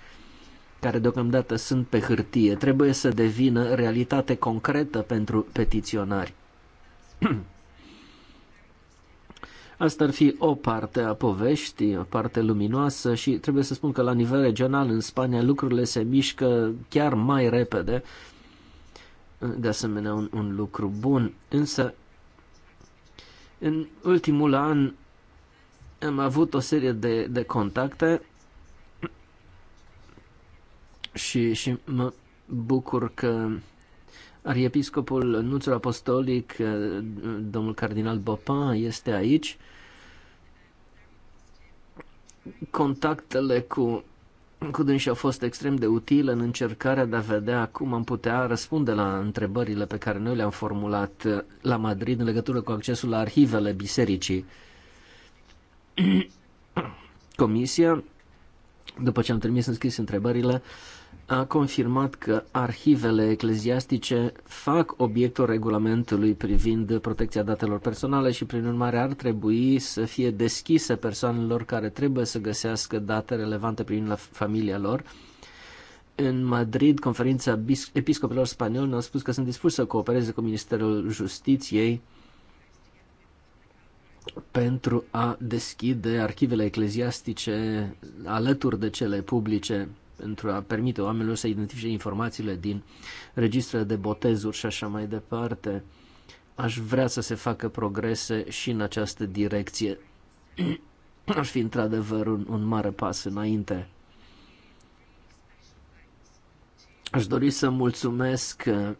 care deocamdată sunt pe hârtie, trebuie să devină realitate concretă pentru petiționari. Asta ar fi o parte a poveștii, o parte luminoasă și trebuie să spun că la nivel regional în Spania lucrurile se mișcă chiar mai repede. De asemenea, un, un lucru bun. Însă, în ultimul an am avut o serie de, de contacte și, și mă bucur că arhiepiscopul Nuțul Apostolic, eh, domnul cardinal Bopin, este aici. Contactele cu, cu dânsi au fost extrem de utile în încercarea de a vedea cum am putea răspunde la întrebările pe care noi le-am formulat eh, la Madrid în legătură cu accesul la arhivele bisericii. Comisia, după ce am trimis în scris întrebările, a confirmat că arhivele ecleziastice fac obiectul regulamentului privind protecția datelor personale și, prin urmare, ar trebui să fie deschise persoanelor care trebuie să găsească date relevante privind la familia lor. În Madrid, conferința episcopilor spanioli ne-a spus că sunt dispuși să coopereze cu Ministerul Justiției uh, pentru a deschide arhivele ecleziastice alături de cele publice pentru a permite oamenilor să identifice informațiile din registrele de botezuri și așa mai departe. Aș vrea să se facă progrese și în această direcție. Ar fi într-adevăr un, un mare pas înainte. Aș dori să mulțumesc uh,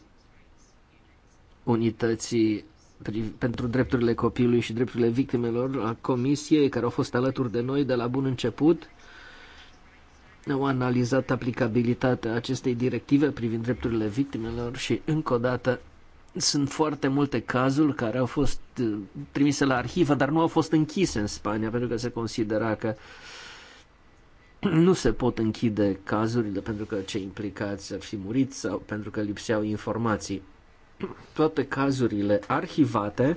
unității pentru drepturile copilului și drepturile victimelor a comisiei care au fost alături de noi de la bun început. Au analizat aplicabilitatea acestei directive privind drepturile victimelor și încă o dată sunt foarte multe cazuri care au fost uh, trimise la arhivă, dar nu au fost închise în Spania pentru că se considera că nu se pot închide cazurile pentru că cei implicați ar fi murit sau pentru că lipseau informații toate cazurile arhivate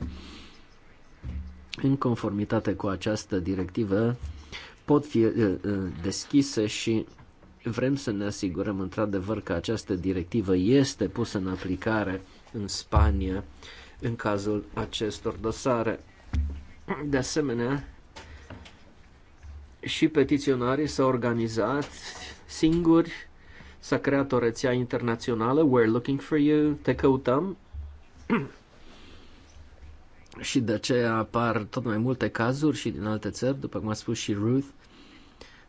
în conformitate cu această directivă pot fi eh, eh, deschise și vrem să ne asigurăm într-adevăr că această directivă este pusă în aplicare în Spania în cazul acestor dosare. De asemenea, și petiționarii s-au organizat singuri S-a creat o rețea internațională, We're Looking For You, te căutăm. și de aceea apar tot mai multe cazuri și din alte țări, după cum a spus și Ruth.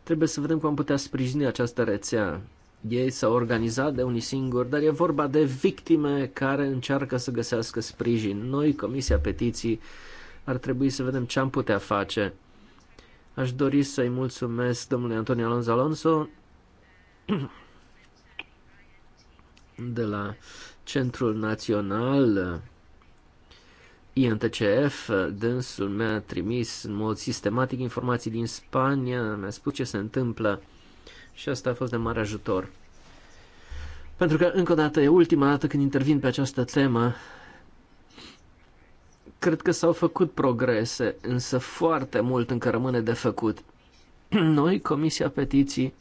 Trebuie să vedem cum am putea sprijini această rețea. Ei s-au organizat de unii singuri, dar e vorba de victime care încearcă să găsească sprijin. Noi, Comisia Petiții, ar trebui să vedem ce am putea face. Aș dori să-i mulțumesc domnului Antonio Alonso Alonso de la Centrul Național uh, INTCF, uh, dânsul mi-a trimis în mod sistematic informații din Spania, mi-a spus ce se întâmplă și asta a fost de mare ajutor. Pentru că, încă o dată, e ultima dată când intervin pe această temă, cred că s-au făcut progrese, însă foarte mult încă rămâne de făcut. Noi, Comisia Petiții,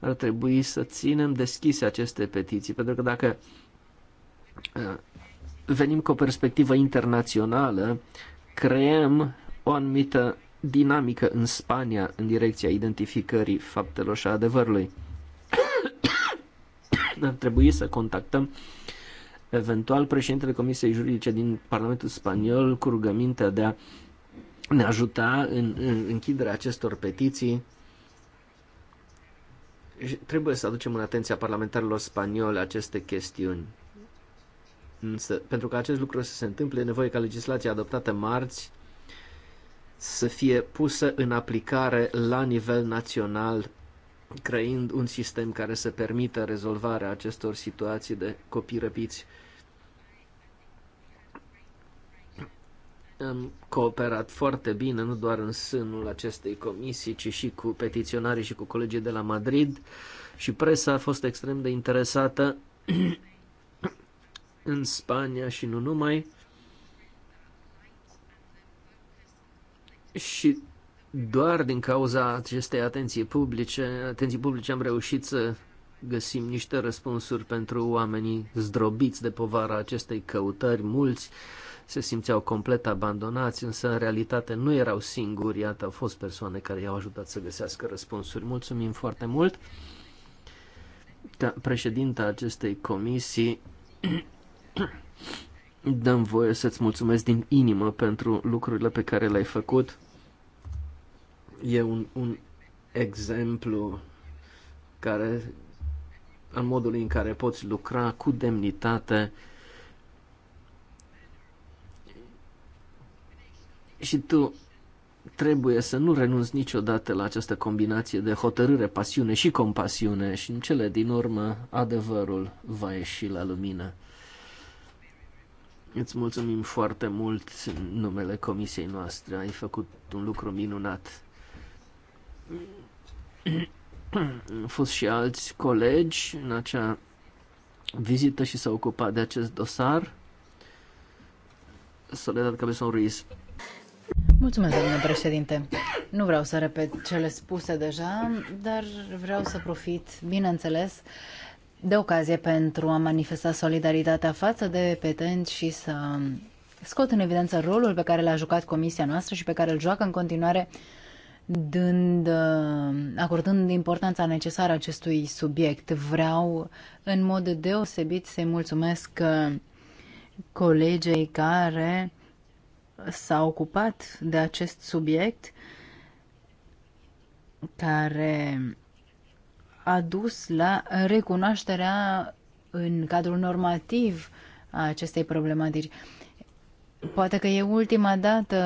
ar trebui să ținem deschise aceste petiții, pentru că dacă uh, venim cu o perspectivă internațională, creăm o anumită dinamică în Spania în direcția identificării faptelor și a adevărului. ar trebui să contactăm eventual președintele Comisiei Juridice din Parlamentul Spaniol cu rugămintea de a ne ajuta în, în închiderea acestor petiții Trebuie să aducem în atenția parlamentarilor spanioli aceste chestiuni. Însă, pentru că acest lucru să se întâmple, e nevoie ca legislația adoptată marți să fie pusă în aplicare la nivel național, creând un sistem care să permită rezolvarea acestor situații de copii răpiți. Am cooperat foarte bine, nu doar în sânul acestei comisii, ci și cu petiționarii și cu colegii de la Madrid și presa a fost extrem de interesată în Spania și nu numai. Și doar din cauza acestei atenții publice, atenții publice am reușit să găsim niște răspunsuri pentru oamenii zdrobiți de povara acestei căutări, mulți se simțeau complet abandonați, însă în realitate nu erau singuri, iată, au fost persoane care i-au ajutat să găsească răspunsuri. Mulțumim foarte mult! Ca președinta acestei comisii, dăm voie să-ți mulțumesc din inimă pentru lucrurile pe care le-ai făcut. E un, un exemplu care, în modul în care poți lucra cu demnitate, Și tu trebuie să nu renunți niciodată la această combinație de hotărâre, pasiune și compasiune și în cele din urmă adevărul va ieși la lumină. Îți mulțumim foarte mult în numele comisiei noastre. Ai făcut un lucru minunat. Au fost și alți colegi în acea vizită și s-au ocupat de acest dosar. Soledad Cabezon Ruiz Mulțumesc, domnule președinte. Nu vreau să repet cele spuse deja, dar vreau să profit, bineînțeles, de ocazie pentru a manifesta solidaritatea față de petenți și să scot în evidență rolul pe care l-a jucat comisia noastră și pe care îl joacă în continuare dând, acordând importanța necesară acestui subiect. Vreau în mod deosebit să-i mulțumesc colegei care s-a ocupat de acest subiect care a dus la recunoașterea în cadrul normativ a acestei problematici. Poate că e ultima dată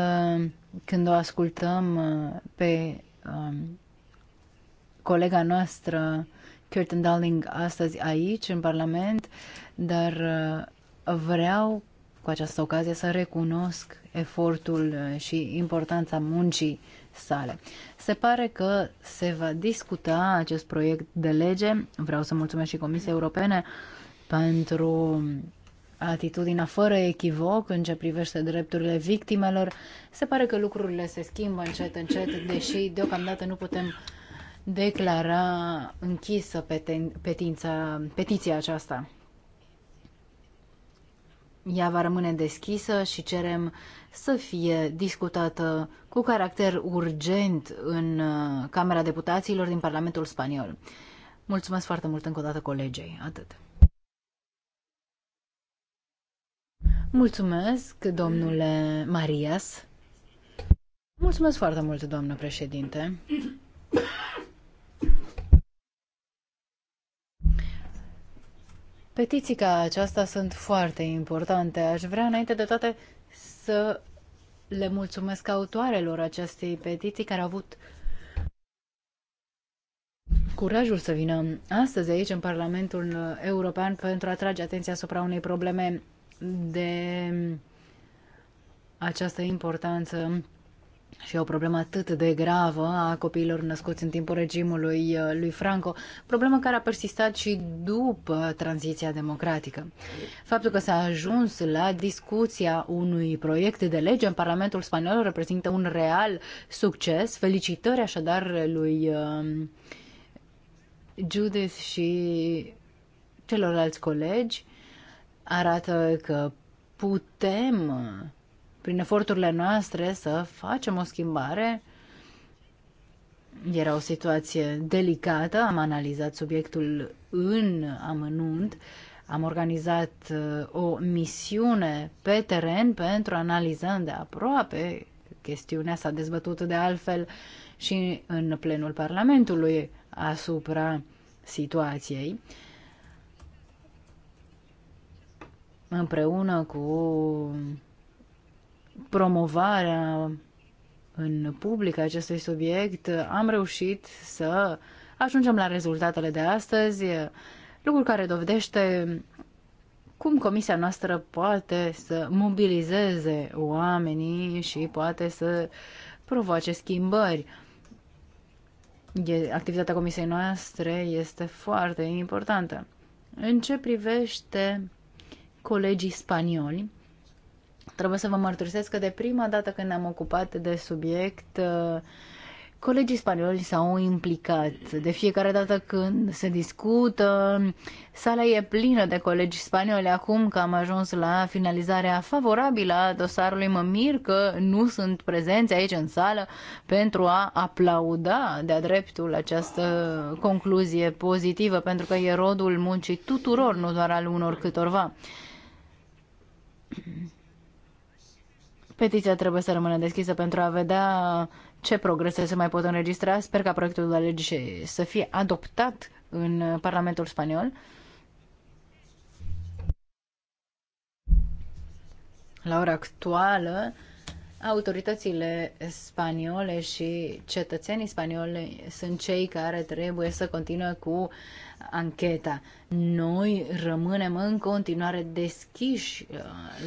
când o ascultăm uh, pe um, colega noastră, Kirsten Darling, astăzi aici, în Parlament, dar uh, vreau cu această ocazie să recunosc efortul uh, și importanța muncii sale. Se pare că se va discuta acest proiect de lege. Vreau să mulțumesc și Comisiei Europene pentru atitudinea fără echivoc în ce privește drepturile victimelor. Se pare că lucrurile se schimbă încet, încet, deși deocamdată nu putem declara închisă petința, petiția aceasta. Ea va rămâne deschisă și cerem să fie discutată cu caracter urgent în uh, Camera Deputaților din Parlamentul Spaniol. Mulțumesc foarte mult încă o dată colegei. Atât. Mulțumesc, domnule Marias. Mulțumesc foarte mult, doamnă președinte. Petiții ca aceasta sunt foarte importante. Aș vrea, înainte de toate, să le mulțumesc autoarelor acestei petiții care au avut curajul să vină astăzi aici, în Parlamentul European, pentru a atrage atenția asupra unei probleme de această importanță și o problemă atât de gravă a copiilor născuți în timpul regimului uh, lui Franco, problemă care a persistat și după tranziția democratică. Faptul că s-a ajuns la discuția unui proiect de lege în Parlamentul spaniol reprezintă un real succes. Felicitări așadar lui uh, Judith și celorlalți colegi. Arată că putem uh, prin eforturile noastre să facem o schimbare. Era o situație delicată, am analizat subiectul în amănunt, am organizat uh, o misiune pe teren pentru analizând analiza de aproape chestiunea s-a dezbătut de altfel și în plenul Parlamentului asupra situației. Împreună cu promovarea în public a acestui subiect, am reușit să ajungem la rezultatele de astăzi, lucru care dovedește cum comisia noastră poate să mobilizeze oamenii și poate să provoace schimbări. Activitatea comisiei noastre este foarte importantă. În ce privește colegii spanioli, Trebuie să vă mărturisesc că de prima dată când ne-am ocupat de subiect, uh, colegii spanioli s-au implicat. De fiecare dată când se discută, sala e plină de colegi spanioli. Acum că am ajuns la finalizarea favorabilă a dosarului, mă mir că nu sunt prezenți aici în sală pentru a aplauda de-a dreptul această concluzie pozitivă, pentru că e rodul muncii tuturor, nu doar al unor câtorva. Petiția trebuie să rămână deschisă pentru a vedea ce progrese se mai pot înregistra. Sper ca proiectul de lege să fie adoptat în Parlamentul spaniol. La ora actuală, autoritățile spaniole și cetățenii spaniole sunt cei care trebuie să continue cu ancheta. Noi rămânem în continuare deschiși uh,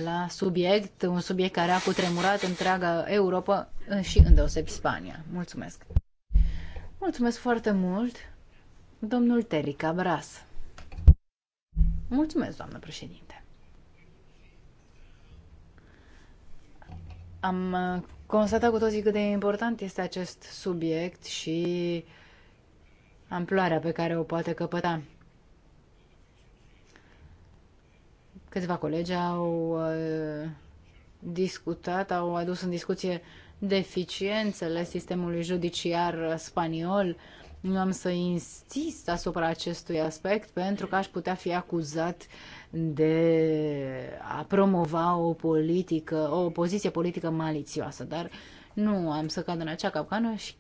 la subiect, un subiect care a cutremurat întreaga Europa uh, și îndeoseb Spania. Mulțumesc! Mulțumesc foarte mult, domnul Terica Bras. Mulțumesc, doamnă președinte. Am uh, constatat cu toții cât de important este acest subiect și uh, amploarea pe care o poate căpăta. Câțiva colegi au uh, discutat, au adus în discuție deficiențele sistemului judiciar spaniol. Nu am să insist asupra acestui aspect pentru că aș putea fi acuzat de a promova o politică, o poziție politică malițioasă, dar nu am să cad în acea capcană și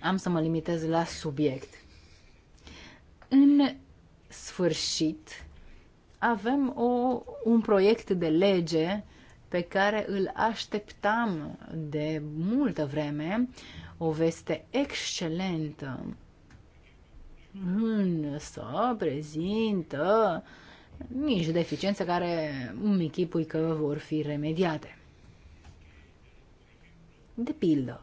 am să mă limitez la subiect. În sfârșit, avem o, un proiect de lege pe care îl așteptam de multă vreme, o veste excelentă, însă prezintă mici deficiențe care îmi închipui că vor fi remediate. De pildă,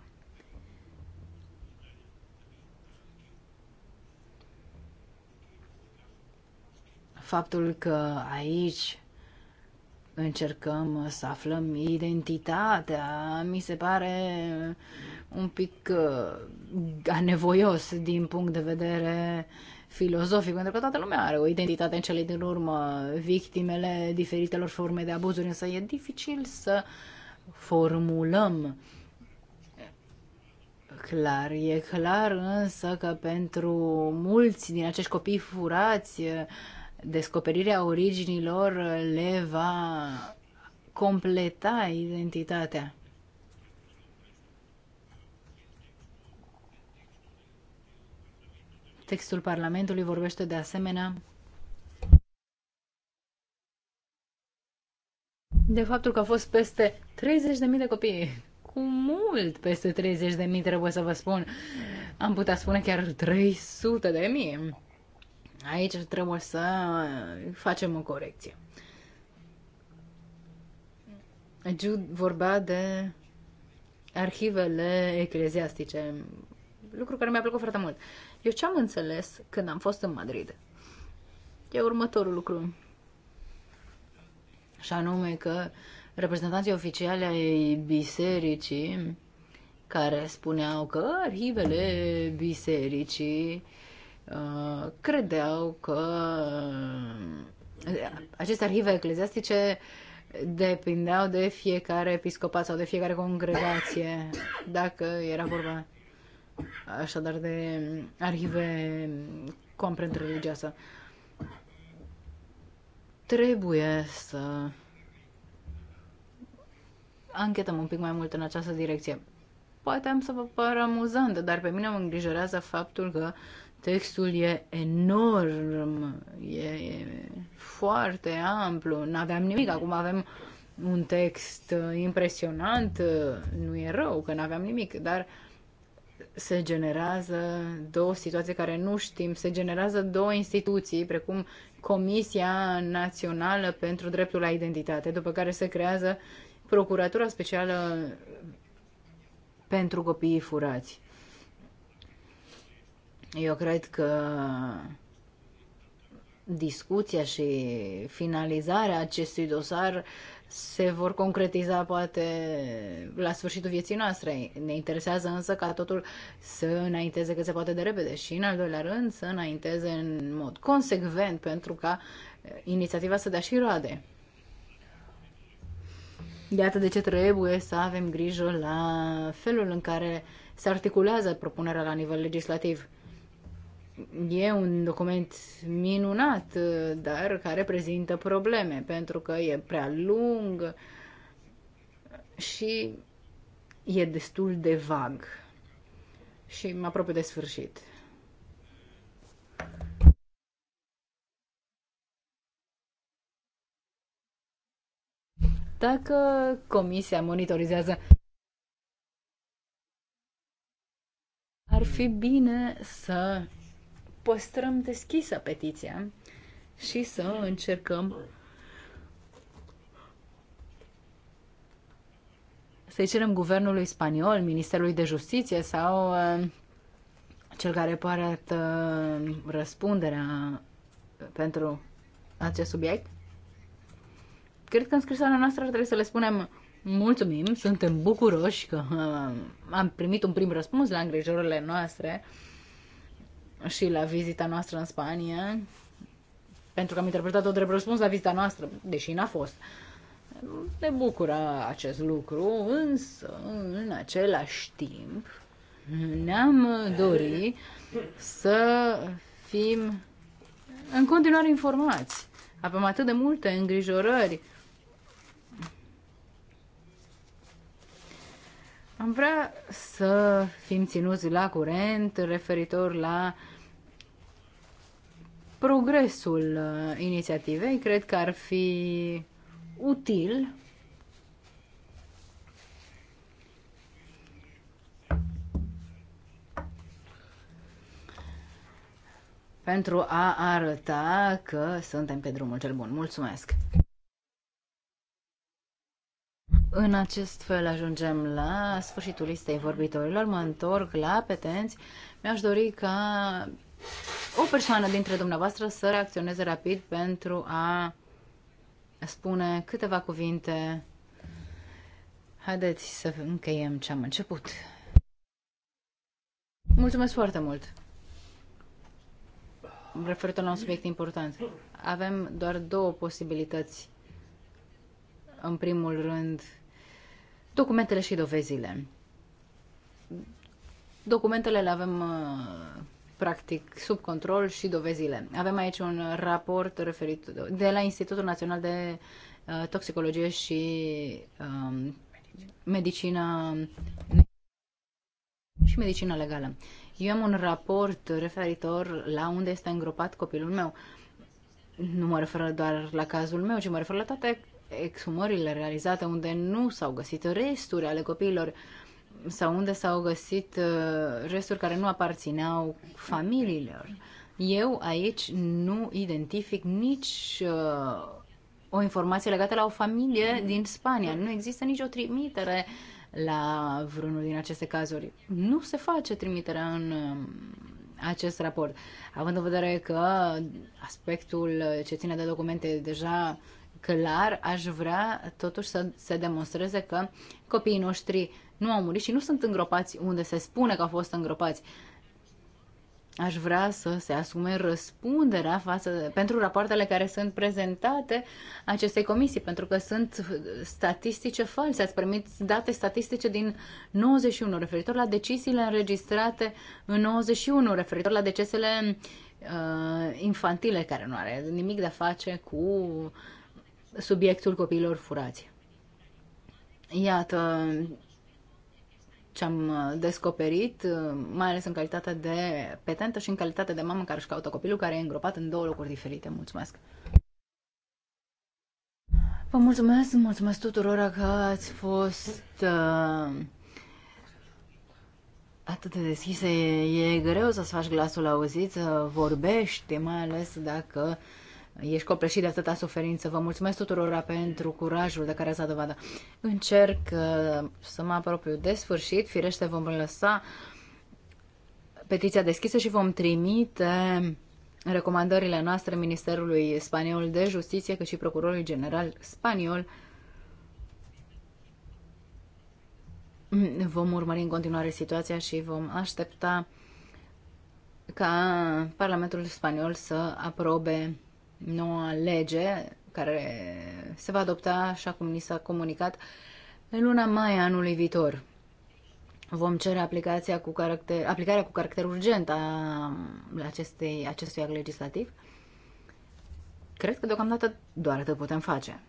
faptul că aici încercăm să aflăm identitatea, mi se pare un pic uh, anevoios din punct de vedere filozofic, pentru că toată lumea are o identitate în cele din urmă, victimele diferitelor forme de abuzuri, însă e dificil să formulăm clar. E clar însă că pentru mulți din acești copii furați, descoperirea originilor uh, le va completa identitatea. Textul Parlamentului vorbește de asemenea de faptul că au fost peste 30.000 de copii. Cu mult peste 30.000, trebuie să vă spun. Am putea spune chiar 300.000. Aici trebuie să facem o corecție. Jude vorbea de arhivele ecleziastice, lucru care mi-a plăcut foarte mult. Eu ce am înțeles când am fost în Madrid? E următorul lucru. Și anume că reprezentanții oficiale ai bisericii care spuneau că arhivele bisericii Uh, credeau că uh, aceste arhive ecleziastice depindeau de fiecare episcopat sau de fiecare congregație, dacă era vorba așadar de arhive cu amprentă religioasă. Trebuie să anchetăm un pic mai mult în această direcție. Poate am să vă pară amuzant, dar pe mine mă îngrijorează faptul că uh, Textul e enorm, e, e foarte amplu, nu aveam nimic, acum avem un text uh, impresionant, uh, nu e rău că nu aveam nimic, dar se generează două situații care nu știm, se generează două instituții, precum Comisia Națională pentru Dreptul la Identitate, după care se creează Procuratura Specială pentru Copiii Furați. Eu cred că discuția și finalizarea acestui dosar se vor concretiza poate la sfârșitul vieții noastre. Ne interesează însă ca totul să înainteze cât se poate de repede și în al doilea rând să înainteze în mod consecvent pentru ca eh, inițiativa să dea și roade. Iată de ce trebuie să avem grijă la felul în care se articulează propunerea la nivel legislativ e un document minunat, dar care prezintă probleme, pentru că e prea lung și e destul de vag. Și mă apropie de sfârșit. Dacă comisia monitorizează ar fi bine să păstrăm deschisă petiția și să încercăm să-i cerem guvernului spaniol, Ministerului de Justiție sau uh, cel care poartă răspunderea pentru acest subiect. Cred că în scrisoarea noastră trebuie să le spunem mulțumim, suntem bucuroși că uh, am primit un prim răspuns la îngrijorările noastre și la vizita noastră în Spania, pentru că am interpretat-o drept răspuns la vizita noastră, deși n-a fost. Ne bucură acest lucru, însă, în același timp, ne-am dorit să fim în continuare informați. Avem atât de multe îngrijorări. Am vrea să fim ținuți la curent referitor la uh, progresul uh, inițiativei. Cred că ar fi util pentru a arăta că suntem pe drumul cel bun. Mulțumesc! În acest fel ajungem la sfârșitul listei vorbitorilor. Mă întorc la petenți. Mi-aș dori ca o persoană dintre dumneavoastră să reacționeze rapid pentru a spune câteva cuvinte. Haideți să încheiem ce am început. Mulțumesc foarte mult! Referitor la un subiect important, avem doar două posibilități. În primul rând, documentele și dovezile. Documentele le avem uh, practic sub control și dovezile. Avem aici un raport referit de la Institutul Național de uh, Toxicologie și um, Medicina și medicina legală. Eu am un raport referitor la unde este îngropat copilul meu. Nu mă refer doar la cazul meu, ci mă refer la toate exumările realizate unde nu s-au găsit resturi ale copiilor. Uh, sau unde s-au găsit uh, resturi care nu aparțineau familiilor. Eu aici nu identific nici uh, o informație legată la o familie din Spania. Nu există nicio trimitere la vreunul din aceste cazuri. Nu se face trimiterea în um, acest raport. Având în vedere că aspectul ce ține de documente e deja clar, aș vrea totuși să se demonstreze că copiii noștri nu au murit și nu sunt îngropați unde se spune că au fost îngropați. Aș vrea să se asume răspunderea față de, pentru rapoartele care sunt prezentate acestei comisii, pentru că sunt statistice false. Ați primit date statistice din 91 referitor la deciziile înregistrate în 91, referitor la decesele uh, infantile, care nu are nimic de a face cu subiectul copiilor furați. Iată, ce am uh, descoperit, uh, mai ales în calitate de petentă și în calitate de mamă care își caută copilul care e îngropat în două locuri diferite. Mulțumesc! Vă mulțumesc, mulțumesc tuturor că ați fost uh, atât de deschise. E greu să-ți faci glasul auzit, să vorbești, mai ales dacă uh, ești copleșit de atâta suferință. Vă mulțumesc tuturor pentru curajul de care ați dat dovadă. Încerc uh, să mă apropiu de sfârșit. Firește, vom lăsa petiția deschisă și vom trimite recomandările noastre Ministerului Spaniol de Justiție, cât și Procurorului General Spaniol. Vom urmări în continuare situația și vom aștepta ca Parlamentul Spaniol să aprobe noua lege care se va adopta, așa cum ni s-a comunicat, în luna mai anului viitor. Vom cere aplicația cu caracter, aplicarea cu caracter urgent a acestei, acestui act legislativ. Cred că deocamdată doar atât putem face.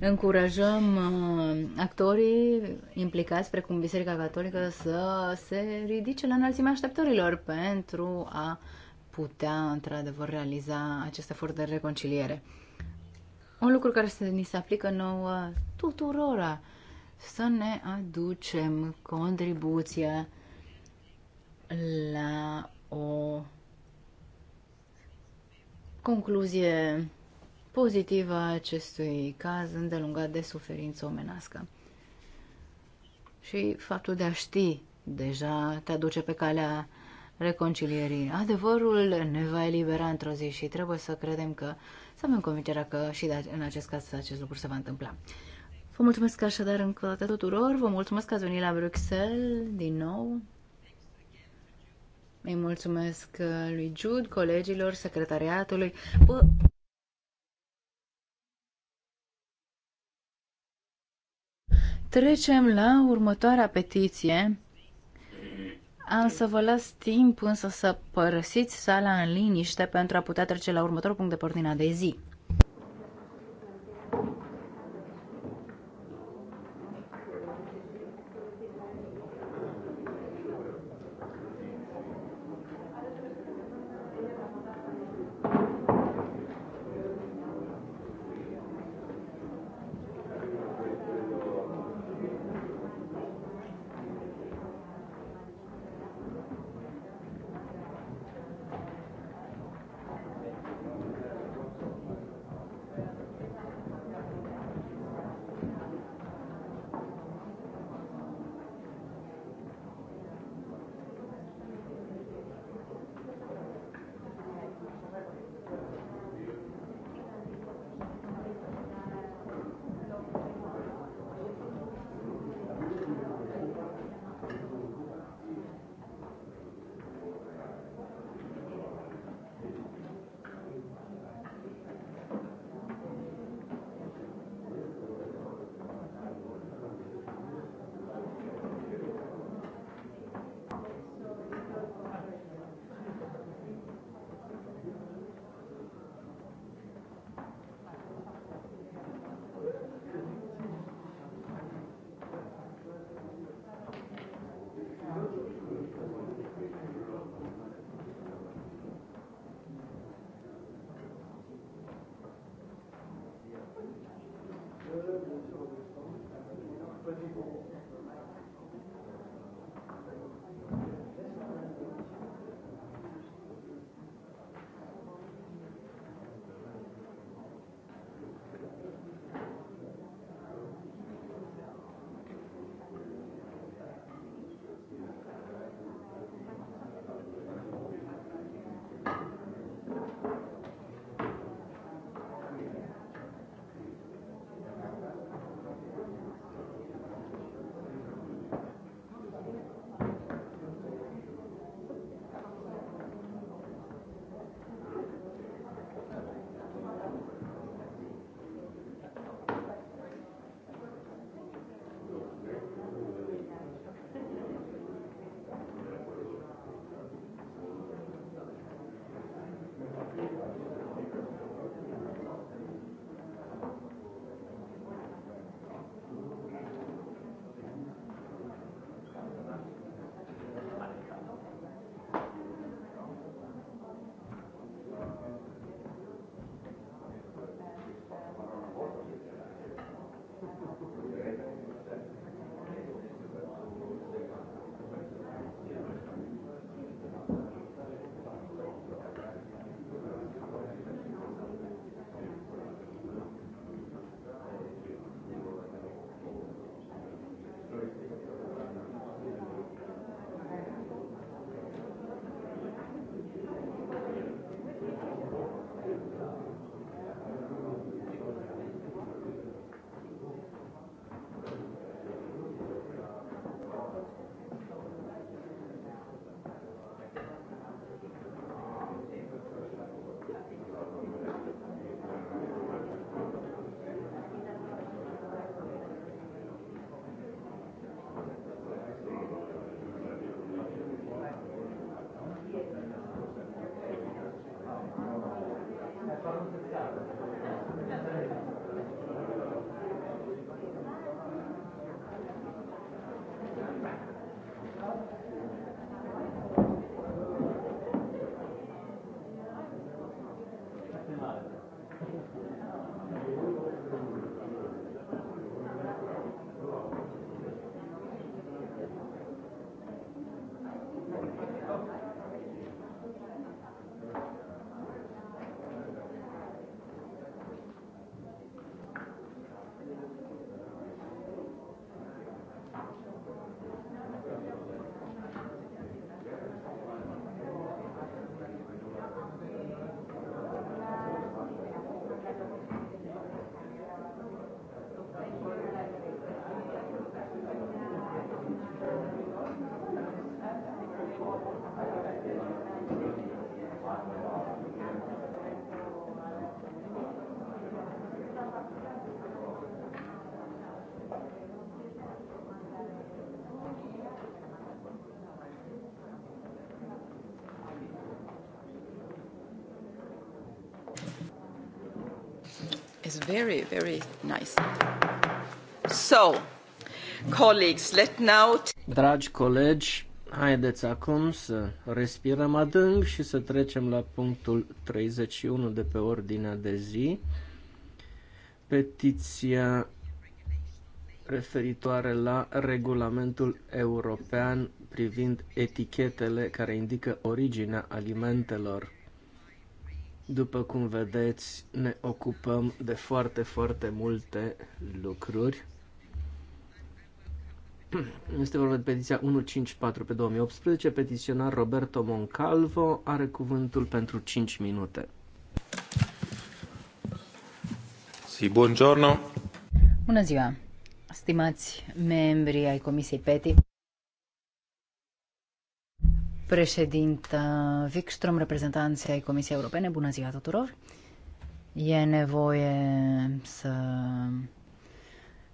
încurajăm uh, actorii implicați, precum Biserica Catolică, să se ridice la înălțimea așteptărilor pentru a putea, într-adevăr, realiza acest efort de reconciliere. Un lucru care se, ni se aplică nouă tuturora, să ne aducem contribuția la o concluzie pozitivă a acestui caz îndelungat de suferință omenească. Și faptul de a ști deja te aduce pe calea reconcilierii. Adevărul ne va elibera într-o zi și trebuie să credem că, să avem convingerea că și în acest caz acest lucru se va întâmpla. Vă mulțumesc așadar încă o dată tuturor, vă mulțumesc că ați venit la Bruxelles din nou. Îi mulțumesc uh, lui Jude, colegilor, secretariatului. Bă... Trecem la următoarea petiție. Am să vă las timp însă să părăsiți sala în liniște pentru a putea trece la următorul punct de pe ordinea de zi. is very, very nice. So, colleagues, let now... Dragi colegi, haideți acum să respirăm adânc și să trecem la punctul 31 de pe ordinea de zi. Petiția referitoare la regulamentul european privind etichetele care indică originea alimentelor. După cum vedeți, ne ocupăm de foarte, foarte multe lucruri. Este vorba de petiția 154 pe 2018. Petiționar Roberto Moncalvo are cuvântul pentru 5 minute. Si, buongiorno. Bună ziua, stimați membri ai Comisiei PETI. Președintă, Wikström, reprezentanții ai Comisiei Europene, bună ziua tuturor! E nevoie să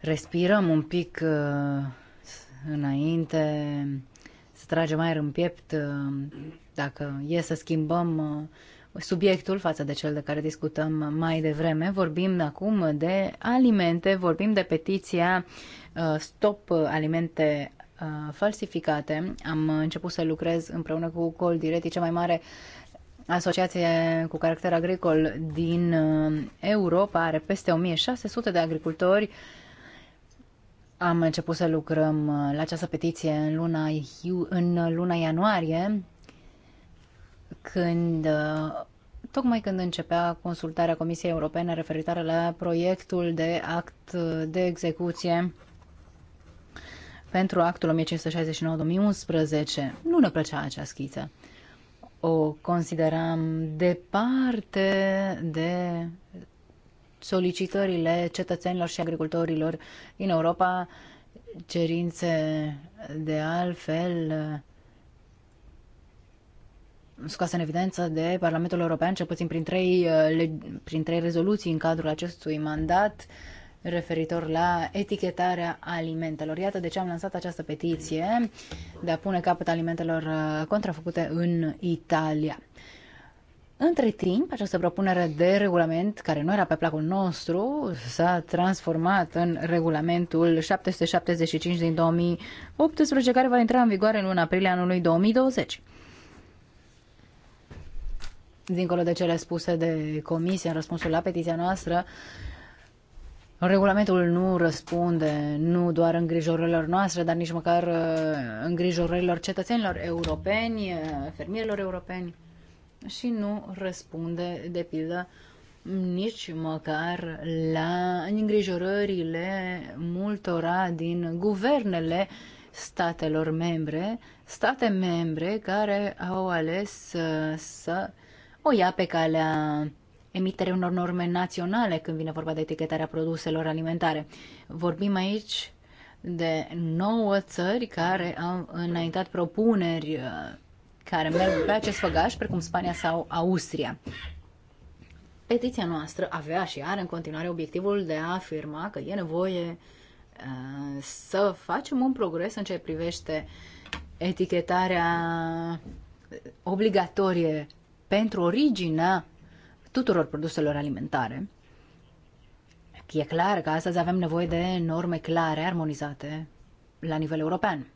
respirăm un pic uh, înainte, să tragem aer în piept uh, dacă e să schimbăm uh, subiectul față de cel de care discutăm mai devreme. Vorbim acum de alimente, vorbim de petiția Stop Alimente Uh, falsificate. Am început să lucrez împreună cu Direct, cea mai mare asociație cu caracter agricol din uh, Europa, are peste 1600 de agricultori. Am început să lucrăm uh, la această petiție în luna, în luna ianuarie, când tocmai când începea consultarea Comisiei Europene referitoare la proiectul de act de execuție pentru actul 1569-2011. Nu ne plăcea acea schiță. O consideram departe de solicitările cetățenilor și agricultorilor din Europa, cerințe de altfel scoase în evidență de Parlamentul European, cel puțin prin trei, uh, prin trei rezoluții în cadrul acestui mandat, uh, referitor la etichetarea alimentelor. Iată de ce am lansat această petiție de a pune capăt alimentelor uh, contrafăcute în Italia. Între timp, această propunere de regulament, care nu era pe placul nostru, s-a transformat în regulamentul 775 din 2018, care va intra în vigoare în luna aprilie anului 2020. Dincolo de cele spuse de comisie în răspunsul la petiția noastră, Regulamentul nu răspunde nu doar îngrijorărilor noastre, dar nici măcar uh, îngrijorărilor cetățenilor europeni, uh, fermierilor europeni și nu răspunde, de pildă, nici măcar la îngrijorările multora din guvernele statelor membre, state membre care au ales să, uh, să o ia pe calea emiterea unor norme naționale când vine vorba de etichetarea produselor alimentare. Vorbim aici de nouă țări care au înaintat propuneri uh, care merg pe acest făgaș, precum Spania sau Austria. Petiția noastră avea și are în continuare obiectivul de a afirma că e nevoie uh, să facem un progres în ce privește etichetarea obligatorie pentru originea tuturor produselor alimentare. E clar că astăzi avem nevoie de norme clare, armonizate, la nivel european.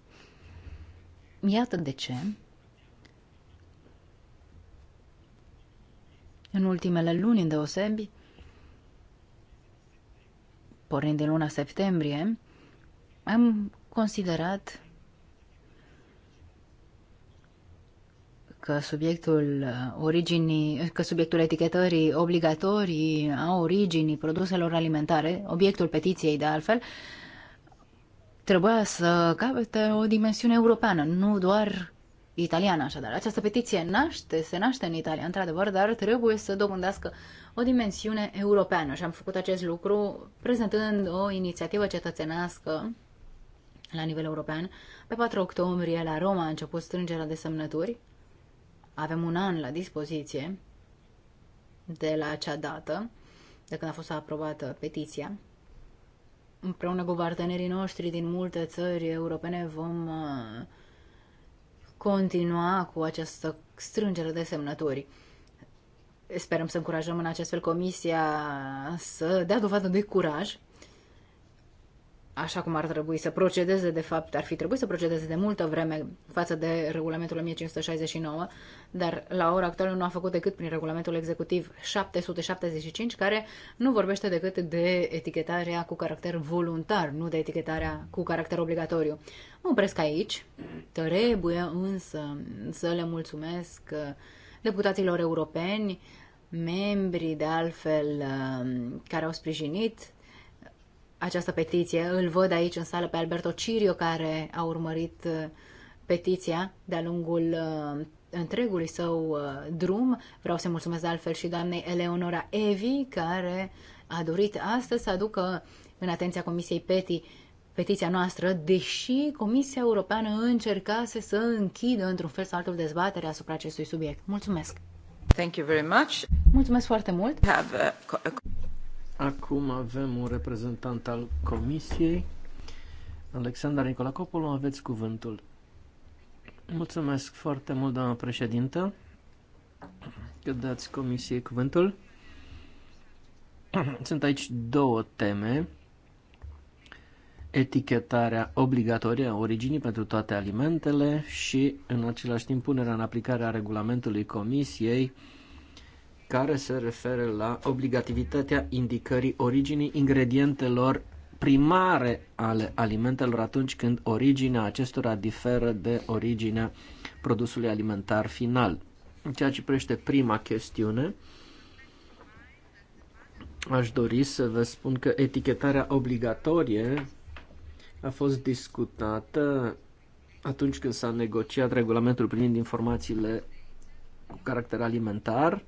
Iată de ce în ultimele luni îndeosebi, pornind din luna septembrie, am considerat că subiectul uh, originii, că subiectul etichetării obligatorii a originii produselor alimentare, obiectul petiției de altfel, trebuia să capete o dimensiune europeană, nu doar italiană așadar. Această petiție naște, se naște în Italia, într-adevăr, dar trebuie să dobândească o dimensiune europeană și am făcut acest lucru prezentând o inițiativă cetățenească la nivel european. Pe 4 octombrie la Roma a început strângerea de semnături avem un an la dispoziție de la acea dată, de când a fost aprobată petiția. Împreună cu partenerii noștri din multe țări europene vom uh, continua cu această strângere de semnături. Sperăm să încurajăm în acest fel comisia să dea dovadă de curaj așa cum ar trebui să procedeze, de fapt, ar fi trebuit să procedeze de multă vreme față de regulamentul 1569, dar la ora actuală nu a făcut decât prin regulamentul executiv 775, care nu vorbește decât de etichetarea cu caracter voluntar, nu de etichetarea cu caracter obligatoriu. Mă opresc aici, trebuie însă să le mulțumesc uh, deputaților europeni, membrii de altfel uh, care au sprijinit această petiție. Îl văd aici în sală pe Alberto Cirio, care a urmărit uh, petiția de-a lungul uh, întregului său uh, drum. Vreau să mulțumesc de altfel și doamnei Eleonora Evi, care a dorit astăzi să aducă în atenția Comisiei PETI petiția noastră, deși Comisia Europeană încercase să închidă într-un fel sau altul dezbaterea asupra acestui subiect. Mulțumesc! Thank you very much. Mulțumesc foarte mult! Have a... Acum avem un reprezentant al Comisiei. Alexandra Nicolacopolo, aveți cuvântul. Mulțumesc foarte mult, doamna președintă, că dați Comisiei cuvântul. Sunt aici două teme. Etichetarea obligatorie a originii pentru toate alimentele și, în același timp, punerea în aplicare a regulamentului Comisiei care se referă la obligativitatea indicării originii ingredientelor primare ale alimentelor atunci când originea acestora diferă de originea produsului alimentar final. În ceea ce privește prima chestiune, aș dori să vă spun că etichetarea obligatorie a fost discutată atunci când s-a negociat regulamentul privind informațiile cu caracter alimentar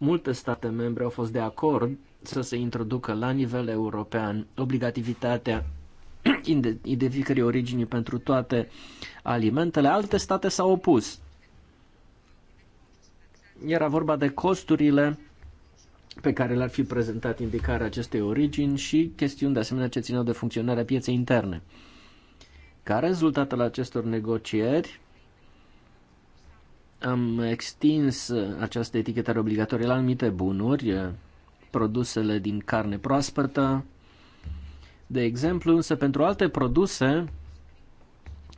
multe state membre au fost de acord să se introducă la nivel european obligativitatea identificării originii pentru toate alimentele, alte state s-au opus. Era vorba de costurile pe care le-ar fi prezentat indicarea acestei origini și chestiuni de asemenea ce țineau de funcționarea pieței interne. Ca rezultat al acestor negocieri, am extins uh, această etichetare obligatorie la anumite bunuri, uh, produsele din carne proaspătă. De exemplu, însă pentru alte produse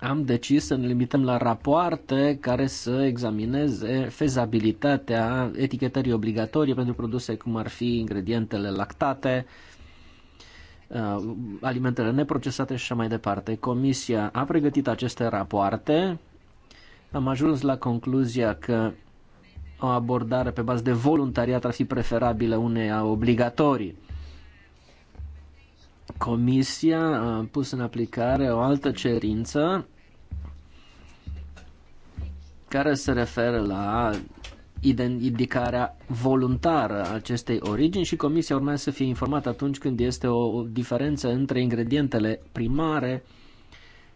am decis să ne limităm la rapoarte care să examineze fezabilitatea etichetării obligatorii pentru produse cum ar fi ingredientele lactate, uh, alimentele neprocesate și așa mai departe. Comisia a pregătit aceste rapoarte am ajuns la concluzia că o abordare pe bază de voluntariat ar fi preferabilă uneia obligatorii. Comisia a pus în aplicare o altă cerință care se referă la indicarea voluntară a acestei origini și comisia urmează să fie informată atunci când este o diferență între ingredientele primare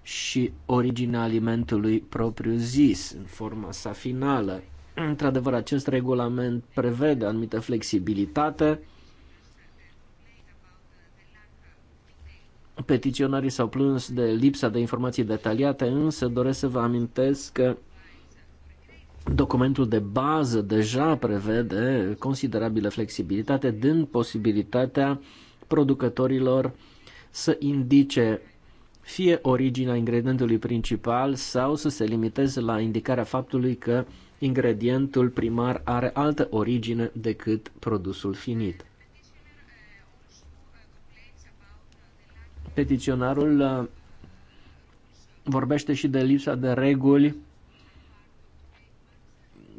și originea alimentului propriu-zis, în forma sa finală. Într-adevăr, acest regulament prevede anumită flexibilitate. Petiționarii s-au plâns de lipsa de informații detaliate, însă doresc să vă amintesc că documentul de bază deja prevede considerabilă flexibilitate, dând posibilitatea producătorilor să indice fie originea ingredientului principal sau să se limiteze la indicarea faptului că ingredientul primar are altă origine decât produsul finit. Petiționarul uh, vorbește și de lipsa de reguli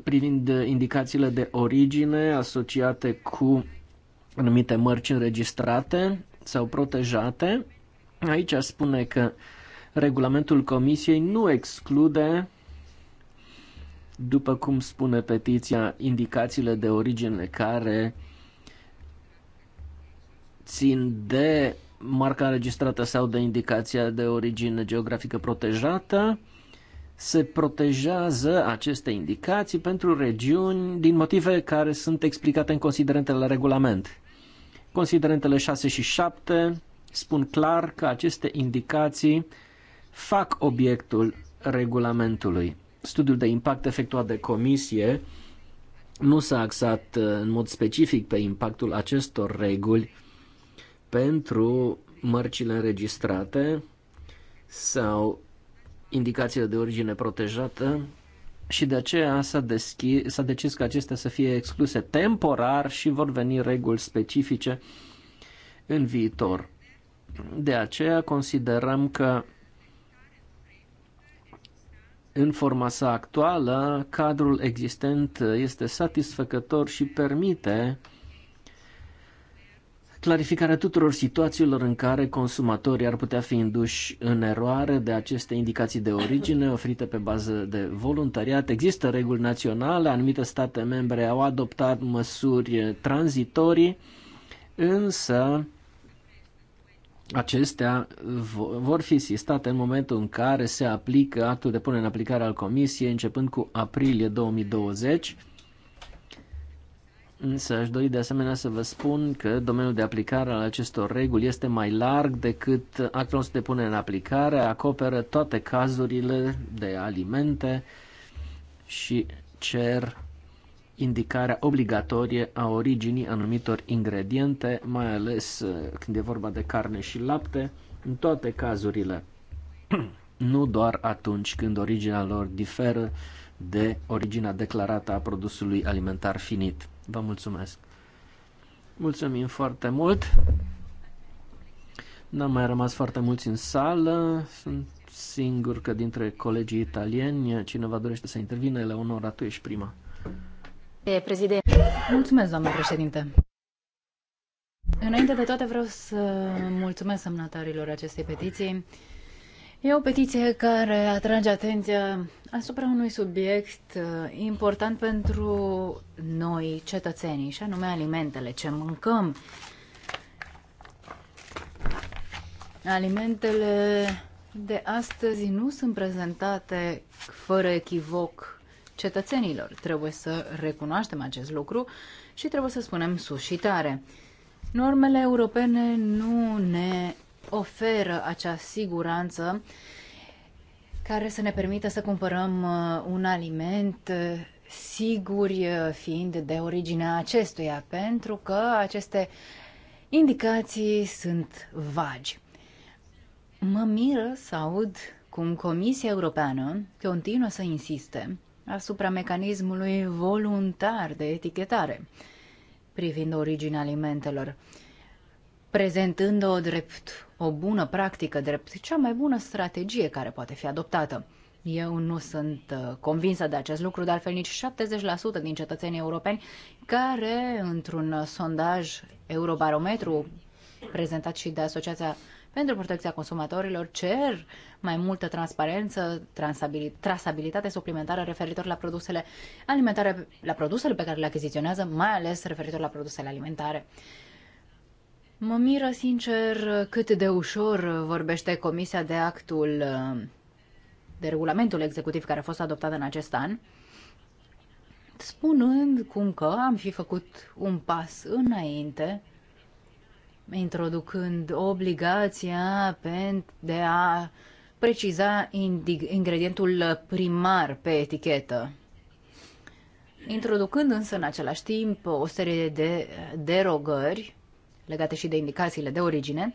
privind indicațiile de origine asociate cu anumite mărci înregistrate sau protejate Aici spune că regulamentul comisiei nu exclude, după cum spune petiția, indicațiile de origine care țin de marca înregistrată sau de indicația de origine geografică protejată, se protejează aceste indicații pentru regiuni din motive care sunt explicate în considerentele la regulament. Considerentele 6 și 7 spun clar că aceste indicații fac obiectul regulamentului. Studiul de impact efectuat de comisie nu s-a axat uh, în mod specific pe impactul acestor reguli pentru mărcile înregistrate sau indicațiile de origine protejată și de aceea s-a, deschis, s-a decis că acestea să fie excluse temporar și vor veni reguli specifice în viitor. De aceea considerăm că în forma sa actuală, cadrul existent este satisfăcător și permite clarificarea tuturor situațiilor în care consumatorii ar putea fi induși în eroare de aceste indicații de origine oferite pe bază de voluntariat. Există reguli naționale, anumite state membre au adoptat măsuri tranzitorii, însă acestea vor fi sistate în momentul în care se aplică actul de punere în aplicare al Comisiei, începând cu aprilie 2020. Însă aș dori de asemenea să vă spun că domeniul de aplicare al acestor reguli este mai larg decât actul nostru de punere în aplicare, acoperă toate cazurile de alimente și cer indicarea obligatorie a originii anumitor ingrediente, mai ales uh, când e vorba de carne și lapte, în toate cazurile, nu doar atunci când originea lor diferă de originea declarată a produsului alimentar finit. Vă mulțumesc! Mulțumim foarte mult! N-am mai rămas foarte mulți în sală, sunt singur că dintre colegii italieni cineva dorește să intervină, Eleonora, tu ești prima. Președinte. Mulțumesc, doamnă președinte. Înainte de toate vreau să mulțumesc semnatarilor acestei petiții. E o petiție care atrage atenția asupra unui subiect uh, important pentru noi, cetățenii, și anume alimentele, ce mâncăm. Alimentele de astăzi nu sunt prezentate fără echivoc cetățenilor. Trebuie să recunoaștem acest lucru și trebuie să spunem sus și tare. Normele europene nu ne oferă acea siguranță care să ne permită să cumpărăm uh, un aliment uh, siguri uh, fiind de originea acestuia, pentru că aceste indicații sunt vagi. Mă miră să aud cum Comisia Europeană continuă să insiste asupra mecanismului voluntar de etichetare privind originea alimentelor, prezentând-o drept o bună practică, drept cea mai bună strategie care poate fi adoptată. Eu nu sunt uh, convinsă de acest lucru, de altfel nici 70% din cetățenii europeni care, într-un sondaj Eurobarometru prezentat și de Asociația pentru protecția consumatorilor cer mai multă transparență, trasabilitate suplimentară referitor la produsele alimentare, la produsele pe care le achiziționează, mai ales referitor la produsele alimentare. Mă miră sincer cât de ușor vorbește Comisia de actul uh, de regulamentul executiv care a fost adoptat în acest an, spunând cum că am fi făcut un pas înainte introducând obligația de a preciza ingredientul primar pe etichetă. Introducând însă în același timp o serie de derogări legate și de indicațiile de origine,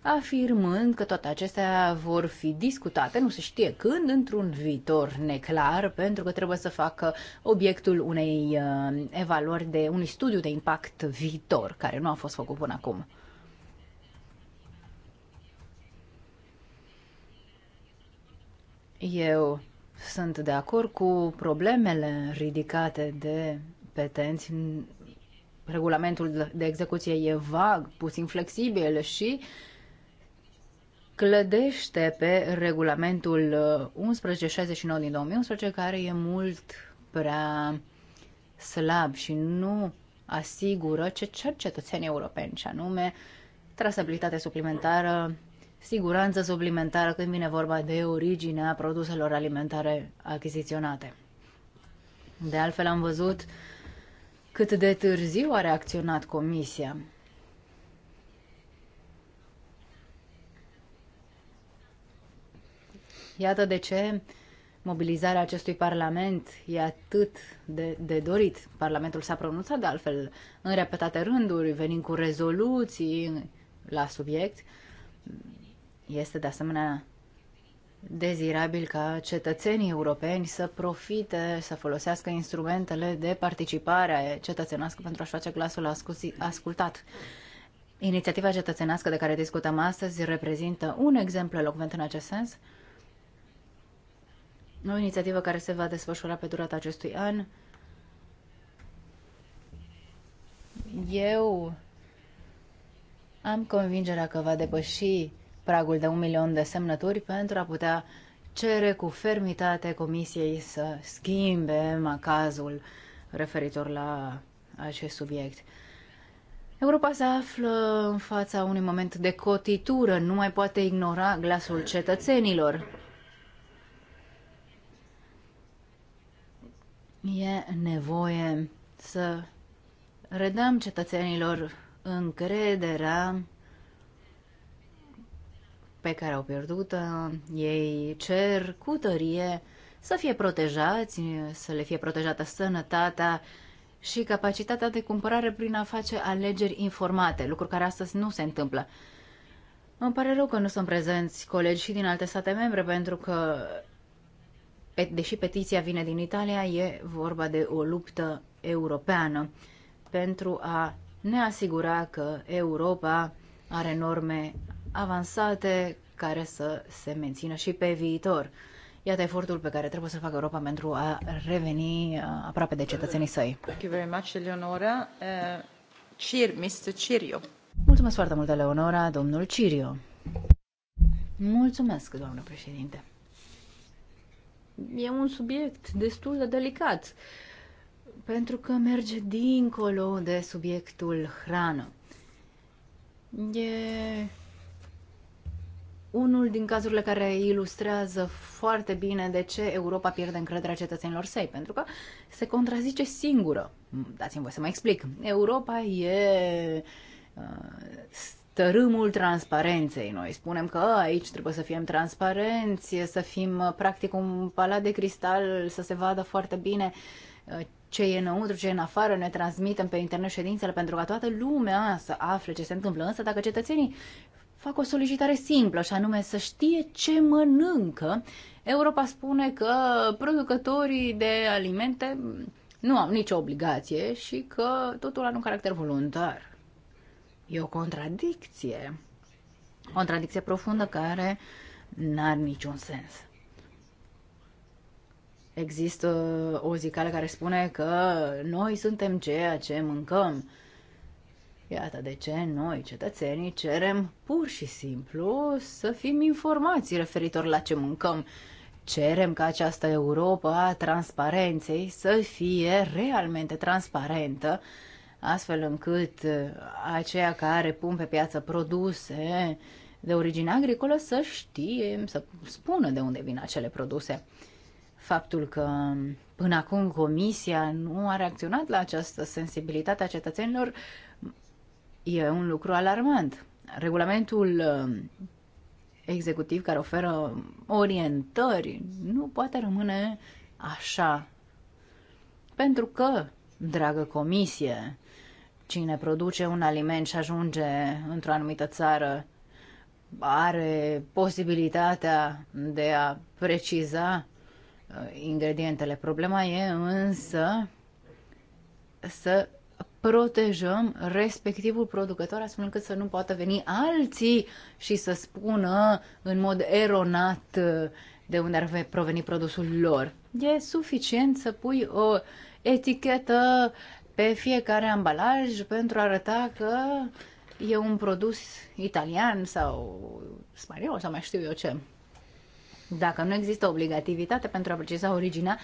afirmând că toate acestea vor fi discutate, nu se știe când, într-un viitor neclar, pentru că trebuie să facă obiectul unei uh, evaluări de unui studiu de impact viitor, care nu a fost făcut până acum. Eu sunt de acord cu problemele ridicate de petenți. Regulamentul de execuție e vag, puțin flexibil și clădește pe regulamentul 1169 din 2011, care e mult prea slab și nu asigură ce cer cetățenii europeni, și anume trasabilitate suplimentară siguranță suplimentară când vine vorba de originea produselor alimentare achiziționate. De altfel am văzut cât de târziu a reacționat Comisia. Iată de ce mobilizarea acestui Parlament e atât de, de dorit. Parlamentul s-a pronunțat de altfel în repetate rânduri, venind cu rezoluții la subiect. Este de asemenea dezirabil ca cetățenii europeni să profite, să folosească instrumentele de participare cetățenească pentru a-și face glasul ascultat. Inițiativa cetățenească de care discutăm astăzi reprezintă un exemplu elocvent în acest sens. O inițiativă care se va desfășura pe durata acestui an. Eu am convingerea că va depăși pragul de un milion de semnături pentru a putea cere cu fermitate Comisiei să schimbe cazul referitor la acest subiect. Europa se află în fața unui moment de cotitură, nu mai poate ignora glasul cetățenilor. E nevoie să redăm cetățenilor încrederea pe care au pierdut-o. Ei cer cu tărie să fie protejați, să le fie protejată sănătatea și capacitatea de cumpărare prin a face alegeri informate, lucru care astăzi nu se întâmplă. Îmi pare rău că nu sunt prezenți colegi și din alte state membre, pentru că, deși petiția vine din Italia, e vorba de o luptă europeană pentru a ne asigura că Europa are norme avansate care să se mențină și pe viitor. Iată efortul pe care trebuie să-l facă Europa pentru a reveni uh, aproape de cetățenii săi. Thank you very much, Eleonora. Uh, cheer, Mr. Cirio. Mulțumesc foarte mult, Eleonora, domnul Cirio. Mulțumesc, doamnă președinte. E un subiect destul de delicat, pentru că merge dincolo de subiectul hrană. E unul din cazurile care ilustrează foarte bine de ce Europa pierde încrederea cetățenilor săi, pentru că se contrazice singură. Dați-mi voi să mă explic. Europa e uh, tărâmul transparenței. Noi spunem că aici trebuie să fim transparenți, să fim uh, practic un palat de cristal, să se vadă foarte bine uh, ce e înăuntru, ce e în afară, ne transmitem pe internet ședințele pentru ca toată lumea să afle ce se întâmplă. Însă dacă cetățenii fac o solicitare simplă, și anume să știe ce mănâncă. Europa spune că producătorii de alimente nu au nicio obligație și că totul are un caracter voluntar. E o contradicție. O contradicție profundă care n-are niciun sens. Există o zicală care spune că noi suntem ceea ce mâncăm. Iată de ce noi, cetățenii, cerem pur și simplu să fim informați referitor la ce mâncăm. Cerem ca această Europa a transparenței să fie realmente transparentă, astfel încât uh, aceia care pun pe piață produse de origine agricolă să știe, să spună de unde vin acele produse. Faptul că um, până acum Comisia nu a reacționat la această sensibilitate a cetățenilor E un lucru alarmant. Regulamentul uh, executiv care oferă orientări nu poate rămâne așa. Pentru că, dragă comisie, cine produce un aliment și ajunge într-o anumită țară are posibilitatea de a preciza uh, ingredientele. Problema e însă să protejăm respectivul producător astfel încât să nu poată veni alții și să spună în mod eronat uh, de unde ar proveni produsul lor. E suficient să pui o etichetă pe fiecare ambalaj pentru a arăta că e un produs italian sau spaniol sau mai știu eu ce. Dacă nu există obligativitate pentru a preciza originea,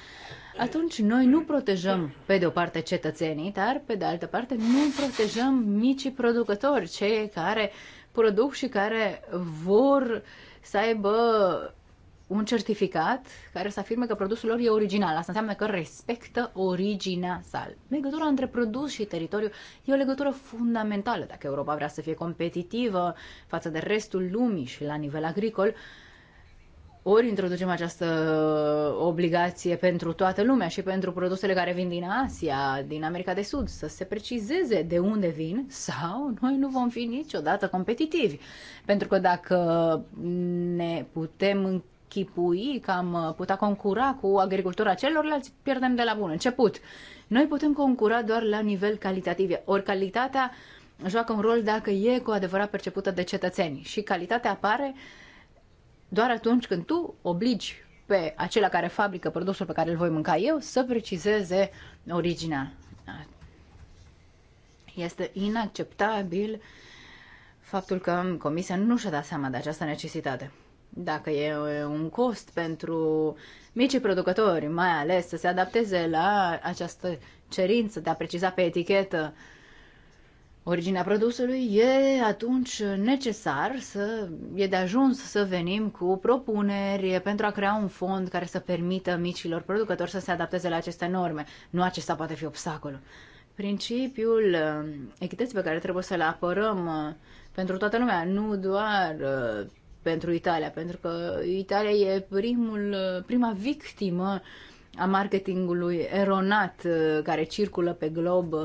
atunci noi nu protejăm, pe de o parte, cetățenii, dar, pe de altă parte, nu protejăm micii producători, cei care produc și care vor să aibă un certificat care să afirme că produsul lor e original. Asta înseamnă că respectă originea sa. Legătura între produs și teritoriu e o legătură fundamentală dacă Europa vrea să fie competitivă față de restul lumii și la nivel agricol. Uh, ori introducem această uh, obligație pentru toată lumea și pentru produsele care vin din Asia, din America de Sud, să se precizeze de unde vin, sau noi nu vom fi niciodată competitivi. Pentru că dacă ne putem închipui că am uh, putea concura cu agricultura celorlalți, pierdem de la bun început. Noi putem concura doar la nivel calitativ, ori calitatea joacă un rol dacă e cu adevărat percepută de cetățeni și calitatea apare uh, doar atunci când tu obligi pe acela care fabrică produsul pe care îl voi mânca eu să precizeze originea. Este inacceptabil faptul că comisia nu și-a dat seama de această necesitate. Dacă e un cost pentru micii producători, mai ales să se adapteze la această cerință de a preciza pe etichetă uh, originea produsului, e atunci necesar să e de ajuns să venim cu propuneri pentru a crea un fond care să permită micilor producători să se adapteze la aceste norme. Nu acesta poate fi obstacolul. Principiul uh, echității pe care trebuie să-l apărăm uh, pentru toată lumea, nu doar uh, pentru Italia, pentru că Italia e primul, prima victimă a marketingului eronat uh, care circulă pe glob, uh,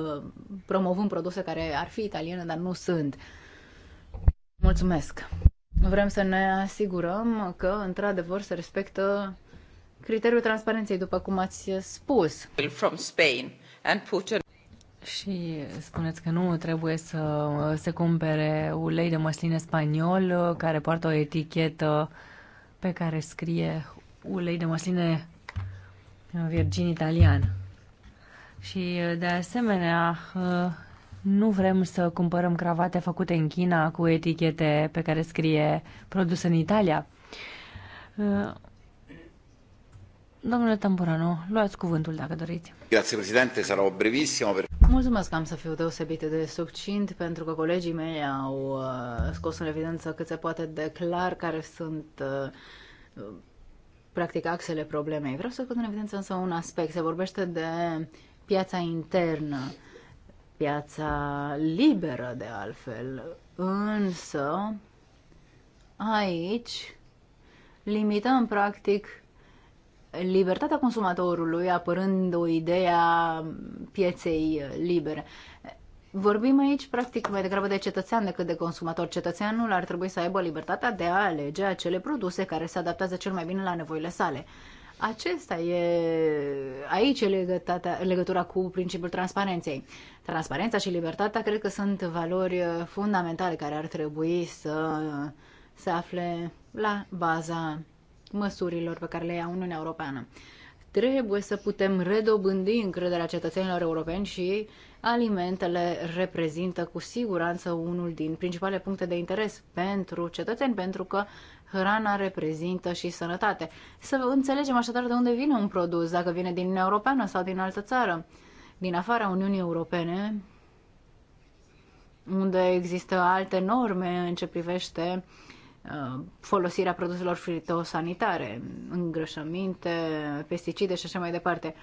promovând produse care ar fi italiene, dar nu sunt. Mulțumesc! Vrem să ne asigurăm că, într-adevăr, se respectă criteriul transparenței, după cum ați spus. From Spain and Putin. Și spuneți că nu trebuie să se cumpere ulei de măsline spaniol uh, care poartă o etichetă pe care scrie ulei de măsline Virgin Italian. Și uh, de asemenea, uh, nu vrem să cumpărăm cravate făcute în China cu etichete pe care scrie produs în Italia. Uh, domnule Tamburano, luați cuvântul dacă doriți. Grazie, președinte, brevissimo. Per... Mulțumesc că am să fiu deosebit de succint pentru că colegii mei au scos în evidență cât se poate de clar care sunt practic axele problemei. Vreau să scot în evidență însă un aspect. Se vorbește de piața internă, piața liberă de altfel, însă aici limităm practic libertatea consumatorului apărând o idee a pieței libere. Vorbim aici, practic, mai degrabă de cetățean decât de consumator. Cetățeanul ar trebui să aibă libertatea de a alege acele produse care se adaptează cel mai bine la nevoile sale. Acesta e, aici e legătura cu principiul transparenței. Transparența și libertatea cred că sunt valori fundamentale care ar trebui să se afle la baza măsurilor pe care le ia Uniunea Europeană. Trebuie să putem redobândi încrederea cetățenilor europeni și alimentele reprezintă cu siguranță unul din principalele puncte de interes pentru cetățeni, pentru că hrana reprezintă și sănătate. Să înțelegem așadar de unde vine un produs, dacă vine din Uniunea Europeană sau din altă țară. Din afara Uniunii Europene, unde există alte norme în ce privește uh, folosirea produselor fitosanitare, îngrășăminte, pesticide și așa mai departe.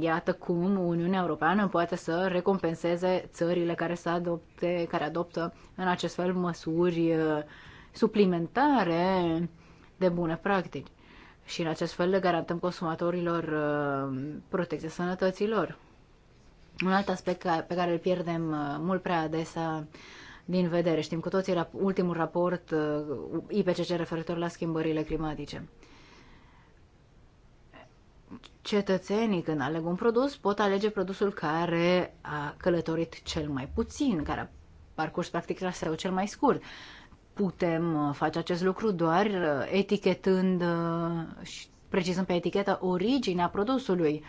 Iată cum Uniunea Europeană poate să recompenseze țările care, să adopte, care adoptă în acest fel măsuri uh, suplimentare de bune practici. Și în acest fel le garantăm consumatorilor uh, protecția sănătăților. Un alt aspect pe care îl pierdem uh, mult prea adesea din vedere. Știm cu toții ultimul raport IPCC referitor la schimbările climatice cetățenii când aleg un produs pot alege produsul care a călătorit cel mai puțin, care a parcurs practic traseul cel mai scurt. Putem uh, face acest lucru doar uh, etichetând uh, și precizând pe etichetă originea produsului.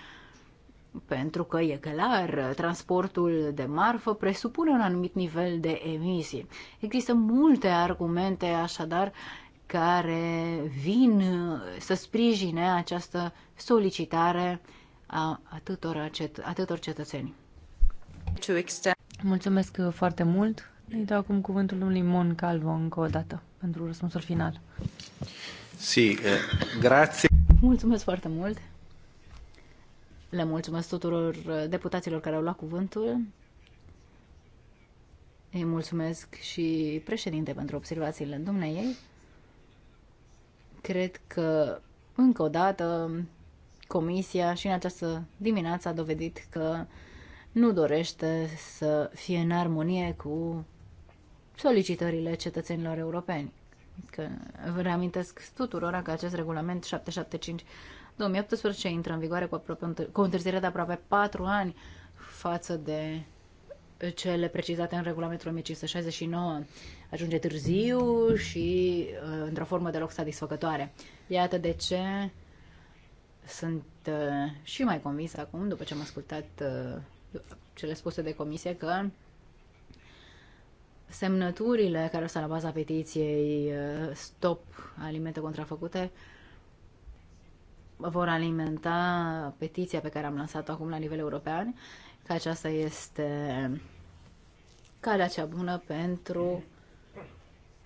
Pentru că e clar, transportul de marfă presupune un anumit nivel de emisii. Există multe argumente așadar care vin uh, să sprijine această solicitare a atâtor, cet- atâtor cetățeni. Mulțumesc foarte mult. Îi dau acum cuvântul lui Mon Calvo încă o dată pentru răspunsul final. Si, eh, grație. Mulțumesc foarte mult. Le mulțumesc tuturor uh, deputaților care au luat cuvântul. Îi mulțumesc și președinte pentru observațiile dumneai ei. Cred că, încă o dată, Comisia și în această dimineață a dovedit că nu dorește să fie în armonie cu solicitările cetățenilor europeni. Că vă reamintesc tuturora că acest regulament 775 2018 intră în vigoare cu, aproape, cu o întârziere de aproape 4 ani față de cele precizate în regulamentul 1569 ajunge târziu și uh, într-o formă deloc satisfăcătoare. Iată de ce sunt uh, și mai convins acum, după ce am ascultat uh, cele spuse de comisie, că semnăturile care sunt la baza petiției Stop Alimente Contrafăcute vor alimenta petiția pe care am lansat-o acum la nivel european, că aceasta este calea cea bună pentru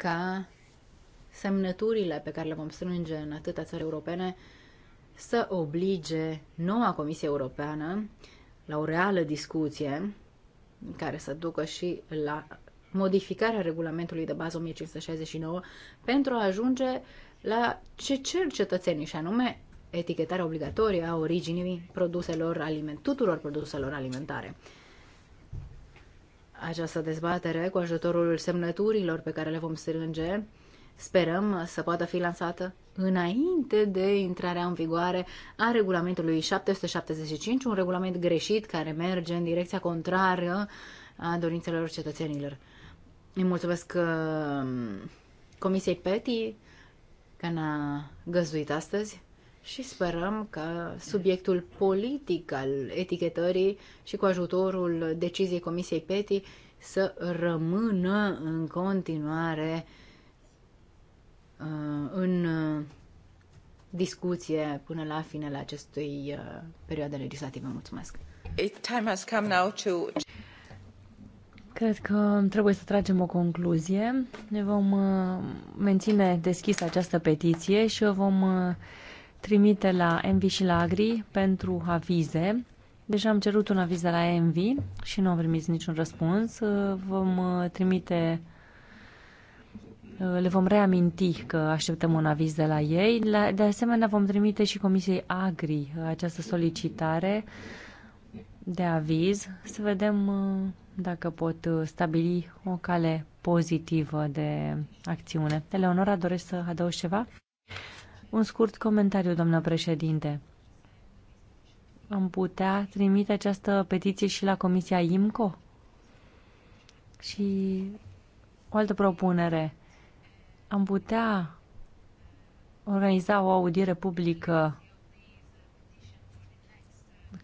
ca semnăturile pe care le vom strânge în atâtea țări europene să oblige noua Comisie Europeană la o reală discuție care să ducă și la modificarea regulamentului de bază 1569 pentru a ajunge la ce cer cetățenii și anume etichetarea obligatorie a originii produselor aliment, tuturor produselor alimentare această dezbatere cu ajutorul semnăturilor pe care le vom strânge. Sperăm să poată fi lansată înainte de intrarea în vigoare a regulamentului 775, un regulament greșit care merge în direcția contrară a dorințelor cetățenilor. Îi mulțumesc uh, Comisiei PETI că ne-a găzduit astăzi și sperăm că subiectul politic al etichetării și cu ajutorul deciziei Comisiei PETI să rămână în continuare uh, în uh, discuție până la finele acestui uh, perioade legislative. Mulțumesc! Time has come now to... Cred că trebuie să tragem o concluzie. Ne vom menține deschisă această petiție și o vom trimite la Envi și la Agri pentru avize. Deja am cerut un aviz de la Envi și nu am primit niciun răspuns. Uh, vom uh, trimite uh, le vom reaminti că așteptăm un aviz de la ei. De asemenea, vom trimite și Comisiei Agri această solicitare de aviz să vedem dacă pot stabili o cale pozitivă de acțiune. Eleonora, dorești să adaugi ceva? Un scurt comentariu, doamnă președinte. Am putea trimite această petiție și la Comisia IMCO? Și o altă propunere. Am putea organiza o audiere publică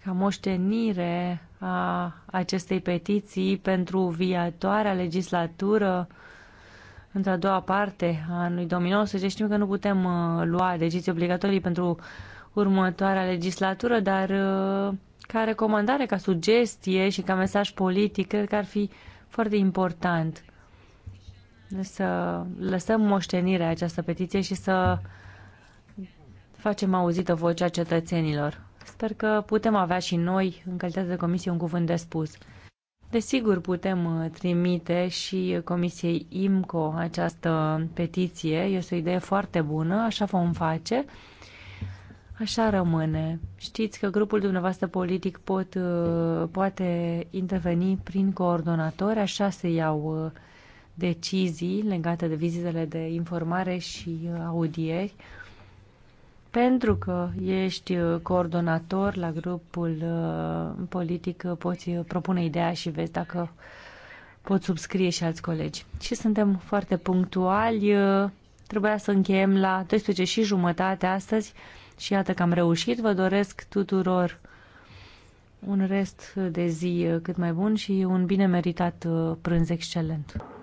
ca moștenire a acestei petiții pentru viitoarea legislatură într-a doua parte a anului 2019. Știm că nu putem uh, lua decizii obligatorii pentru următoarea legislatură, dar uh, ca recomandare, ca sugestie și ca mesaj politic, cred că ar fi foarte important să lăsăm moștenirea această petiție și să facem auzită vocea cetățenilor. Sper că putem avea și noi, în calitate de comisie, un cuvânt de spus. Desigur, putem uh, trimite și Comisiei IMCO această petiție. Este o idee foarte bună, așa vom face. Așa rămâne. Știți că grupul dumneavoastră politic pot, uh, poate interveni prin coordonatori, așa se iau uh, decizii legate de vizitele de informare și audieri pentru că ești uh, coordonator la grupul uh, politic, uh, poți propune ideea și vezi dacă pot subscrie și alți colegi. Și suntem foarte punctuali. Trebuia să încheiem la 12 și jumătate astăzi și iată că am reușit. Vă doresc tuturor un rest de zi cât mai bun și un bine meritat prânz excelent.